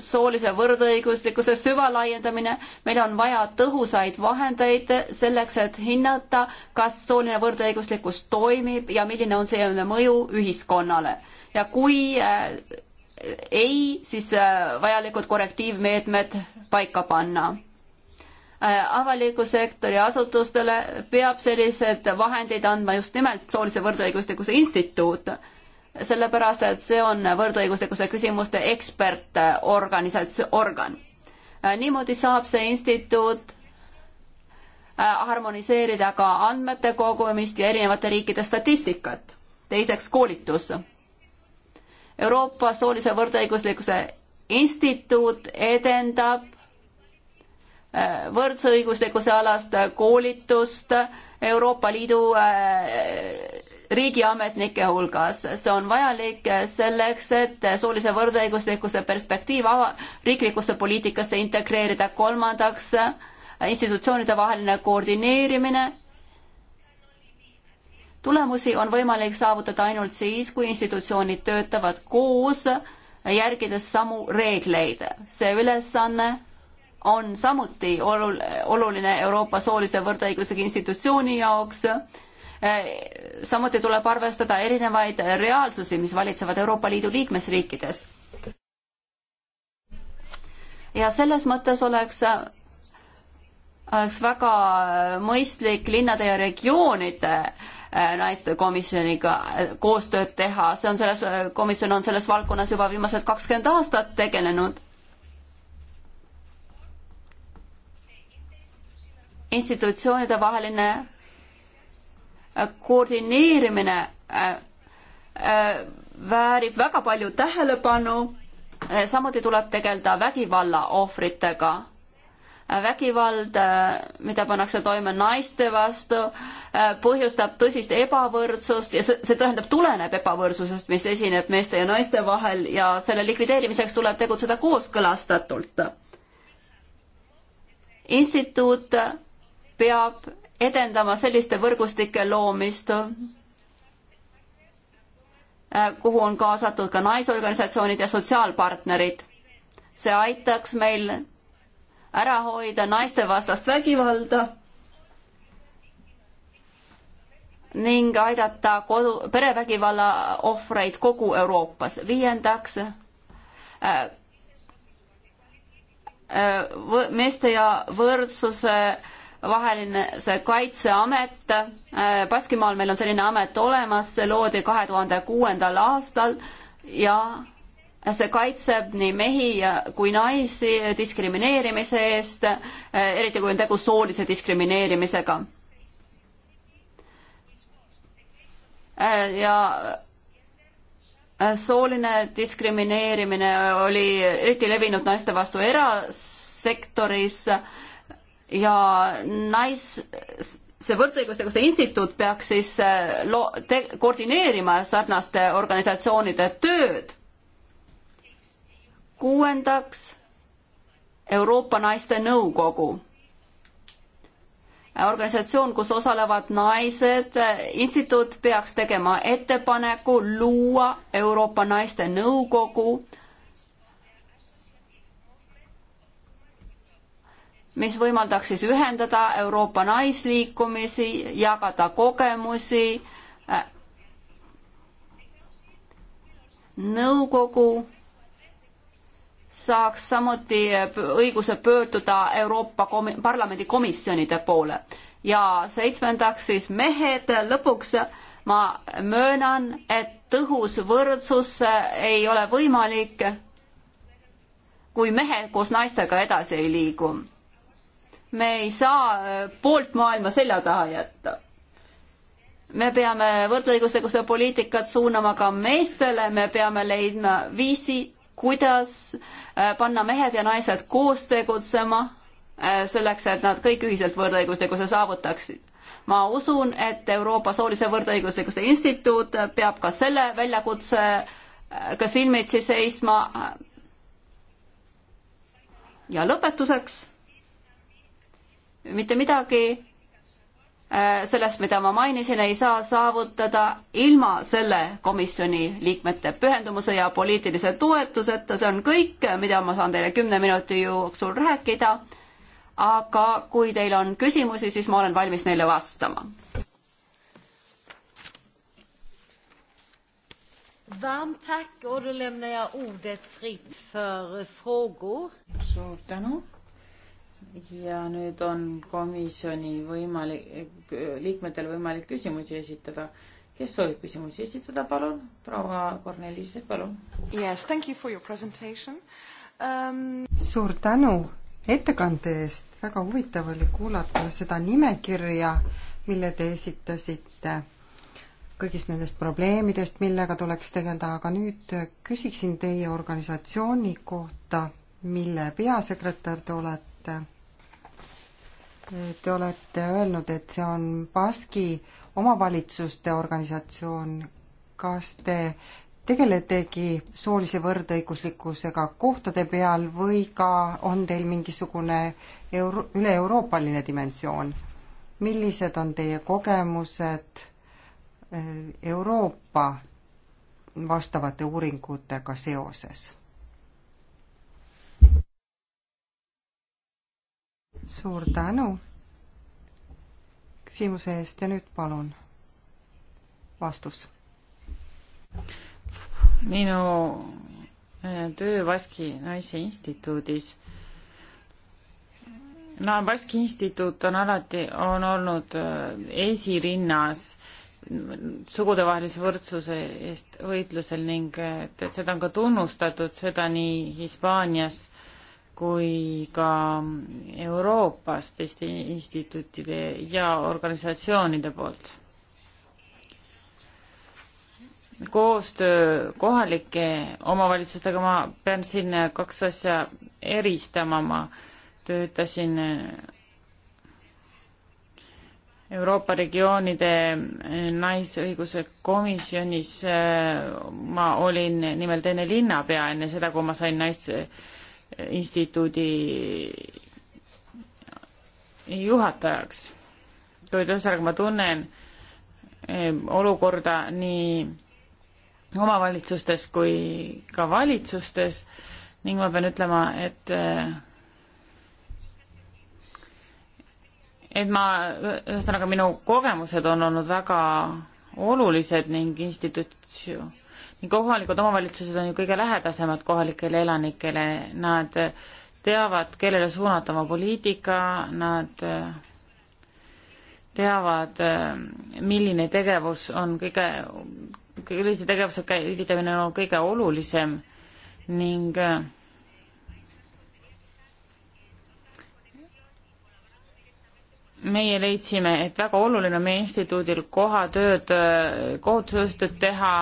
soolise võrdõiguslikkuse süvalaiendamine. meil on vaja tõhusaid vahendeid selleks, et hinnata, kas sooline võrdõiguslikkus toimib ja milline on selle mõju ühiskonnale. ja kui äh, ei, siis äh, vajalikud korrektiivmeetmed paika panna Äh, avaliku sektori asutustele peab sellised vahendid andma just nimelt soolise võrdõiguslikkuse instituut, sellepärast et see on võrdõiguslikkuse küsimuste ekspertorganisats-, organ. Äh, niimoodi saab see instituut äh, harmoniseerida ka andmete kogumist ja erinevate riikide statistikat. teiseks, koolitus. Euroopa Soolise Võrdõiguslikkuse Instituut edendab võrdõiguslikkuse alast koolitust Euroopa Liidu äh, riigiametnike hulgas. see on vajalik selleks, et soolise võrdõiguslikkuse perspektiiv riiklikusse poliitikasse integreerida. kolmandaks, institutsioonide vaheline koordineerimine. tulemusi on võimalik saavutada ainult siis, kui institutsioonid töötavad koos, järgides samu reegleid. see ülesanne on samuti olul-, oluline Euroopa soolise võrdõigusega institutsiooni jaoks. Eh, samuti tuleb arvestada erinevaid reaalsusi, mis valitsevad Euroopa Liidu liikmesriikides. ja selles mõttes oleks oleks väga mõistlik linnade ja regioonide eh, naiste komisjoniga eh, koostööd teha, see on selles, komisjon on selles valdkonnas juba viimased kakskümmend aastat tegelenud institutsioonide vaheline äh, koordineerimine äh, äh, väärib väga palju tähelepanu. samuti tuleb tegeleda vägivalla ohvritega. vägivald, mida pannakse toime naiste vastu, põhjustab tõsist ebavõrdsust ja see, see tähendab, tuleneb ebavõrdsusest, mis esineb meeste ja naiste vahel ja selle likvideerimiseks tuleb tegutseda kooskõlastatult. instituut peab edendama selliste võrgustike loomist, äh, kuhu on kaasatud ka naisorganisatsioonid ja sotsiaalpartnerid. see aitaks meil ära hoida naistevastast vägivalda ning aidata kodu, perevägivalla ohvreid kogu Euroopas. viiendaks äh, äh meeste ja võrdsuse äh, vaheline see kaitseamet. Äh, Baskimaal meil on selline amet olemas, see loodi kahe tuhande kuuendal aastal ja see kaitseb nii mehi kui naisi diskrimineerimise eest, äh, eriti kui on tegu soolise diskrimineerimisega. Äh, ja sooline diskrimineerimine oli eriti levinud naiste vastu erasektoris ja nais, see Võrdõiguslikkuse Instituut peaks siis äh, lo-, te-, koordineerima sarnaste organisatsioonide tööd. kuuendaks, Euroopa Naiste Nõukogu. organisatsioon, kus osalevad naised, instituut peaks tegema ettepaneku luua Euroopa Naiste Nõukogu mis võimaldaks siis ühendada Euroopa naisliikumisi, jagada kogemusi. Äh, nõukogu saaks samuti õiguse pöörduda Euroopa komi-, Parlamendi komisjonide poole ja seitsmendaks siis mehed, lõpuks ma möönan, et tõhus võrdsus ei ole võimalik, kui mehed koos naistega edasi ei liigu me ei saa äh, poolt maailma selja taha jätta. me peame võrdõiguslikkuse poliitikat suunama ka meestele, me peame leidma viisi, kuidas äh, panna mehed ja naised koos tegutsema, äh, selleks et nad kõik ühiselt võrdõiguslikkuse saavutaksid ma usun, et Euroopa Soolise Võrdõiguslikkuse Instituut peab ka selle väljakutsega silmitsi seisma. ja lõpetuseks mitte midagi äh, sellest, mida ma mainisin, ei saa saavutada ilma selle komisjoni liikmete pühendumuse ja poliitilise toetuseta, see on kõik, mida ma saan teile kümne minuti jooksul rääkida. aga kui teil on küsimusi, siis ma olen valmis neile vastama.
Varmt tack och då lämnar jag ordet fritt för frågor. Suur tänu
ja nüüd on komisjoni võimalik, liikmetel võimalik küsimusi esitada. kes soovib küsimusi esitada, palun, proua Kornelis, palun.
Yes, thank you for your presentation um.... suur tänu ettekande eest, väga huvitav oli kuulata seda nimekirja, mille te esitasite kõigist nendest probleemidest, millega tuleks tegeleda, aga nüüd küsiksin teie organisatsiooni kohta, mille peasekretär te olete Te olete öelnud, et see on Baski omavalitsuste organisatsioon. kas te tegeletegi soolise võrdõiguslikkusega kohtade peal või ka on teil mingisugune euro-, üle-euroopaline dimensioon? millised on teie kogemused eh, Euroopa vastavate uuringutega seoses? suur tänu küsimuse eest ja nüüd palun vastus. minu
äh, töö Vaski Naise Instituudis no Baski instituut on alati, on olnud äh, esirinnas sugudevahelise võrdsuse eest võitlusel ning äh, seda on ka tunnustatud, seda nii Hispaanias kui ka Euroopas teiste instituutide ja organisatsioonide poolt. koostöö kohalike omavalitsustega, ma pean siin kaks asja eristama, ma töötasin Euroopa regioonide naisõiguse komisjonis, ma olin nimelt enne linnapea, enne seda, kui ma sain nais- nice instituudi juhatajaks, kuid ühesõnaga ma tunnen eh, olukorda nii omavalitsustes kui ka valitsustes ning ma pean ütlema, et eh, et ma, ühesõnaga minu kogemused on olnud väga olulised ning institutsio-, kohalikud omavalitsused on ju kõige lähedasemad kohalikele elanikele, nad teavad, kellele suunata oma poliitika, nad äh, teavad, äh, milline tegevus on kõige, millise tegevuse käivitamine on kõige olulisem ning äh, meie leidsime, et väga oluline on meie instituudil kohatööd, kohutustööd teha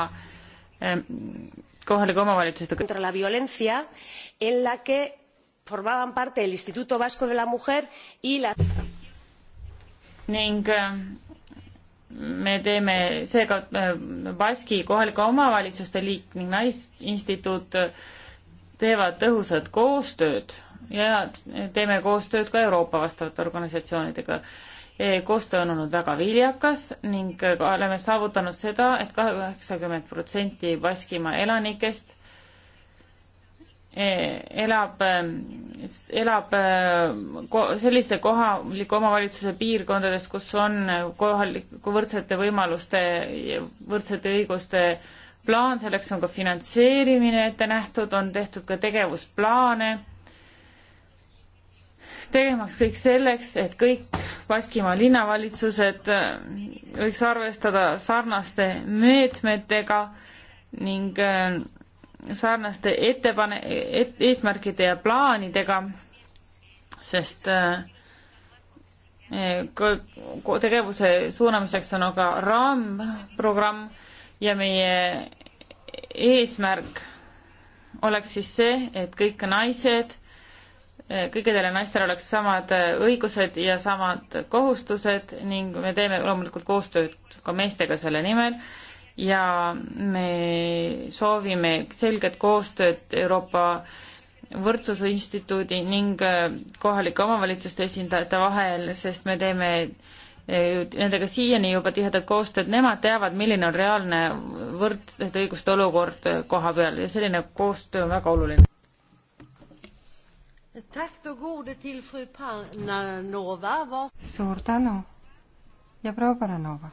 kohalike omavalitsustega. formaban parte el Instituto Vasco de la Mujer y la ning me teeme seega Baski kohalike omavalitsuste liit ning Naisinstituut teevad tõhusat koostööd ja teeme koostööd ka Euroopa vastavate organisatsioonidega koostöö on olnud väga viljakas ning äh, oleme saavutanud seda et, et kaheksakümmend protsenti Baskimaa elanikest äh, elab, ähm, elab äh, sellise kohaliku omavalitsuse piirkondades, kus on kohaliku võrdsete võimaluste, võrdsete õiguste plaan, selleks on ka finantseerimine ette nähtud, on tehtud ka tegevusplaane tegemaks kõik selleks, et kõik Baskimaa linnavalitsused äh, võiks arvestada sarnaste meetmetega ning äh, sarnaste ettepane-, et-, eesmärkide ja plaanidega, sest äh, tegevuse suunamiseks on aga raamprogramm ja meie eesmärk oleks siis see, et kõik naised kõikidele naistele oleks samad äh, õigused ja samad kohustused ning me teeme loomulikult koostööd ka meestega selle nimel ja me soovime selget koostööd Euroopa Võrdsuse Instituudi ning äh, kohalike omavalitsuste esindajate vahel, sest me teeme äh, nendega siiani juba tihedat koostööd, nemad teavad, milline on reaalne võrdsete õiguste olukord koha peal ja selline koostöö on väga oluline
suur tänu ja proua Paranova.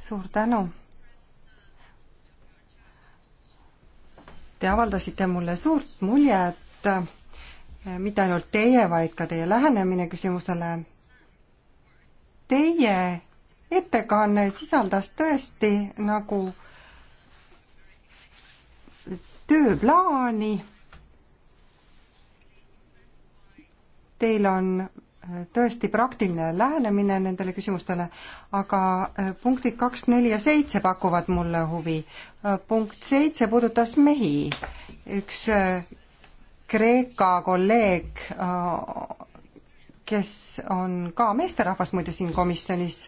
suur tänu. Te avaldasite mulle suurt muljet, eh, mitte ainult teie, vaid ka teie lähenemine küsimusele. Teie ettekanne sisaldas tõesti nagu äh, tööplaani. Teil on äh, tõesti praktiline lähenemine nendele küsimustele, aga äh, punktid kaks, neli ja seitse pakuvad mulle huvi. Äh, punkt seitse puudutas mehi. üks Kreeka kolleeg, kes on ka meesterahvas muide siin komisjonis,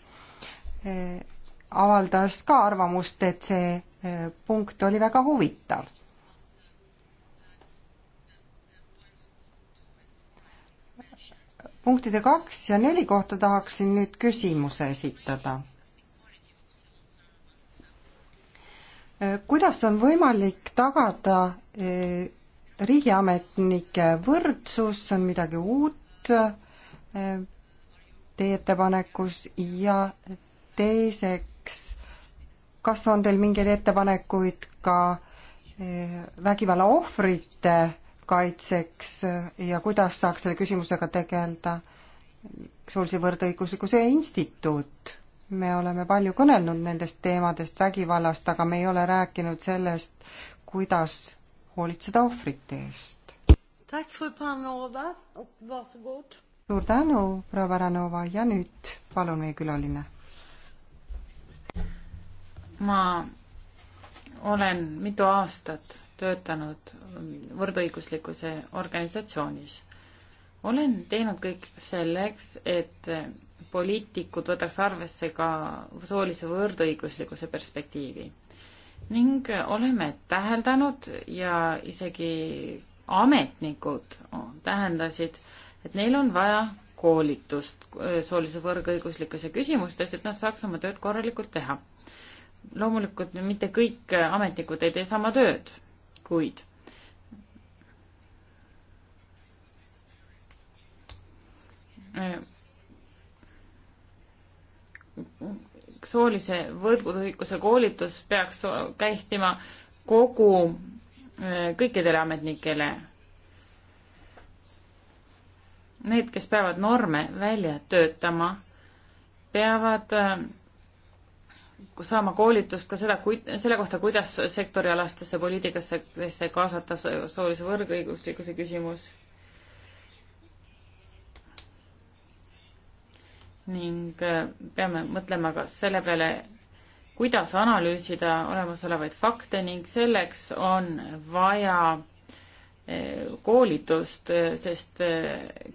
avaldas ka arvamust, et see punkt oli väga huvitav punktide kaks ja neli kohta tahaksin nüüd küsimuse esitada. kuidas on võimalik tagada eh, riigiametnike võrdsus, see on midagi uut eh, teie ettepanekus ja teiseks, kas on teil mingeid ettepanekuid ka eh, vägivalla ohvrite kaitseks ja kuidas saaks selle küsimusega tegeleda soolise võrdõiguslikkuse instituut. me oleme palju kõnelnud nendest teemadest, vägivallast, aga me ei ole rääkinud sellest, kuidas hoolitseda ohvrite eest. suur tänu, proua Varanova ja nüüd palun meie külaline.
ma olen mitu aastat töötanud võrdõiguslikkuse organisatsioonis. olen teinud kõik selleks, et poliitikud võtaks arvesse ka soolise võrdõiguslikkuse perspektiivi ning oleme täheldanud ja isegi ametnikud tähendasid, et neil on vaja koolitust soolise võrgõiguslikkuse küsimustes, et nad saaks oma tööd korralikult teha. loomulikult mitte kõik ametnikud ei tee sama tööd, kuid soolise võrdõiguse koolitus peaks kehtima kogu, eh, kõikidele ametnikele. Need, kes peavad norme välja töötama, peavad eh, saama koolitust ka seda, kui, selle kohta, kuidas sektorialastesse poliitikasse kaasata soolise võrgõiguslikkuse küsimus. ning äh, peame mõtlema ka selle peale, kuidas analüüsida olemasolevaid fakte ning selleks on vaja äh, koolitust, äh, sest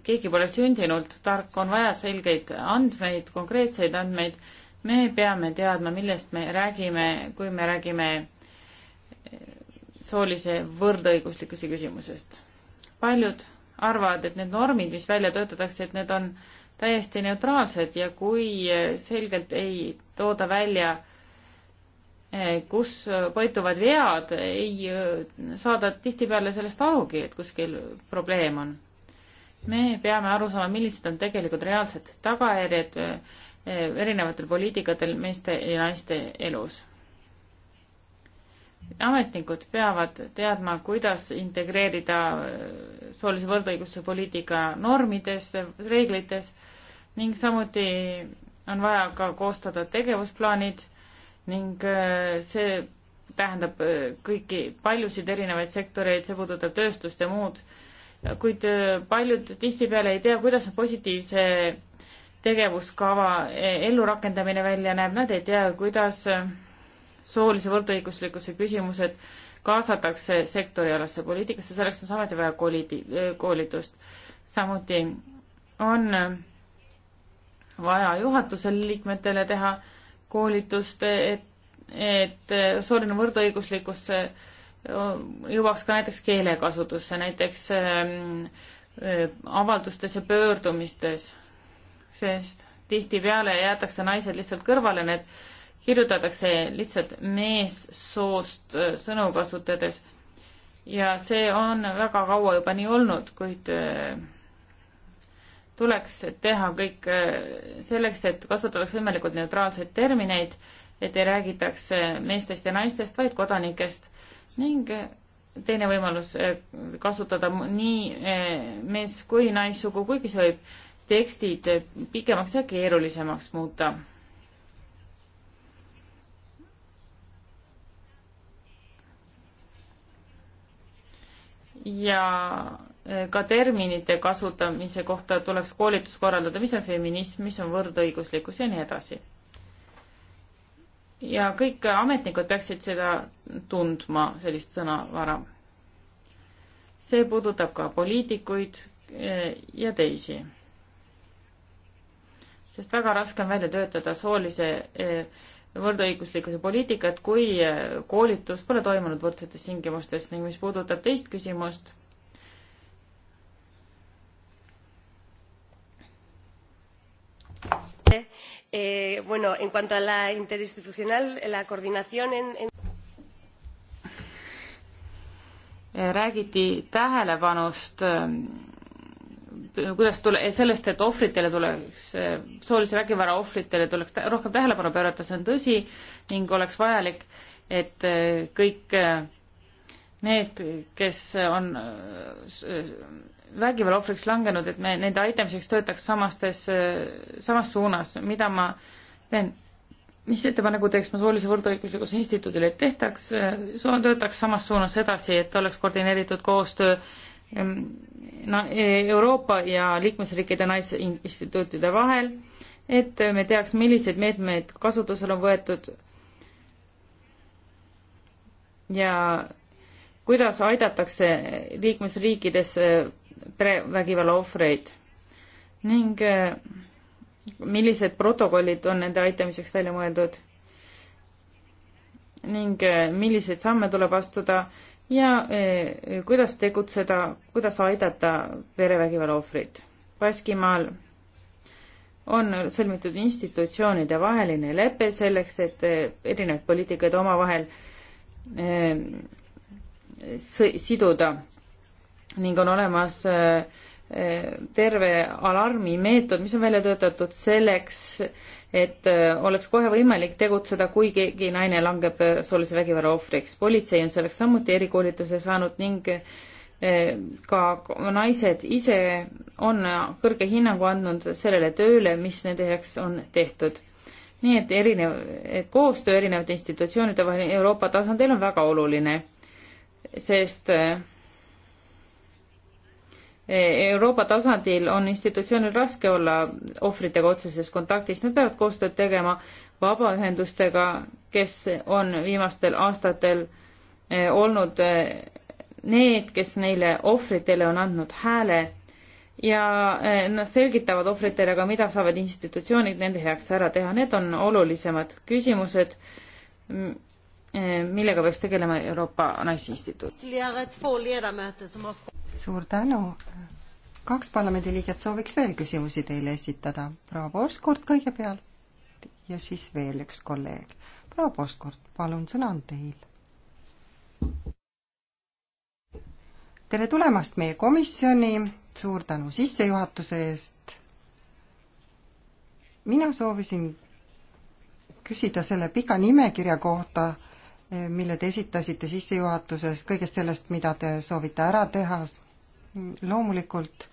keegi pole sündinult tark, on vaja selgeid andmeid, konkreetseid andmeid me peame teadma, millest me räägime, kui me räägime eh, soolise võrdõiguslikkuse küsimusest. paljud arvavad, et need normid, mis välja töötatakse, et need on täiesti neutraalsed ja kui eh, selgelt ei tooda välja, eh, kus peituvad vead, ei saada tihtipeale sellest arugi, et kuskil probleem on. me peame aru saama, millised on tegelikult reaalsed tagajärjed, erinevatel poliitikatel meeste ja naiste elus. ametnikud peavad teadma, kuidas integreerida soolise võrdõiguse poliitika normidesse, reeglites ning samuti on vaja ka koostada tegevusplaanid ning äh, see tähendab äh, kõiki, paljusid erinevaid sektoreid, see puudutab tööstust ja muud, kuid äh, paljud tihtipeale ei tea, kuidas on positiivse äh, tegevuskava e, ellurakendamine välja näeb, nad ei tea, kuidas soolise võrdõiguslikkuse küsimused kaasatakse sektorialasse poliitikasse, selleks on samuti vaja kooliti-, e, koolitust. samuti on vaja juhatuse liikmetele teha koolitust, et, et sooline võrdõiguslikkus e, jõuaks ka näiteks keelekasutusse, näiteks avaldustes ja pöördumistes sest tihtipeale jäetakse naised lihtsalt kõrvale, need kirjutatakse lihtsalt meessoost äh, sõnu kasutades. ja see on väga kaua juba nii olnud, kuid äh, tuleks teha kõik äh, selleks, et kasutataks võimalikult neutraalseid termineid, et ei räägitaks meestest ja naistest, vaid kodanikest ning teine võimalus kasutada nii mees kui naissugu, kuigi see võib tekstid pikemaks ja keerulisemaks muuta. ja eh, ka terminite kasutamise kohta tuleks koolitus korraldada, mis on feminism, mis on võrdõiguslikkus ja nii edasi. ja kõik ametnikud peaksid seda tundma, sellist sõnavara. see puudutab ka poliitikuid eh, ja teisi sest väga raske on välja töötada soolise eh, võrdõiguslikkuse poliitikat, kui eh, koolitus pole toimunud võrdsetes tingimustes ning mis puudutab teist küsimust, Eh, bueno, en cuanto a la interinstitucional, la coordinación en, en... Eh, räägiti tähelepanust kuidas tule, sellest, et ohvritele tuleks, soolise vägivara ohvritele tuleks rohkem tähelepanu pöörata, see on tõsi ning oleks vajalik, et äh, kõik äh, need, kes on äh, vägivalla ohvriks langenud, et me nende aitamiseks töötaks samastes, samas suunas, mida ma teen, mis ettepaneku teeks ma soolise võrdõiguslikkuse instituudile, et tehtaks, töötaks samas suunas edasi, et oleks koordineeritud koostöö E, Euroopa ja liikmesriikide naisinstituutide vahel, et me teaks, millised meetmed kasutusele on võetud ja kuidas aidatakse liikmesriikides e, perevägivalla ohvreid ning e, millised protokollid on nende aitamiseks välja mõeldud ning milliseid samme tuleb astuda ja eh, kuidas tegutseda, kuidas aidata perevägivalla ohvrit. Baskimaal on sõlmitud institutsioonide vaheline lepe selleks, et eh, erinevaid poliitikaid omavahel eh, siduda ning on olemas eh, eh, terve alarmimeetod, mis on välja töötatud selleks, et äh, oleks kohe võimalik tegutseda, kui keegi naine langeb äh, soolise vägivalla ohvriks. politsei on selleks samuti erikoolituse saanud ning äh, ka naised ise on kõrge hinnangu andnud sellele tööle, mis nende heaks on tehtud. nii et erinev, et koostöö erinevate institutsioonide vahel Euroopa tasandil on väga oluline, sest Euroopa tasandil on institutsioonil raske olla ohvritega otseses kontaktis, nad peavad koostööd tegema vabaühendustega, kes on viimastel aastatel eh, olnud eh, need, kes neile ohvritele on andnud hääle ja eh, nad selgitavad ohvritele ka, mida saavad institutsioonid nende heaks ära teha, need on olulisemad küsimused Eh, millega peaks tegelema Euroopa Naisinstituut?
suur tänu. kaks parlamendiliiget sooviks veel küsimusi teile esitada. proua Postkoord kõigepealt ja siis veel üks kolleeg. proua Postkoord, palun, sõna on teil. tere tulemast meie komisjoni, suur tänu sissejuhatuse eest. mina soovisin küsida selle pika nimekirja kohta mille te esitasite sissejuhatuses, kõigest sellest, mida te soovite ära teha. loomulikult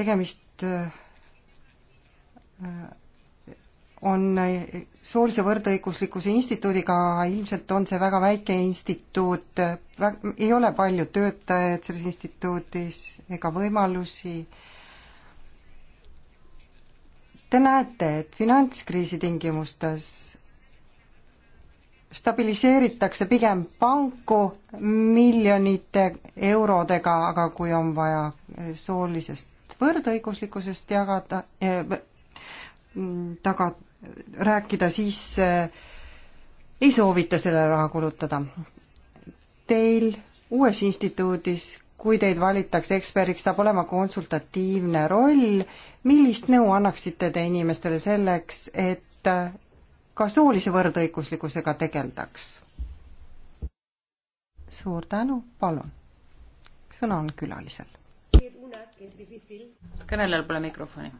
tegemist äh, on soolise võrdõiguslikkuse instituudiga, ilmselt on see väga väike instituut, ei ole palju töötajaid selles instituudis ega võimalusi. Te näete, et finantskriisi tingimustes stabiliseeritakse pigem panku miljonite eurodega, aga kui on vaja soolisest võrdõiguslikkusest jagada äh,, taga, rääkida, siis äh, ei soovita selle raha kulutada. Teil uues instituudis, kui teid valitakse eksperdiks, saab olema konsultatiivne roll, millist nõu annaksite te inimestele selleks, et ka soolise võrdõiguslikkusega tegeldaks. suur tänu, palun. sõna on külalisel.
kõnelejal
pole mikrofoni.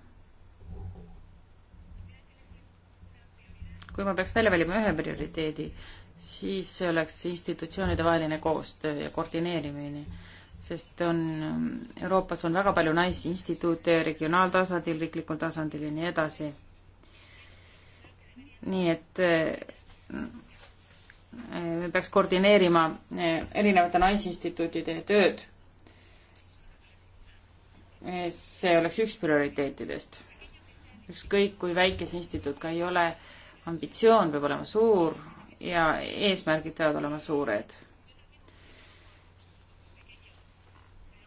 kui ma peaks välja valima ühe prioriteedi, siis see oleks institutsioonide vaheline koostöö ja koordineerimine, sest on, Euroopas on väga palju naisinstituute regionaaltasandil, riiklikul tasandil ja nii edasi nii et äh, me peaks koordineerima äh, erinevate naisinstituutide tööd. see oleks üks prioriteetidest. ükskõik kui väike see instituut ka ei ole, ambitsioon peab olema suur ja eesmärgid peavad olema suured.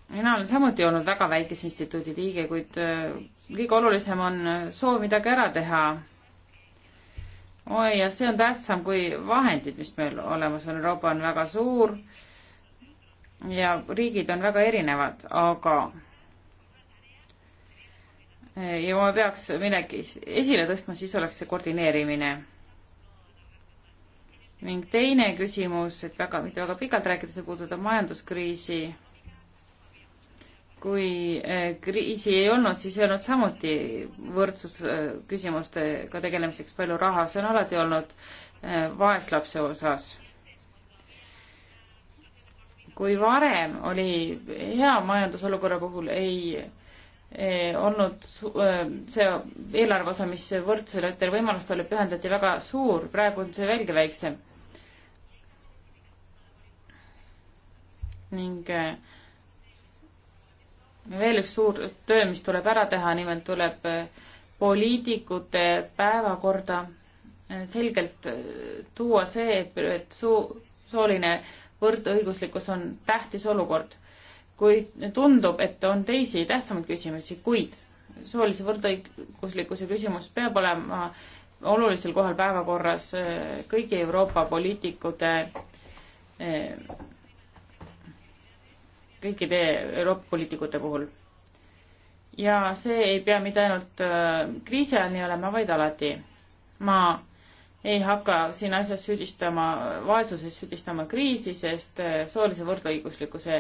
mina olen samuti olnud väga väikese instituudi liige, kuid äh, kõige olulisem on soov midagi ära teha oi, ja see on tähtsam kui vahendid, mis meil olemas on. Euroopa on väga suur ja riigid on väga erinevad, aga ja kui ma peaks midagi esile tõstma, siis oleks see koordineerimine. ning teine küsimus, et väga, mitte väga pikalt rääkida, see puudutab majanduskriisi kui eh, kriisi ei olnud, siis ei olnud samuti võrdsusküsimustega eh, tegelemiseks palju raha, see on alati olnud eh, vaeslapse osas. kui varem oli hea majandusolukorra puhul, ei olnud see eelarve osa, mis võrdsetel võimalustel pühendati, väga suur, praegu on see veelgi väiksem. ning äh, veel üks suur töö, mis tuleb ära teha, nimelt tuleb äh, poliitikute päevakorda äh, selgelt äh, tuua see, et, et soo, sooline võrdõiguslikkus on tähtis olukord. kui tundub, et on teisi tähtsamaid küsimusi, kuid soolise võrdõiguslikkuse küsimus peab olema olulisel kohal päevakorras kõigi Euroopa poliitikute kõikide Euroopa poliitikute puhul. ja see ei pea mitte ainult äh, kriisi ajal nii olema, vaid alati. ma ei hakka siin asjas süüdistama, vaesuses süüdistama kriisi, sest äh, soolise võrdõiguslikkuse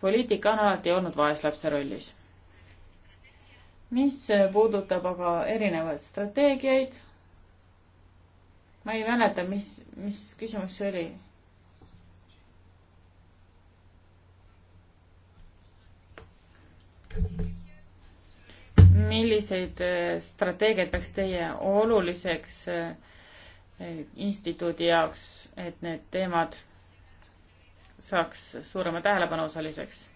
poliitika on alati olnud vaeslapse rollis. mis puudutab aga erinevaid strateegiaid, ma ei mäleta, mis, mis küsimus see oli milliseid eh, strateegiaid peaks teie oluliseks eh, instituudi jaoks, et need teemad saaks suurema tähelepanu osaliseks?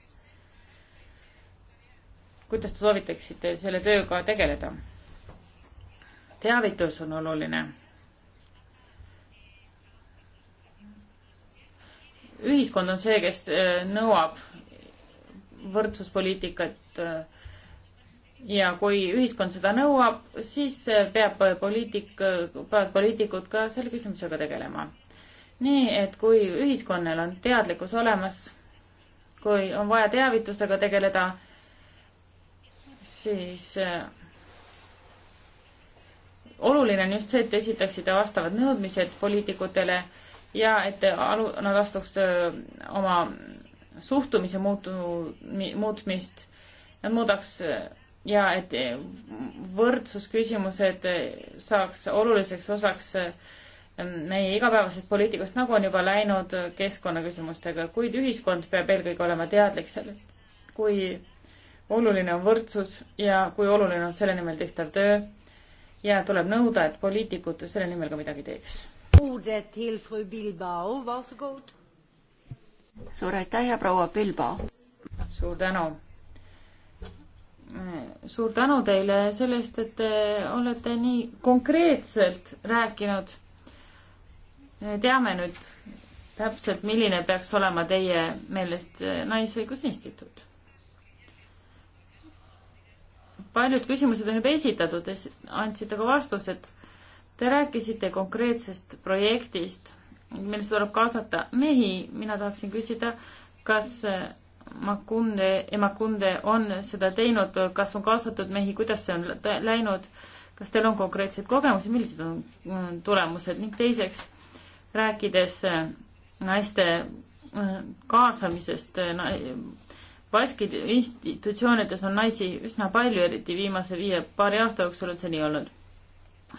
kuidas te soovitaksite selle tööga tegeleda? teavitus on oluline. ühiskond on see, kes eh, nõuab võrdsuspoliitikat äh, ja kui ühiskond seda nõuab, siis äh, peab äh, poliitik, peavad poliitikud ka selle küsimusega tegelema. nii et kui ühiskonnal on teadlikkus olemas, kui on vaja teavitusega tegeleda, siis oluline on just see, et esitaksite vastavad nõudmised poliitikutele ja et alu-, nad astuks oma suhtumise muutu-, muutmist, nad muudaks ja et võrdsusküsimused saaks oluliseks osaks meie igapäevasest poliitikast, nagu on juba läinud keskkonnaküsimustega, kuid ühiskond peab eelkõige olema teadlik sellest, kui oluline on võrdsus ja kui oluline on selle nimel tehtav töö ja tuleb nõuda, et poliitikud selle nimel ka midagi teeks suur aitäh ja proua Pilbo! suur tänu! suur tänu teile selle eest, et te olete nii konkreetselt rääkinud. teame nüüd täpselt, milline peaks olema teie meelest Naisõiguse Instituut. paljud küsimused on juba esitatud, andsite ka vastused. Te rääkisite konkreetsest projektist millesse tuleb kaasata mehi, mina tahaksin küsida, kas äh, Makunde, Emakunde on seda teinud, kas on kaasatud mehi, kuidas see on läinud, kas teil on konkreetseid kogemusi, millised on äh, tulemused ning teiseks, rääkides äh, naiste kaasamisest, baskid institutsioonides on naisi üsna palju, eriti viimase viie paari aasta jooksul on see nii olnud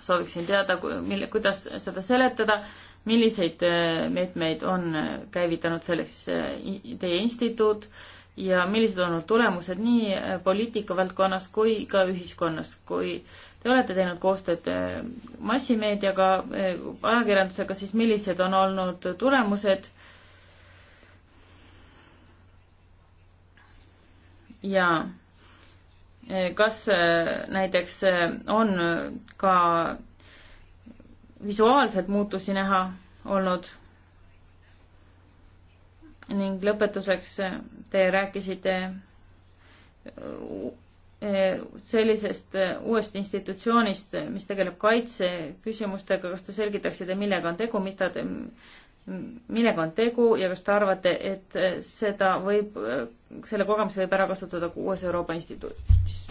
sooviksin teada, mille, kuidas seda seletada milliseid äh, meetmeid on äh, käivitanud selleks äh, teie instituut ja millised on olnud tulemused nii poliitika valdkonnas kui ka ühiskonnas, kui te olete teinud koostööd massimeediaga, ajakirjandusega, siis millised on olnud tulemused? ja kas näiteks on ka visuaalselt muutusi näha olnud. ning lõpetuseks te rääkisite e, sellisest e, uuest institutsioonist, mis tegeleb kaitseküsimustega, kas te selgitaksite, millega on tegu, mis ta, millega on tegu ja kas te arvate, et seda võib, selle kogemuse võib ära kasutada ka uues Euroopa instituudis?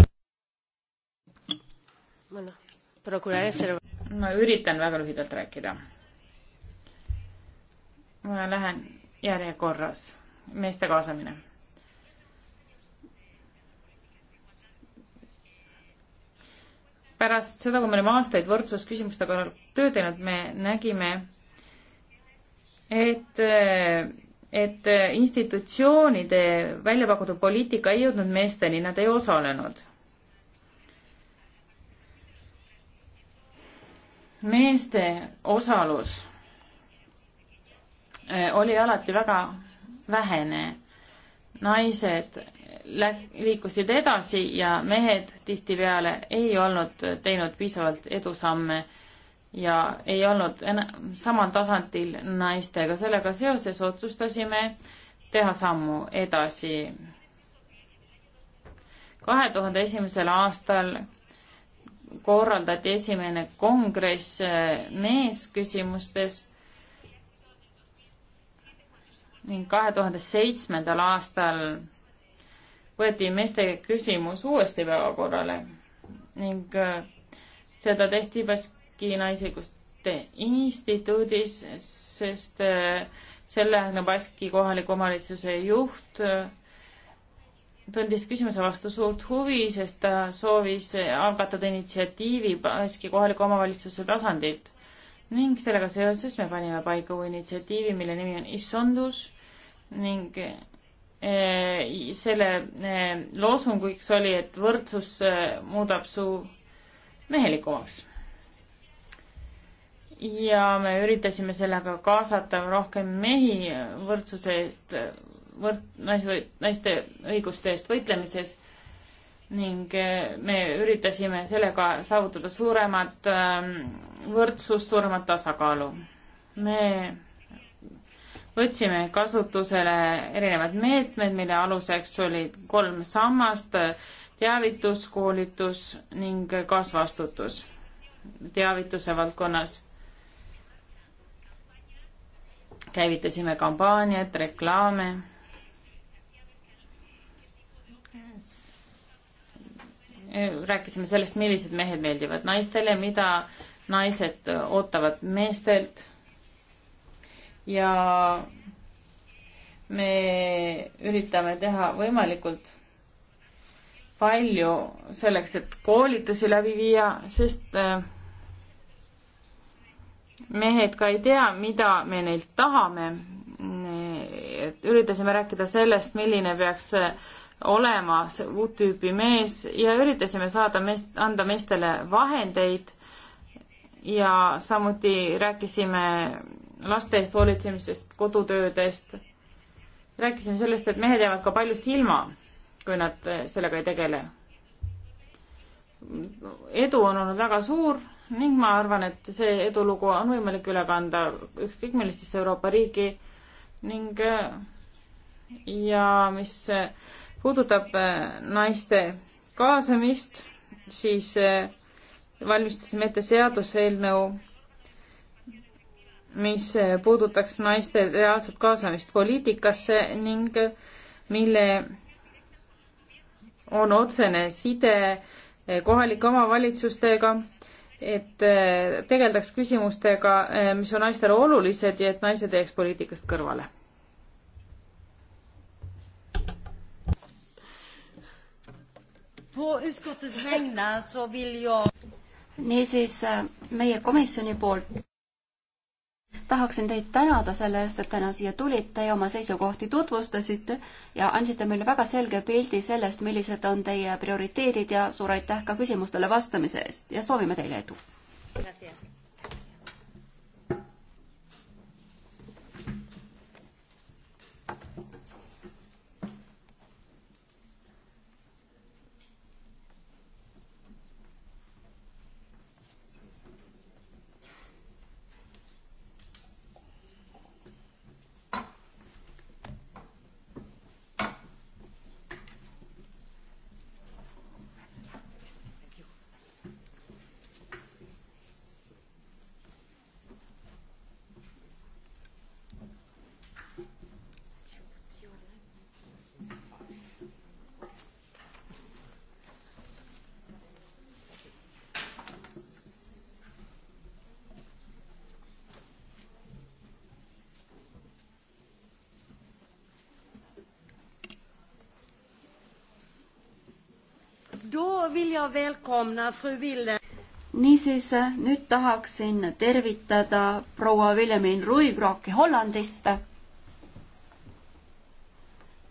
ma üritan
väga lühidalt rääkida. ma lähen järjekorras. meeste kaasamine. pärast seda, kui me olime aastaid võrdsusküsimustega tööd teinud, me nägime, et, et institutsioonide välja pakutud poliitika ei jõudnud meesteni, nad ei osalenud meeste osalus eh, oli alati väga vähene. naised liikusid edasi ja mehed tihtipeale ei olnud teinud piisavalt edusamme ja ei olnud samal tasandil naistega. sellega seoses otsustasime teha sammu edasi. kahe tuhande esimesel aastal korraldati esimene kongress eh, meesküsimustes ning kahe tuhande seitsmendal aastal võeti meeste küsimus uuesti päevakorrale ning eh, seda tehti Baski Naisõiguste Instituudis, sest eh, selle Baski kohaliku omavalitsuse juht äh, tundis küsimuse vastu suurt huvi, sest ta soovis algatada initsiatiivi Baski kohaliku omavalitsuse tasandilt ning sellega seoses me panime paika uue initsiatiivi, mille nimi on Issandus ning e, selle e, loosunguks oli, et võrdsus e, muudab su mehelikumaks. ja me üritasime sellega kaasata rohkem mehi võrdsuse eest võrd-, naiste õiguste eest võitlemises ning eh, me üritasime sellega saavutada suuremat ähm, võrdsust, suuremat tasakaalu. me võtsime kasutusele erinevad meetmed, mille aluseks olid kolm sammast, teavitus, koolitus ning kaasvastutus teavituse valdkonnas. käivitasime kampaaniat, reklaame rääkisime sellest, millised mehed meeldivad naistele, mida naised ootavad meestelt. ja me üritame teha võimalikult palju selleks, et koolitusi läbi viia, sest äh, mehed ka ei tea, mida me neilt tahame. et üritasime rääkida sellest, milline peaks äh, olema see uut tüüpi mees ja üritasime saada meest, anda meestele vahendeid ja samuti rääkisime laste eest hoolitsemisest, kodutöödest. rääkisime sellest, et mehed jäävad ka paljust ilma, kui nad sellega ei tegele. edu on olnud väga suur ning ma arvan, et see edulugu on võimalik üle kanda ükskõik millistesse Euroopa riigi ning ja mis puudutab äh, naiste kaasamist, siis äh, valmistasime ette seaduseelnõu, mis äh, puudutaks naiste reaalset kaasamist poliitikasse ning mille on otsene side kohalike omavalitsustega, et tegeldaks küsimustega, mis on naistele olulised ja et naised ei jääks poliitikast kõrvale
niisiis, äh, meie komisjoni poolt tahaksin teid tänada selle eest, et täna siia tulite ja oma seisukohti tutvustasite ja andsite meile väga selge pildi sellest, millised on teie prioriteedid ja suur aitäh ka küsimustele vastamise eest ja soovime teile edu! niisiis, nüüd tahaksin tervitada proua Villemin Ruigraki Hollandist.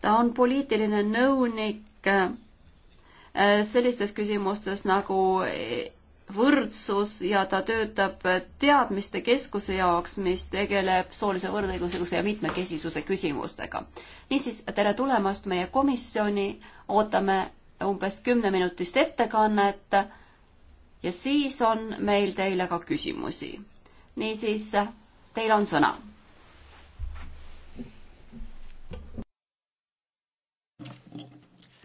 ta on poliitiline nõunik äh, sellistes küsimustes nagu äh, võrdsus ja ta töötab Teadmiste Keskuse jaoks, mis tegeleb soolise võrdõiguslikkuse ja mitmekesisuse küsimustega. niisiis, tere tulemast meie komisjoni, ootame umbes kümneminutist ettekannet ja siis on meil teile ka küsimusi. niisiis, teil on sõna.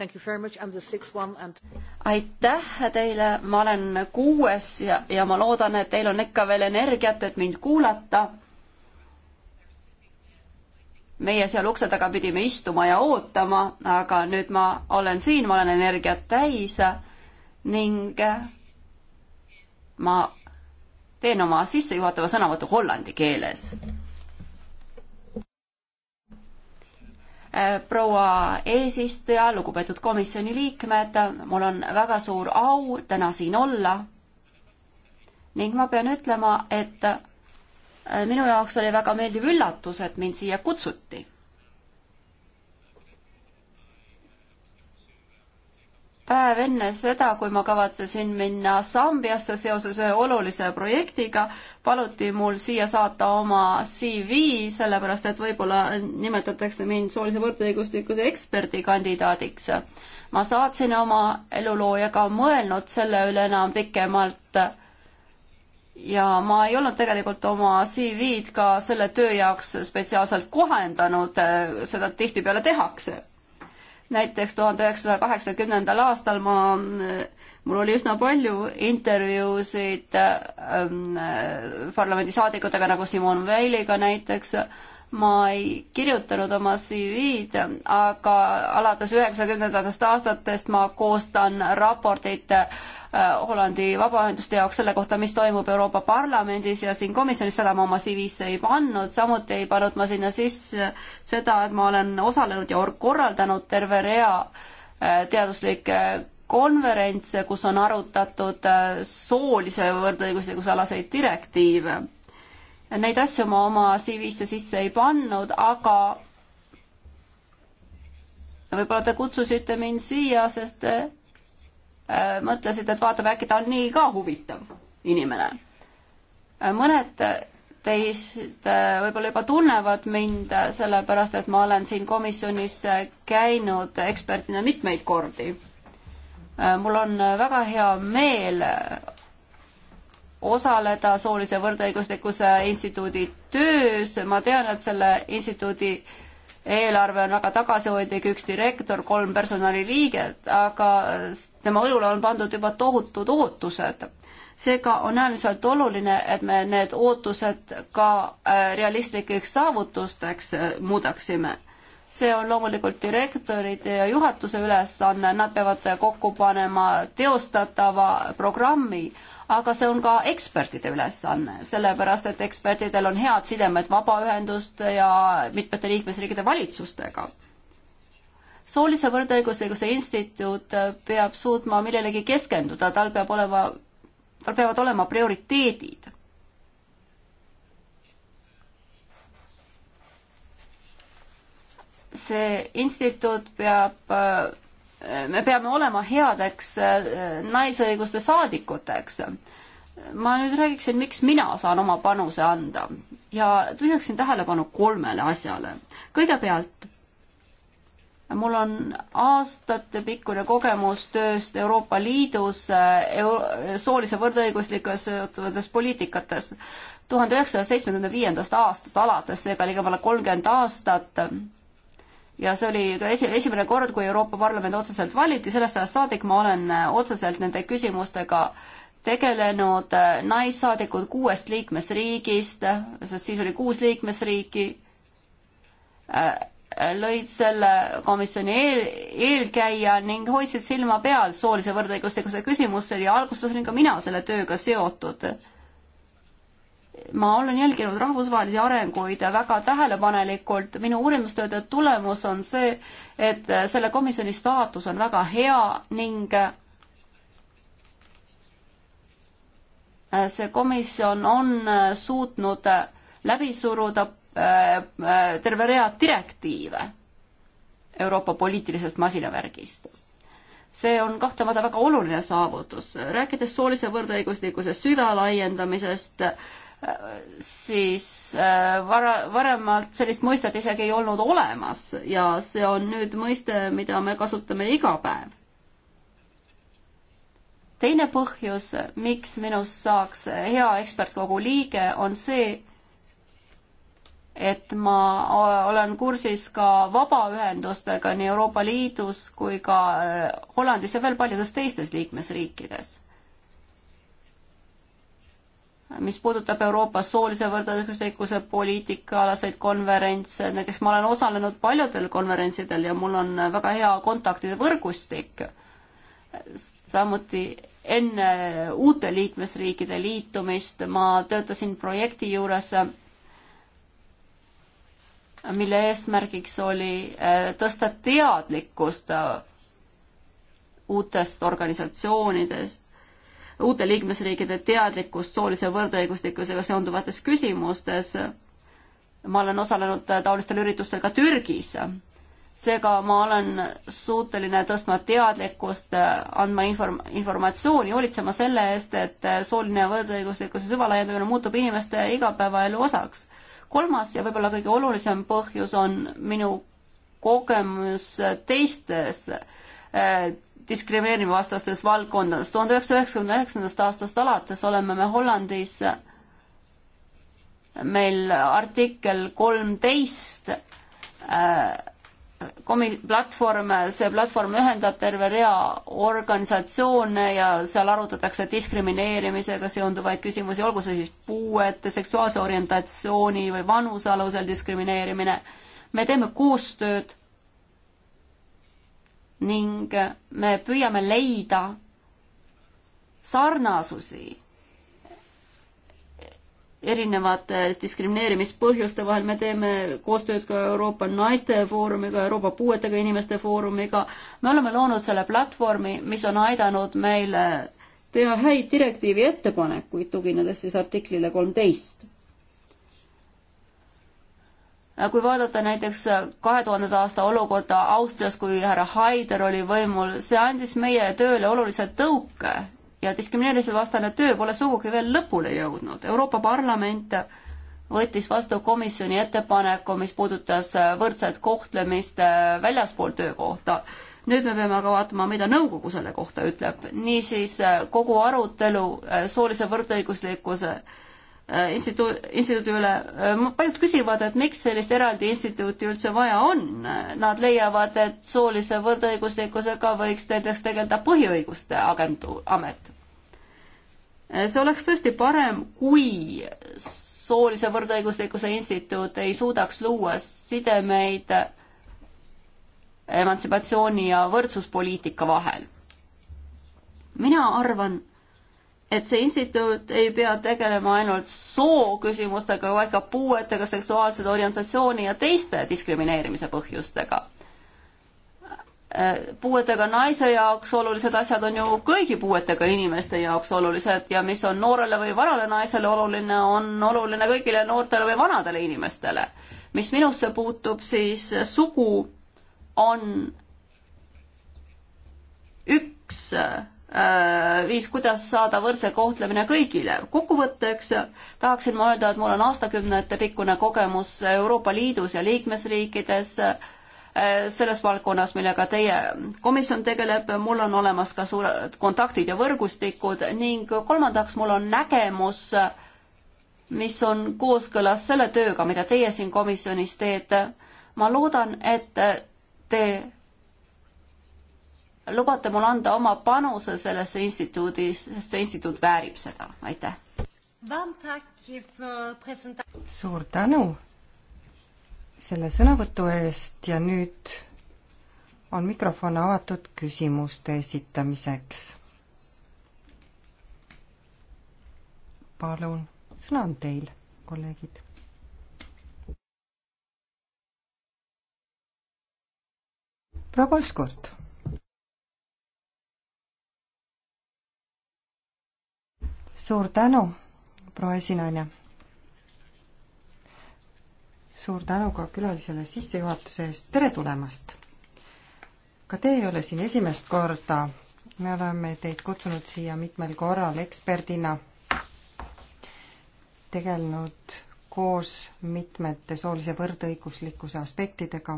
And...
aitäh teile, ma olen kuues ja, ja ma loodan, et teil on ikka veel energiat, et mind kuulata meie seal ukse taga pidime istuma ja ootama, aga nüüd ma olen siin, ma olen energiat täis ning ma teen oma sissejuhatava sõnavõtu hollandi keeles. proua eesistuja, lugupeetud komisjoni liikmed, mul on väga suur au täna siin olla ning ma pean ütlema, et Äh, minu jaoks oli väga meeldiv üllatus, et mind siia kutsuti. päev enne seda, kui ma kavatsesin minna Sambiasse seoses ühe olulise projektiga, paluti mul siia saata oma CV, sellepärast et võib-olla nimetatakse mind soolise võrdõiguslikkuse eksperdikandidaadiks. ma saatsin oma eluloo ja ka mõelnud selle üle enam pikemalt ja ma ei olnud tegelikult oma CV-d ka selle töö jaoks spetsiaalselt kohendanud, äh, seda tihtipeale tehakse. näiteks tuhande üheksasaja kaheksakümnendal aastal ma, äh, mul oli üsna palju intervjuusid ähm, parlamendisaadikutega nagu Simon Veiliga näiteks äh,, ma ei kirjutanud oma CV-d, aga alates üheksakümnendatest aastatest ma koostan raporteid äh, Hollandi vabaühenduste jaoks selle kohta, mis toimub Euroopa Parlamendis ja siin komisjonis, seda ma oma CV-sse ei pannud, samuti ei pannud ma sinna sisse seda, et ma olen osalenud ja korraldanud terve rea äh, teaduslikke konverentse, kus on arutatud äh, soolise võrdõiguslikkuse alaseid direktiive Neid asju ma oma CV-sse sisse ei pannud, aga võib-olla te kutsusite mind siia, sest te äh, mõtlesite, et vaatame, äkki ta on nii ka huvitav inimene. Äh, mõned teist äh, võib-olla juba tunnevad mind, sellepärast et ma olen siin komisjonis käinud eksperdina mitmeid kordi. mul on väga hea meel osaleda soolise võrdõiguslikkuse instituudi töös, ma tean, et selle instituudi eelarve on väga tagasihoidlik, üks direktor, kolm personaliliiget, aga tema õlule on pandud juba tohutud ootused. seega on äärmiselt oluline, et me need ootused ka äh, realistlikeks saavutusteks äh, muudaksime see on loomulikult direktorite ja juhatuse ülesanne, nad peavad kokku panema teostatava programmi, aga see on ka ekspertide ülesanne, sellepärast et ekspertidel on head sidemed vabaühenduste ja mitmete liikmesriikide valitsustega. soolise võrdõiguslikkuse instituut peab suutma millelegi keskenduda, tal peab olema, tal peavad olema prioriteedid. see instituut peab me peame olema headeks äh, naisõiguste saadikuteks. ma nüüd räägiksin, miks mina saan oma panuse anda ja tühjaksin tähelepanu kolmele asjale. kõigepealt, mul on aastatepikkune kogemus tööst Euroopa Liidus äh, euro soolise võrdõiguslikku seotuvates poliitikates tuhande üheksasaja seitsmekümne viiendast aastast alates, seega ligemale kolmkümmend aastat ja see oli ka esi, esimene kord, kui Euroopa Parlament otseselt valiti, sellest ajast saadik ma olen äh, otseselt nende küsimustega tegelenud äh, naissaadikud kuuest liikmesriigist, sest siis oli kuus liikmesriiki, äh, lõid selle komisjoni eel, eelkäija ning hoidsid silma peal soolise võrdõiguslikkuse küsimustel ja alguses olin ka mina selle tööga seotud ma olen jälginud rahvusvahelisi arenguid väga tähelepanelikult, minu uurimustööde tulemus on see, et selle komisjoni staatus on väga hea ning see komisjon on suutnud läbi suruda äh, äh, terve rea direktiive Euroopa poliitilisest masinavärgist see on kahtlemata väga oluline saavutus. rääkides soolise võrdõiguslikkuse süvalaiendamisest, siis äh, vara, varemalt sellist mõistet isegi ei olnud olemas ja see on nüüd mõiste, mida me kasutame iga päev. teine põhjus, miks minust saaks hea ekspertkogu liige, on see, et ma olen kursis ka vabaühendustega nii Euroopa Liidus kui ka äh, Hollandis ja veel paljudes teistes liikmesriikides mis puudutab Euroopa soolise võrdõiguslikkuse poliitikaalaseid konverentse, näiteks ma olen osalenud paljudel konverentsidel ja mul on väga hea kontaktide võrgustik. samuti enne uute liikmesriikide liitumist ma töötasin projekti juures, mille eesmärgiks oli eh, tõsta teadlikkust uutest organisatsioonidest uute liikmesriikide teadlikkust soolise võrdõiguslikkusega seonduvates küsimustes. ma olen osalenud taolistel üritustel ka Türgis. seega ma olen suuteline tõstma teadlikkust, andma inform-, informatsiooni, hoolitsema selle eest, et sooline võrdõiguslikkuse süvalaiendamine muutub inimeste igapäevaelu osaks. kolmas ja võib-olla kõige olulisem põhjus on minu kogemus teistes eh, diskrimineerimisvastastes valdkondades. tuhande üheksasaja üheksakümne üheksandast aastast alates oleme me Hollandis, meil artikkel kolmteist äh, komi-, platvorm, see platvorm ühendab terve rea organisatsioone ja seal arutatakse diskrimineerimisega seonduvaid küsimusi, olgu see siis puuete, seksuaalse orientatsiooni või vanuse alusel diskrimineerimine. me teeme koostööd ning me püüame leida sarnasusi erinevate diskrimineerimispõhjuste vahel, me teeme koostööd ka Euroopa Naiste Foorumiga, Euroopa Puuetega Inimeste Foorumiga, me oleme loonud selle platvormi, mis on aidanud meile teha häid direktiivi ettepanekuid, tuginedes siis artiklile kolmteist. Äh, kui vaadata näiteks äh, kahe tuhande aasta olukorda Austrias, kui härra Haider oli võimul, see andis meie tööle olulise tõuke ja diskrimineerimisvastane töö pole sugugi veel lõpule jõudnud. Euroopa Parlament võttis vastu komisjoni ettepaneku, mis puudutas äh, võrdset kohtlemist väljaspool töökohta. nüüd me peame aga vaatama, mida nõukogu selle kohta ütleb. niisiis kogu arutelu soolise võrdõiguslikkuse Äh, instituu-, instituudi üle, äh, paljud küsivad, et miks sellist eraldi instituuti üldse vaja on. Nad leiavad, et soolise võrdõiguslikkusega võiks näiteks tegeleda põhiõiguste agentuur, amet. Äh, see oleks tõesti parem, kui soolise võrdõiguslikkuse instituut ei suudaks luua sidemeid emantsipatsiooni ja võrdsuspoliitika vahel. mina arvan, et see instituut ei pea tegelema ainult sooküsimustega, vaid ka puuetega, seksuaalse orientatsiooni ja teiste diskrimineerimise põhjustega. puuetega naise jaoks olulised asjad on ju kõigi puuetega inimeste jaoks olulised ja mis on noorele või vanale naisele oluline, on oluline kõigile noortele või vanadele inimestele. mis minusse puutub, siis sugu on üks Äh, viis, kuidas saada võrdse kohtlemine kõigile. kokkuvõtteks tahaksin ma öelda, et mul on aastakümnete pikkune kogemus Euroopa Liidus ja liikmesriikides äh, selles valdkonnas, millega teie komisjon tegeleb, mul on olemas ka suured kontaktid ja võrgustikud ning kolmandaks, mul on nägemus, mis on kooskõlas selle tööga, mida teie siin komisjonis teete. ma loodan, et te lubate mul anda oma panuse sellesse instituudi, sest see instituut väärib seda, aitäh.
suur tänu selle sõnavõtu eest ja nüüd on mikrofon avatud küsimuste esitamiseks. palun, sõna on teil, kolleegid proua Polskurt. suur tänu, proua esinaine. suur tänu ka külalisele sissejuhatuse eest, tere tulemast! ka te ei ole siin esimest korda, me oleme teid kutsunud siia mitmel korral eksperdina, tegelenud koos mitmete soolise võrdõiguslikkuse aspektidega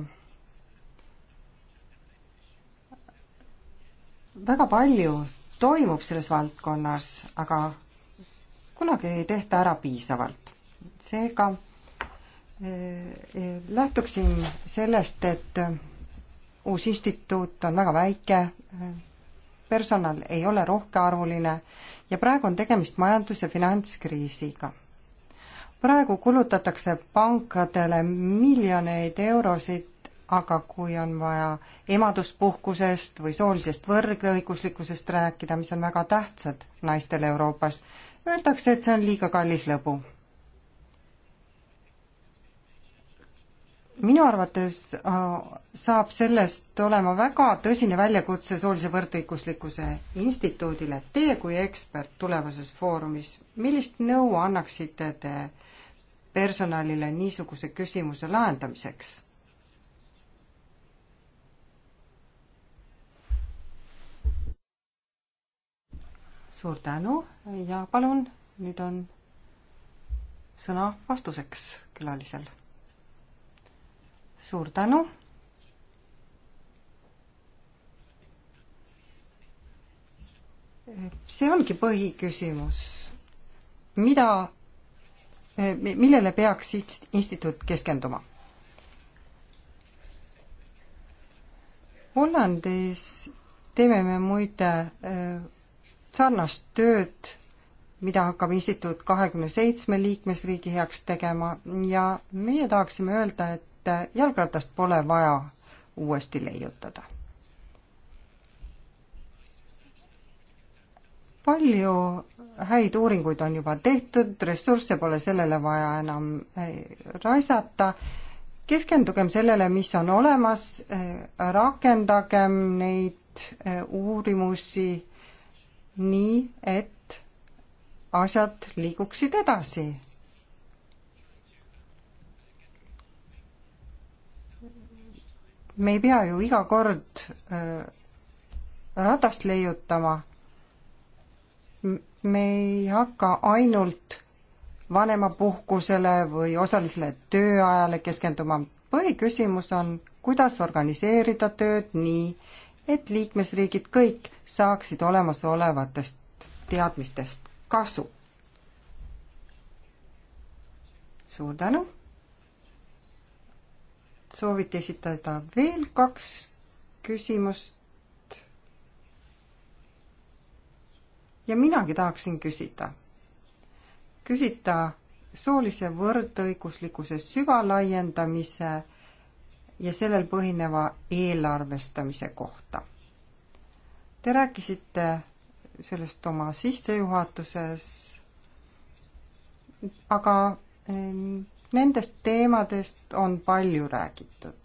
väga palju toimub selles valdkonnas, aga kunagi ei tehta ära piisavalt. seega eh, eh, lähtuksin sellest, et eh, uus instituut on väga väike, personal ei ole rohkearvuline ja praegu on tegemist majandus- ja finantskriisiga. praegu kulutatakse pankadele miljoneid eurosid, aga kui on vaja emaduspuhkusest või soolisest võrdõiguslikkusest rääkida, mis on väga tähtsad naistele Euroopas, öeldakse, et see on liiga kallis lõbu. minu arvates äh, saab sellest olema väga tõsine väljakutse soolise võrdõiguslikkuse instituudile. Teie kui ekspert tulevases foorumis, millist nõu annaksite te personalile niisuguse küsimuse lahendamiseks? suur tänu ja palun, nüüd on sõna vastuseks külalisel. suur tänu. see ongi põhiküsimus. mida, millele peaks instituut keskenduma? Hollandis teeme me muide äh, sarnast tööd, mida hakkab instituut kahekümne seitsme liikmesriigi heaks tegema ja meie tahaksime öelda, et jalgratast pole vaja uuesti leiutada. palju häid uuringuid on juba tehtud, ressursse pole sellele vaja enam eh, raisata keskendugem sellele, mis on olemas, eh, rakendagem neid eh, uurimusi nii, et asjad liiguksid edasi. me ei pea ju iga kord äh, ratast leiutama. me ei hakka ainult vanemapuhkusele või osalisele tööajale keskenduma. põhiküsimus on, kuidas organiseerida tööd nii, et liikmesriigid kõik saaksid olemasolevatest teadmistest kasu. suur tänu. sooviti esitada veel kaks küsimust. ja minagi tahaksin küsida, küsida soolise võrdõiguslikkuse süvalaiendamise ja sellel põhineva eelarvestamise kohta. Te rääkisite sellest oma sissejuhatuses, aga eh, nendest teemadest on palju räägitud.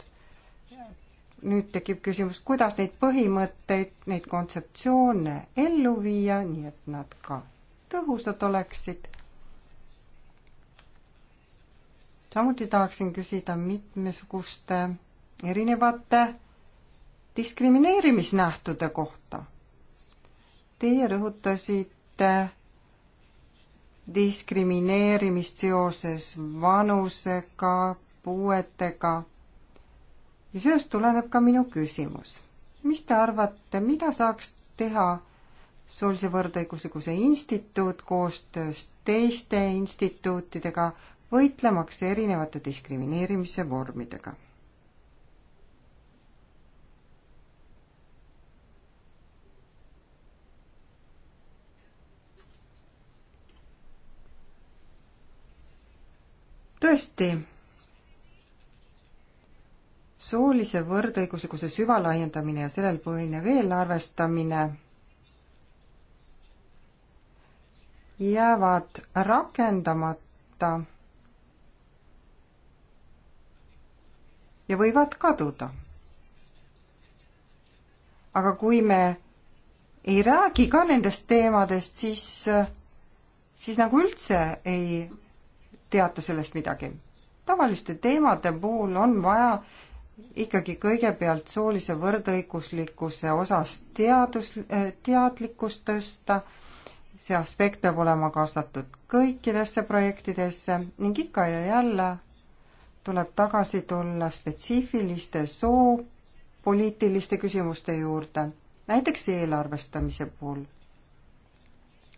nüüd tekib küsimus, kuidas neid põhimõtteid, neid kontseptsioone ellu viia, nii et nad ka tõhusad oleksid samuti tahaksin küsida mitmesuguste erinevate diskrimineerimisnähtude kohta. Teie rõhutasite diskrimineerimist seoses vanusega, puuetega. ja sellest tuleneb ka minu küsimus. mis te arvate, mida saaks teha soolise võrdõiguslikkuse instituut koostöös teiste instituutidega võitlemaks erinevate diskrimineerimise vormidega. tõesti, soolise võrdõiguslikkuse süvalaiendamine ja sellel põhinev eelarvestamine jäävad rakendamata ja võivad kaduda. aga kui me ei räägi ka nendest teemadest, siis, siis nagu üldse ei teata sellest midagi. tavaliste teemade puhul on vaja ikkagi kõigepealt soolise võrdõiguslikkuse osas teadus, teadlikkust tõsta, see aspekt peab olema kaasatud kõikidesse projektidesse ning ikka ja jälle tuleb tagasi tulla spetsiifiliste soopoliitiliste küsimuste juurde, näiteks eelarvestamise puhul.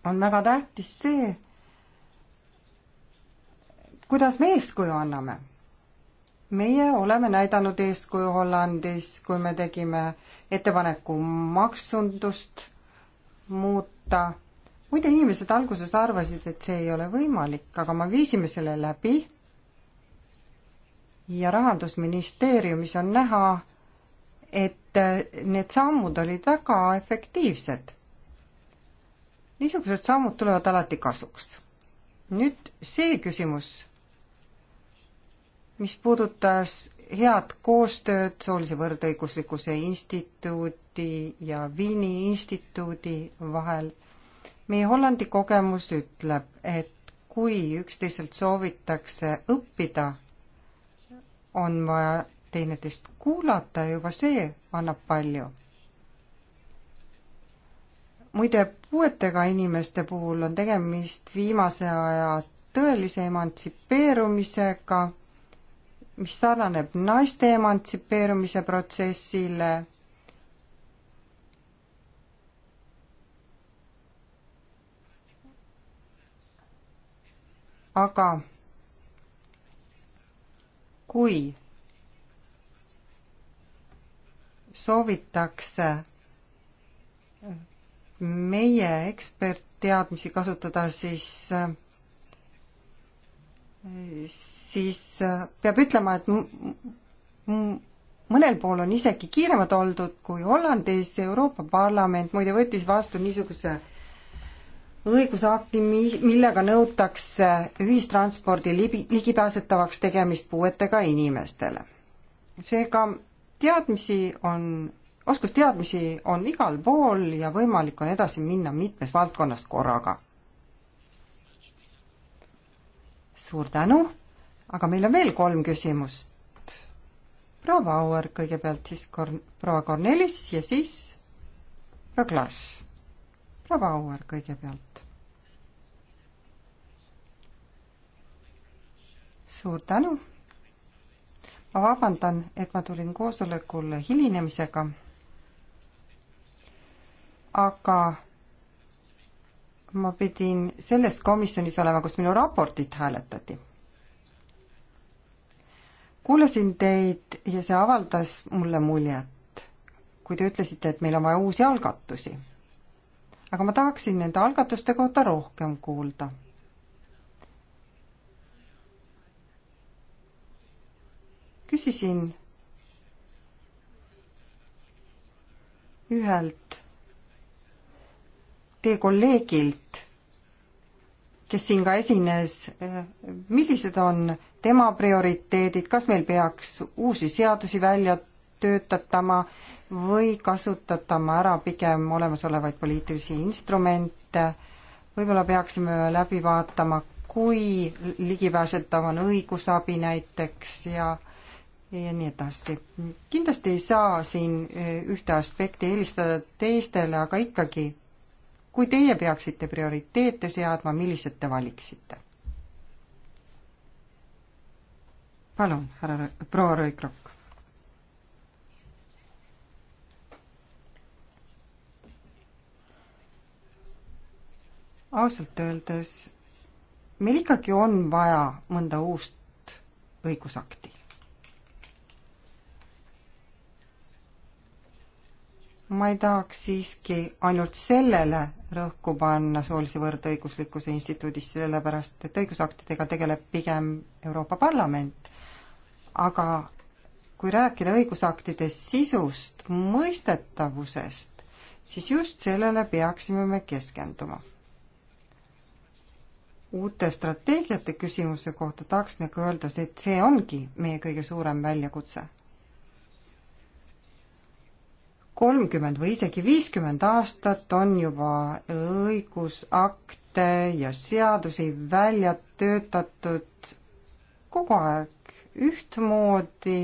on väga tähtis see, kuidas me eeskuju anname. meie oleme näidanud eeskuju Hollandis, kui me tegime ettepaneku maksundust muuta muide, inimesed alguses arvasid, et see ei ole võimalik, aga me viisime selle läbi ja Rahandusministeeriumis on näha, et need sammud olid väga efektiivsed. niisugused sammud tulevad alati kasuks. nüüd see küsimus, mis puudutas head koostööd Soolise Võrdõiguslikkuse Instituudi ja Viini instituudi vahel. meie Hollandi kogemus ütleb, et kui üksteiselt soovitakse õppida on vaja teineteist kuulata, juba see annab palju. muide, puuetega inimeste puhul on tegemist viimase aja tõelise emantsipeerumisega, mis sarnaneb naiste emantsipeerumise protsessile aga kui soovitakse meie ekspertteadmisi kasutada, siis siis peab ütlema, et mõnel pool on isegi kiiremad oldud kui Hollandis, Euroopa Parlament muide võttis vastu niisuguse õigusakti, millega nõutakse ühistranspordi ligipääsetavaks tegemist puuetega inimestele. seega teadmisi on, oskusteadmisi on igal pool ja võimalik on edasi minna mitmes valdkonnas korraga. suur tänu, aga meil on veel kolm küsimust. proua Auer kõigepealt, siis kor-, proua Kornelis ja siis proua Klaas proua Auer kõigepealt. suur tänu. ma vabandan, et ma tulin koosolekule hilinemisega. aga ma pidin selles komisjonis olema, kus minu raportit hääletati. kuulasin teid ja see avaldas mulle muljet, kui te ütlesite, et meil on vaja uusi algatusi aga ma tahaksin nende algatuste kohta rohkem kuulda. küsisin ühelt teie kolleegilt, kes siin ka esines, millised on tema prioriteedid, kas meil peaks uusi seadusi välja töötatama või kasutatama ära pigem olemasolevaid poliitilisi instrumente, võib-olla peaksime läbi vaatama, kui ligipääsetav on õigusabi näiteks ja ja nii edasi. kindlasti ei saa siin e, ühte aspekti eelistada teistele, aga ikkagi, kui teie peaksite prioriteete seadma, millised te valiksite? palun, härra proua Rõikrokk. ausalt öeldes meil ikkagi on vaja mõnda uust õigusakti. ma ei tahaks siiski ainult sellele rõhku panna soolise võrdõiguslikkuse instituudis, sellepärast et õigusaktidega tegeleb pigem Euroopa Parlament. aga kui rääkida õigusaktide sisust, mõistetavusest, siis just sellele peaksime me keskenduma uute strateegiate küsimuse kohta tahaks nagu öelda, et see ongi meie kõige suurem väljakutse. kolmkümmend või isegi viiskümmend aastat on juba õigusakte ja seadusi välja töötatud kogu aeg ühtmoodi.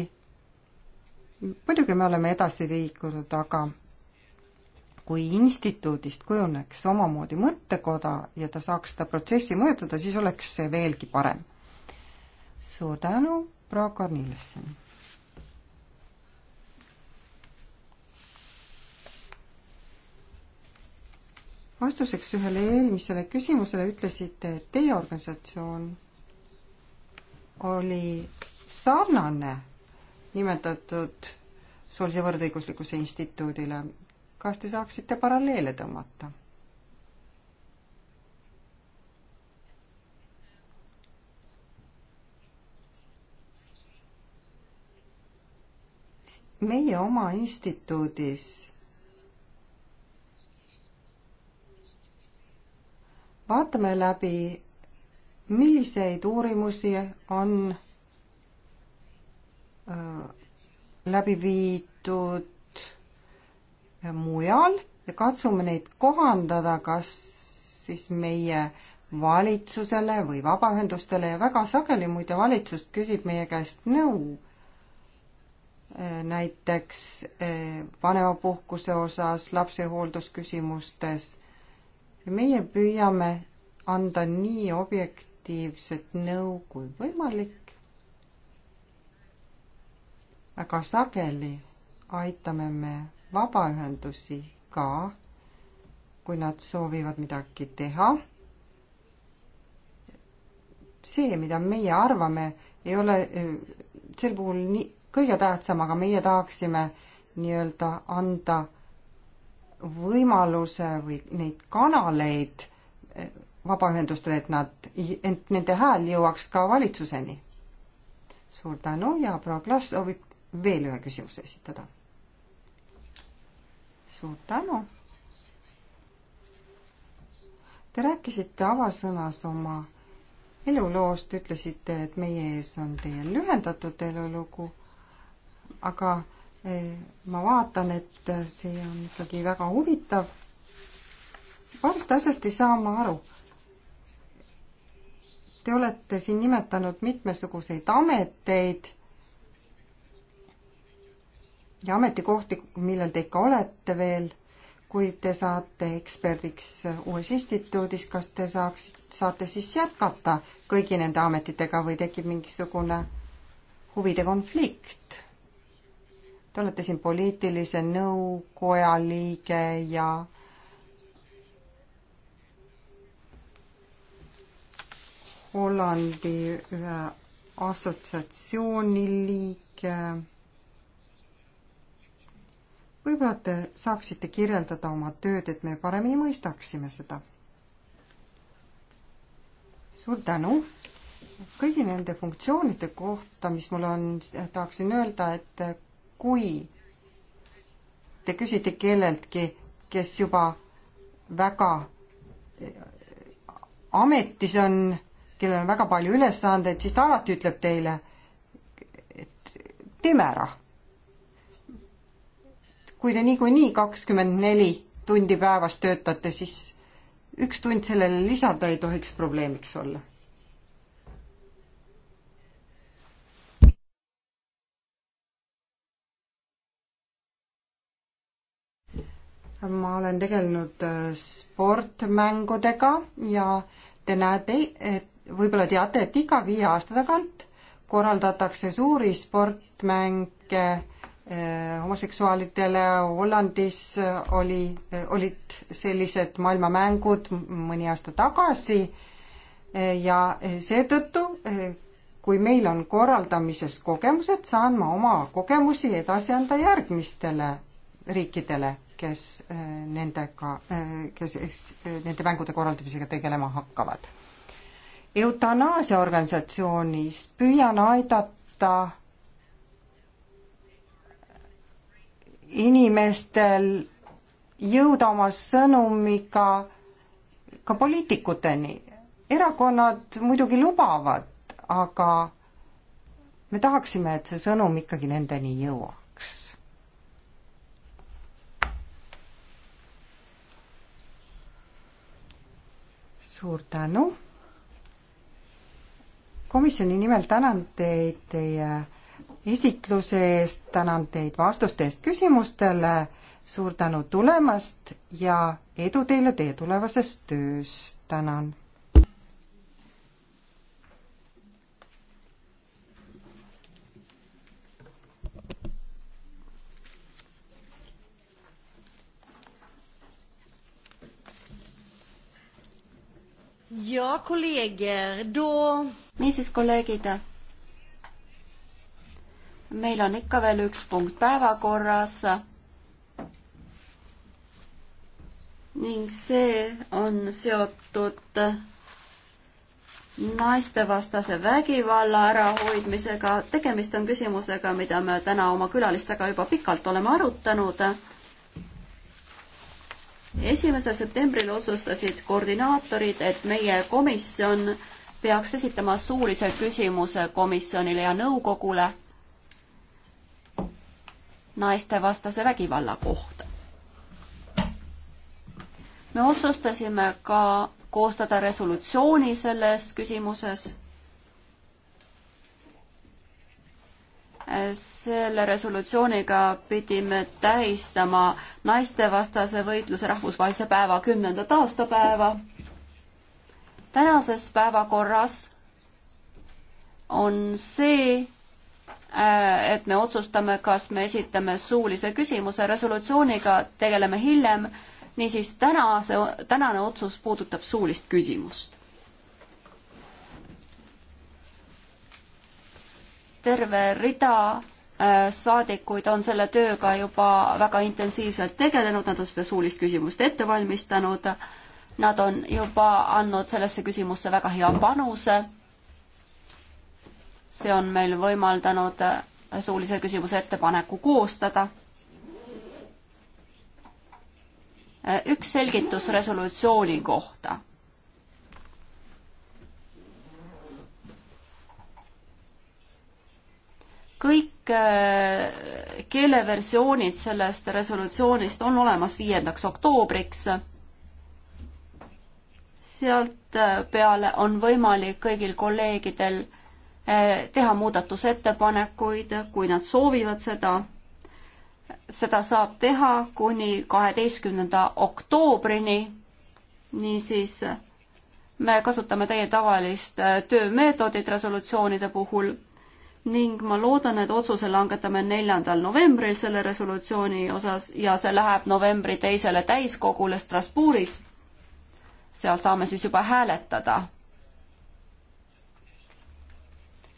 muidugi me oleme edasi liikunud, aga kui instituudist kujuneks omamoodi mõttekoda ja ta saaks seda protsessi mõjutada, siis oleks see veelgi parem. suur tänu, proua Kornilisson. vastuseks ühele eelmisele küsimusele ütlesite, et teie organisatsioon oli sarnane nimetatud soolise võrdõiguslikkuse instituudile kas te saaksite paralleele tõmmata? meie oma instituudis vaatame läbi, milliseid uurimusi on äh, läbi viidud, Äh, mujal ja katsume neid kohandada kas siis meie valitsusele või vabaühendustele ja väga sageli muide valitsus küsib meie käest nõu äh, näiteks äh, vanemapuhkuse osas, lapsehooldusküsimustes. meie püüame anda nii objektiivset nõu kui võimalik. väga sageli aitame me vabaühendusi ka, kui nad soovivad midagi teha. see, mida meie arvame, ei ole eh, sel puhul nii kõige tähtsam, aga meie tahaksime nii-öelda anda võimaluse või neid kanaleid eh, vabaühendustele, et nad, et nende hääl jõuaks ka valitsuseni. suur tänu ja proua Klaas soovib veel ühe küsimuse esitada suur tänu. Te rääkisite avasõnas oma eluloost, ütlesite, et meie ees on teie lühendatud elulugu, aga eh, ma vaatan, et see on ikkagi väga huvitav. paarist asjast ei saa ma aru. Te olete siin nimetanud mitmesuguseid ameteid ja ametikohti, millel te ikka olete veel, kui te saate eksperdiks uues instituudis, kas te saaks, saate siis jätkata kõigi nende ametitega või tekib mingisugune huvide konflikt? Te olete siin poliitilise nõukoja liige ja Hollandi ühe assotsiatsiooni liige võib-olla te saaksite kirjeldada oma tööd, et me paremini mõistaksime seda? suur tänu! kõigi nende funktsioonide kohta, mis mul on, tahaksin öelda, et kui te küsite kelleltki, kes juba väga ametis on, kellel on väga palju ülesandeid, siis ta alati ütleb teile, et teeme ära kui te niikuinii kakskümmend neli tundi päevas töötate, siis üks tund sellele lisada ei tohiks probleemiks olla. ma olen tegelenud äh, sportmängudega ja te näete, et võib-olla teate, et iga viie aasta tagant korraldatakse suuri sportmänge Eh, homoseksuaalidele, Hollandis eh, oli, eh, olid sellised maailmamängud mõni aasta tagasi ja seetõttu, kui meil on korraldamises kogemused, saan ma oma kogemusi edasi anda järgmistele riikidele, kes nendega, kes nende mängude korraldamisega tegelema hakkavad. eutanaasia organisatsioonist püüan aidata inimestel jõuda oma sõnumiga ka poliitikuteni. erakonnad muidugi lubavad, aga me tahaksime, et see sõnum ikkagi nendeni jõuaks. suur tänu. komisjoni nimel tänan teid teie esitluse eest, tänan teid vastuste eest küsimustele, suur tänu tulemast ja edu teile teie tulevases töös, tänan!
ja kolleegid, too. niisiis, kolleegid meil on ikka veel üks punkt päevakorras. ning see on seotud naistevastase vägivalla ärahoidmisega. tegemist on küsimusega, mida me täna oma külalistega juba pikalt oleme arutanud. esimesel septembril otsustasid koordinaatorid, et meie komisjon peaks esitama suulise küsimuse komisjonile ja nõukogule naistevastase vägivalla kohta. me otsustasime ka koostada resolutsiooni selles küsimuses. selle resolutsiooniga pidime tähistama naistevastase võitluse rahvusvahelise päeva kümnendat aastapäeva. tänases päevakorras on see, Äh, et me otsustame, kas me esitame suulise küsimuse, resolutsiooniga tegeleme hiljem, niisiis täna see, tänane otsus puudutab suulist küsimust. terve rida äh, saadikuid on selle tööga juba väga intensiivselt tegelenud, nad on seda suulist küsimust ette valmistanud, nad on juba andnud sellesse küsimusse väga hea panuse see on meil võimaldanud suulise küsimuse ettepaneku koostada. üks selgitus resolutsiooni kohta. kõik äh, keeleversioonid sellest resolutsioonist on olemas viiendaks oktoobriks sealt äh, peale on võimalik kõigil kolleegidel teha muudatusettepanekuid, kui nad soovivad seda. seda saab teha kuni kaheteistkümnenda oktoobrini. niisiis me kasutame teie tavalist äh, töömeetodit resolutsioonide puhul ning ma loodan, et otsuse langetame neljandal novembril selle resolutsiooni osas ja see läheb novembri teisele täiskogule Strasbourgis. seal saame siis juba hääletada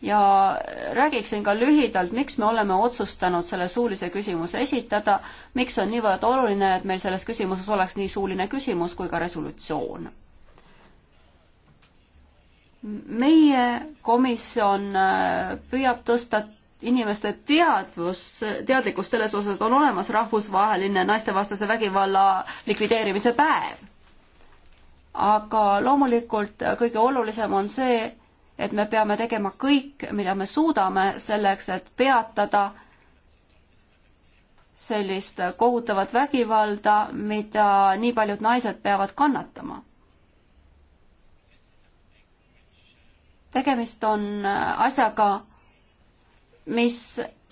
ja räägiksin ka lühidalt, miks me oleme otsustanud selle suulise küsimuse esitada, miks on niivõrd oluline, et meil selles küsimuses oleks nii suuline küsimus kui ka resolutsioon. meie komisjon äh, püüab tõsta inimeste teadvust, teadlikkust selles osas, et on olemas rahvusvaheline naistevastase vägivalla likvideerimise päev. aga loomulikult kõige olulisem on see, et me peame tegema kõik, mida me suudame selleks, et peatada sellist kohutavat vägivalda, mida nii paljud naised peavad kannatama. tegemist on asjaga, mis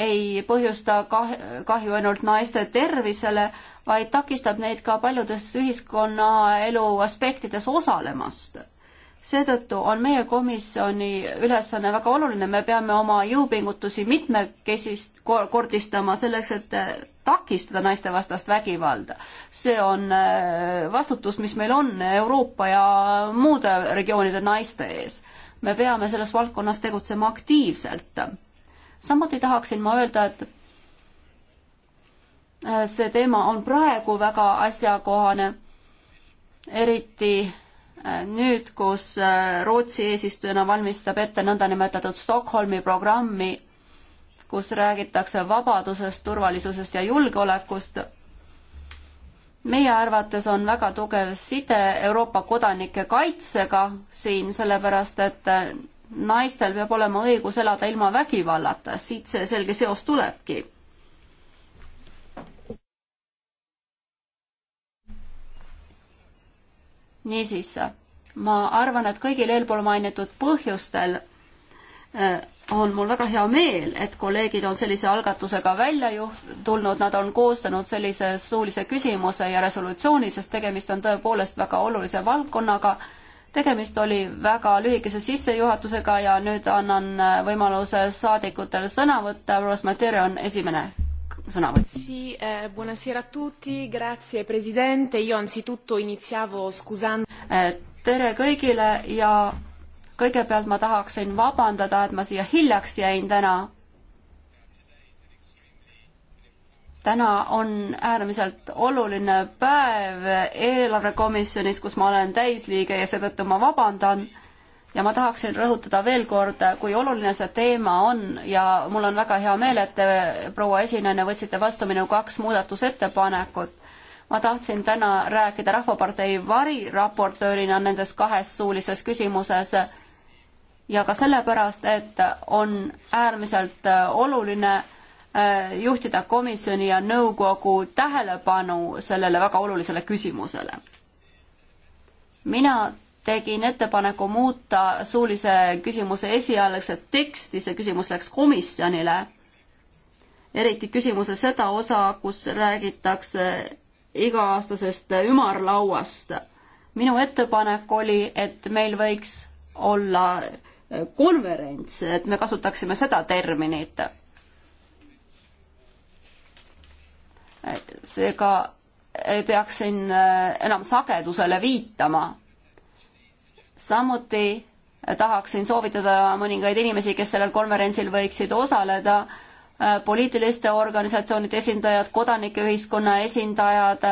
ei põhjusta kahju ainult naiste tervisele, vaid takistab neid ka paljudes ühiskonnaelu aspektides osalemast seetõttu on meie komisjoni ülesanne väga oluline, me peame oma jõupingutusi mitmekesist kordistama selleks, et takistada naistevastast vägivalda. see on äh, vastutus, mis meil on Euroopa ja muude regioonide naiste ees. me peame selles valdkonnas tegutsema aktiivselt. samuti tahaksin ma öelda, et äh, see teema on praegu väga asjakohane, eriti nüüd, kus äh, Rootsi eesistujana valmistab ette nõndanimetatud Stockholmi programmi, kus räägitakse vabadusest, turvalisusest ja julgeolekust, meie arvates on väga tugev side Euroopa kodanike kaitsega siin, sellepärast et äh, naistel peab olema õigus elada ilma vägivallata, siit see selge seos tulebki niisiis, ma arvan, et kõigil eelpool mainitud põhjustel äh, on mul väga hea meel, et kolleegid on sellise algatusega välja juht-, tulnud, nad on koostanud sellise suulise küsimuse ja resolutsiooni, sest tegemist on tõepoolest väga olulise valdkonnaga. tegemist oli väga lühikese sissejuhatusega ja nüüd annan äh, võimaluse saadikutel sõna võtta, Rose Materi on esimene sõnavõtt.
Sì, eh, buonasera a tutti,
grazie presidente, io anzitutto iniziavo scusan- eh,. tere kõigile ja kõigepealt ma tahaksin vabandada, et ma siia hiljaks jäin täna. täna on äärmiselt oluline päev eelarvekomisjonis, kus ma olen täisliige ja seetõttu ma vabandan ja ma tahaksin rõhutada veel kord, kui oluline see teema on ja mul on väga hea meel, et te, proua esinejana, võtsite vastu minu kaks muudatusettepanekut. ma tahtsin täna rääkida Rahvapartei variraportöörina nendes kahes suulises küsimuses ja ka sellepärast, et on äärmiselt äh, oluline äh, juhtida komisjoni ja nõukogu tähelepanu sellele väga olulisele küsimusele. mina tegin ettepaneku muuta suulise küsimuse esialgset teksti, see küsimus läks komisjonile. eriti küsimuse seda osa, kus räägitakse iga-aastasest ümarlauast. minu ettepanek oli, et meil võiks olla konverents, et me kasutaksime seda terminit. seega ei peaks siin enam sagedusele viitama samuti tahaksin soovitada mõningaid inimesi, kes sellel konverentsil võiksid osaleda, äh, poliitiliste organisatsioonide esindajad, kodanikeühiskonna esindajad,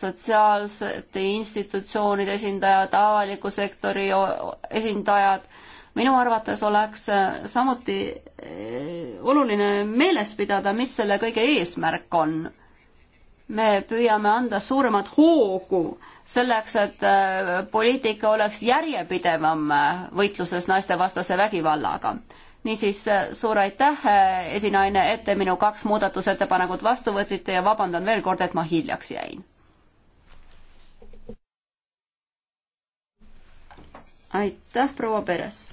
sotsiaalsete institutsioonide esindajad, avaliku sektori esindajad. minu arvates oleks äh, samuti äh, oluline meeles pidada, mis selle kõige eesmärk on me püüame anda suuremat hoogu selleks, et äh, poliitika oleks järjepidevam äh, võitluses naistevastase vägivallaga. niisiis äh, suur aitäh, esinaine, et te minu kaks muudatusettepanekut vastu võtite ja vabandan veel kord, et ma hiljaks jäin. aitäh, proua Peres.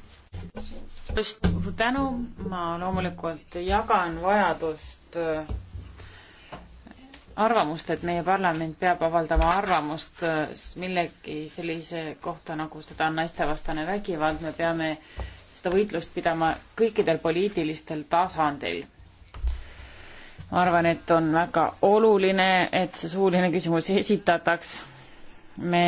just, tänu, ma loomulikult jagan vajadust arvamust, et meie parlament peab avaldama arvamust äh, millegi sellise kohta, nagu seda on naistevastane vägivald, me peame seda võitlust pidama kõikidel poliitilistel tasandil. ma arvan, et on väga oluline, et see suuline küsimus esitataks. me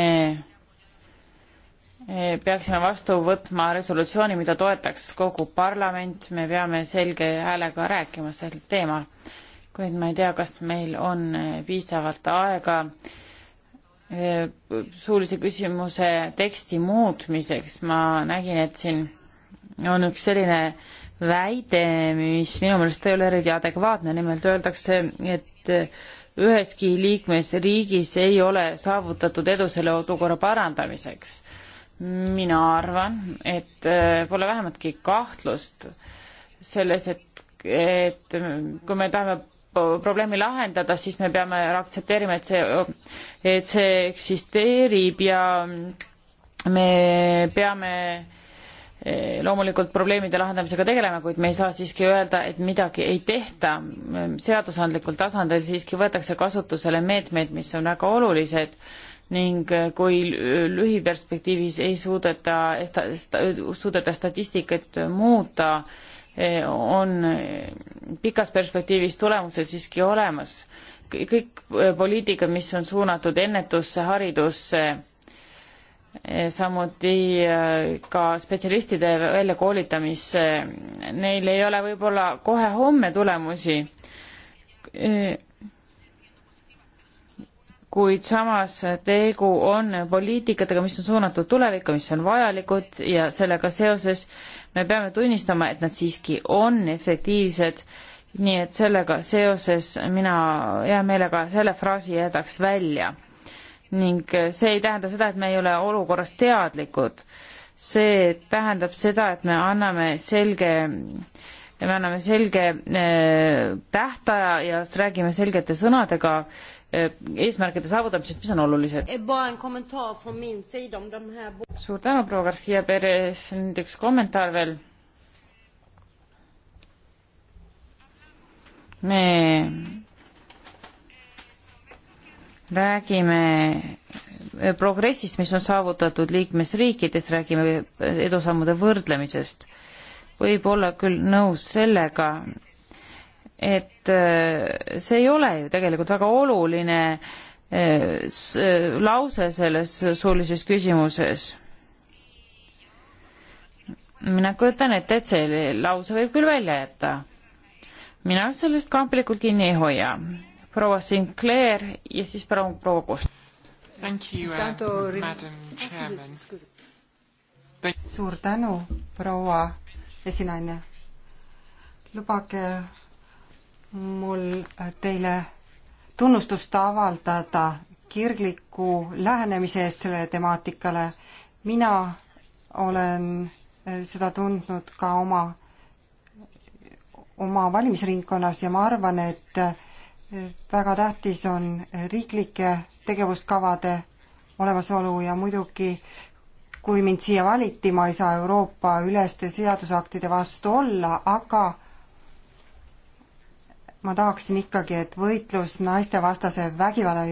e, peaksime vastu võtma resolutsiooni, mida toetaks kogu parlament, me peame selge häälega rääkima sel teemal kuid ma ei tea, kas meil on eh, piisavalt aega eh, suulise küsimuse teksti muutmiseks. ma nägin, et siin on üks selline väide, mis minu meelest ei ole eriti adekvaatne, nimelt öeldakse, et eh, üheski liikmesriigis ei ole saavutatud edu selle olukorra parandamiseks. mina arvan, et pole vähematki kahtlust selles, et, et kui me tahame probleemi lahendada, siis me peame aktsepteerima, et see, et see eksisteerib ja me peame eh, loomulikult probleemide lahendamisega tegelema, kuid me ei saa siiski öelda, et midagi ei tehta. seadusandlikul tasandil siiski võetakse kasutusele meetmeid, mis on väga olulised ning eh, kui lühiperspektiivis ei suudeta, suudeta statistikat muuta, on pikas perspektiivis tulemused siiski olemas. kõik eh, poliitikad, mis on suunatud ennetusse, haridusse, eh, samuti eh, ka spetsialistide väljakoolitamisse, neil ei ole võib-olla kohe homme tulemusi, kuid samas tegu on poliitikatega, mis on suunatud tulevikku, mis on vajalikud ja sellega seoses äh, me peame tunnistama, et nad siiski on efektiivsed, nii et sellega seoses mina hea meelega selle fraasi jätaks välja. ning see ei tähenda seda, et me ei ole olukorrast teadlikud. see tähendab seda, et me anname selge me anname selge eh, tähtaja ja räägime selgete sõnadega äh, Eh, eesmärkide saavutamisest, mis on olulised. Eh, suur tänu, proua Garcia Perez, nüüd üks kommentaar veel. me räägime eh, progressist, mis on saavutatud liikmesriikides, räägime edusammude võrdlemisest. võib olla küll nõus sellega, et äh, see ei ole ju tegelikult väga oluline äh, äh, lause selles suulises küsimuses. mina kujutan ette, et see lause võib küll välja jätta. mina sellest kamplikult kinni ei hoia. proua Sinclair ja siis proua, proua Kust. Uh,
suur tänu, proua esinaine. lubage mul teile tunnustust avaldada kirgliku lähenemise eest sellele temaatikale. mina olen eh, seda tundnud ka oma, oma valimisringkonnas ja ma arvan, et eh, väga tähtis on riiklike tegevuskavade olemasolu ja muidugi kui mind siia valiti, ma ei saa Euroopa üleste seadusaktide vastu olla, aga ma tahaksin ikkagi, et võitlus naistevastase vägivalla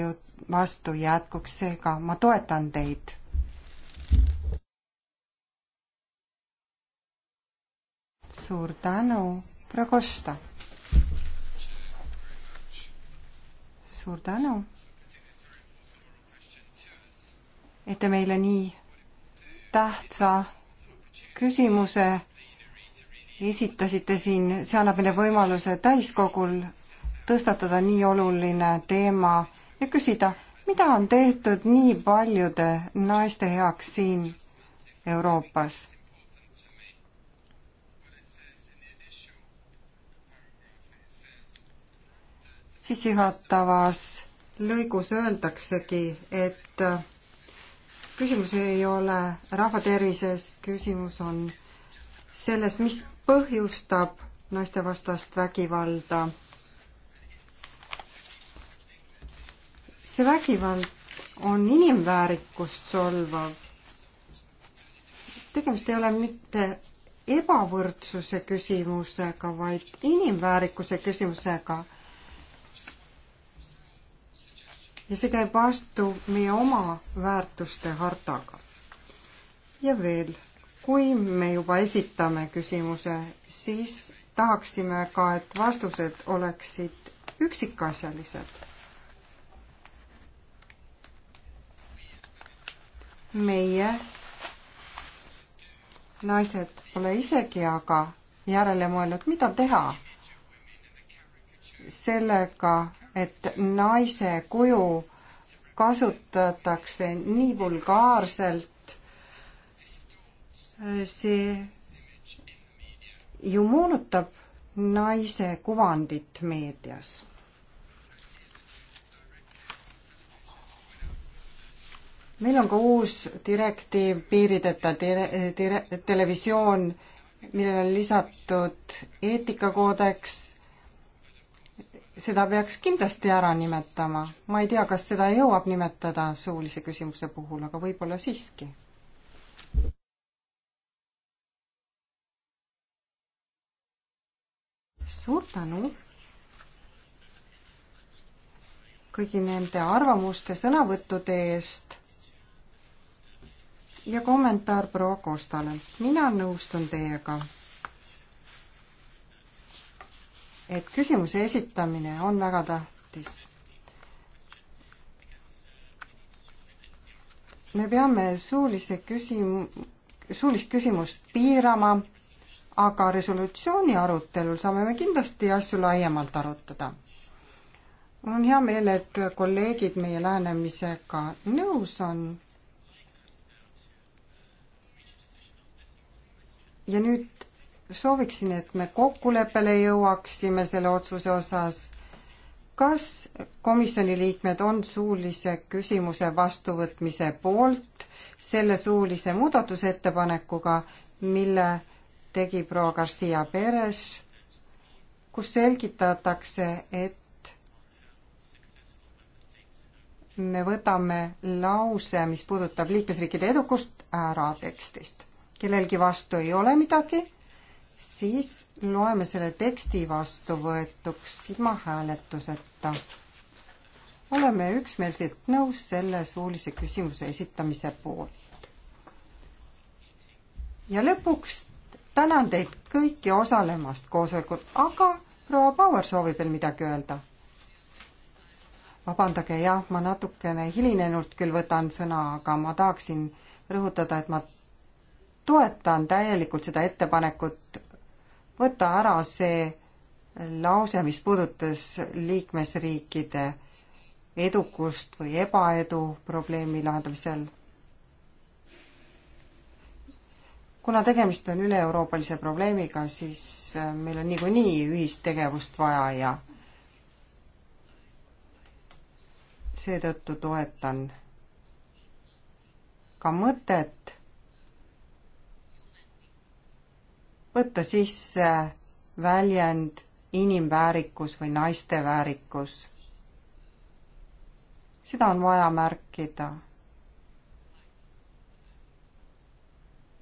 vastu jätkuks, seega ma toetan teid. suur tänu, Pragosta. suur tänu, et te meile nii tähtsa küsimuse esitasite siin, see annab meile võimaluse täiskogul tõstatada nii oluline teema ja küsida, mida on tehtud nii paljude naiste heaks siin Euroopas sissejuhatavas lõigus öeldaksegi, et küsimus ei ole rahvatervises, küsimus on selles, mis põhjustab naistevastast vägivalda. see vägivald on inimväärikust solvav. tegemist ei ole mitte ebavõrdsuse küsimusega, vaid inimväärikuse küsimusega. ja see käib vastu meie oma väärtuste hartaga. ja veel kui me juba esitame küsimuse, siis tahaksime ka, et vastused oleksid üksikasjalised. meie naised pole isegi aga järele mõelnud, mida teha sellega, et naise kuju kasutatakse nii vulgaarselt, see ju moonutab naise kuvandit meedias. meil on ka uus direktiiv Piirideta dire-, dire-, televisioon, millele on lisatud eetikakoodeks, seda peaks kindlasti ära nimetama. ma ei tea, kas seda jõuab nimetada suulise küsimuse puhul, aga võib-olla siiski suur tänu kõigi nende arvamuste, sõnavõttude eest ja kommentaar proua Kostale. mina nõustun teiega, et küsimuse esitamine on väga tähtis. me peame suulise küsim-, suulist küsimust piirama aga resolutsiooni arutelul saame me kindlasti asju laiemalt arutada. mul on hea meel, et kolleegid meie lähenemisega nõus on ja nüüd sooviksin, et me kokkuleppele jõuaksime selle otsuse osas. kas komisjoni liikmed on suulise küsimuse vastuvõtmise poolt selle suulise muudatusettepanekuga, mille tegi proua Garcia Perez, kus selgitatakse, et me võtame lause, mis puudutab liikmesriikide edukust, ära tekstist. kellelgi vastu ei ole midagi, siis loeme selle teksti vastuvõetuks ilma hääletuseta. oleme üksmeelselt nõus selle suulise küsimuse esitamise poolt. ja lõpuks tänan teid kõiki osalemast koosolekul, aga proua Bauer soovib veel midagi öelda. vabandage, jah, ma natukene hilinenult küll võtan sõna, aga ma tahaksin rõhutada, et ma toetan täielikult seda ettepanekut võtta ära see lause, mis puudutas liikmesriikide edukust või ebaedu probleemi lahendamisel kuna tegemist on üle-euroopalise probleemiga, siis äh, meil on niikuinii ühistegevust vaja ja seetõttu toetan ka mõtet võtta sisse väljend inimväärikus või naiste väärikus. seda on vaja märkida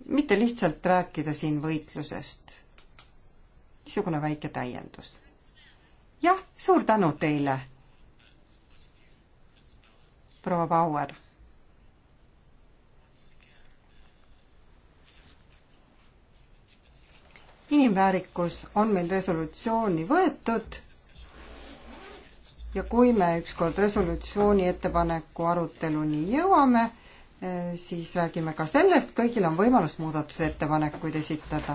mitte lihtsalt rääkida siin võitlusest. niisugune väike täiendus. jah, suur tänu teile, proua Bauer. inimväärikus on meil resolutsiooni võetud ja kui me ükskord resolutsiooni ettepaneku aruteluni jõuame Äh, siis räägime ka sellest, kõigil on võimalus muudatusettepanekuid esitada.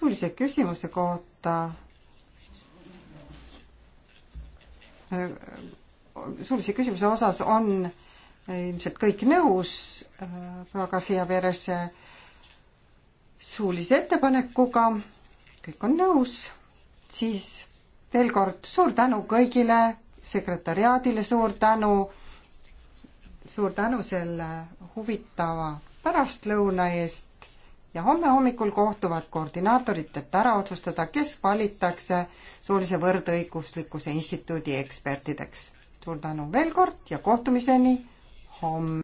suulise küsimuse kohta äh, suulise küsimuse osas on äh, ilmselt kõik nõus proua Siia Verese suulise ettepanekuga, kõik on nõus siis veel kord suur tänu kõigile, sekretäriaadile suur tänu, suur tänu selle huvitava pärastlõuna eest ja homme hommikul kohtuvad koordinaatorid, et ära otsustada, kes valitakse soolise võrdõiguslikkuse instituudi ekspertideks. suur tänu veel kord ja kohtumiseni homme!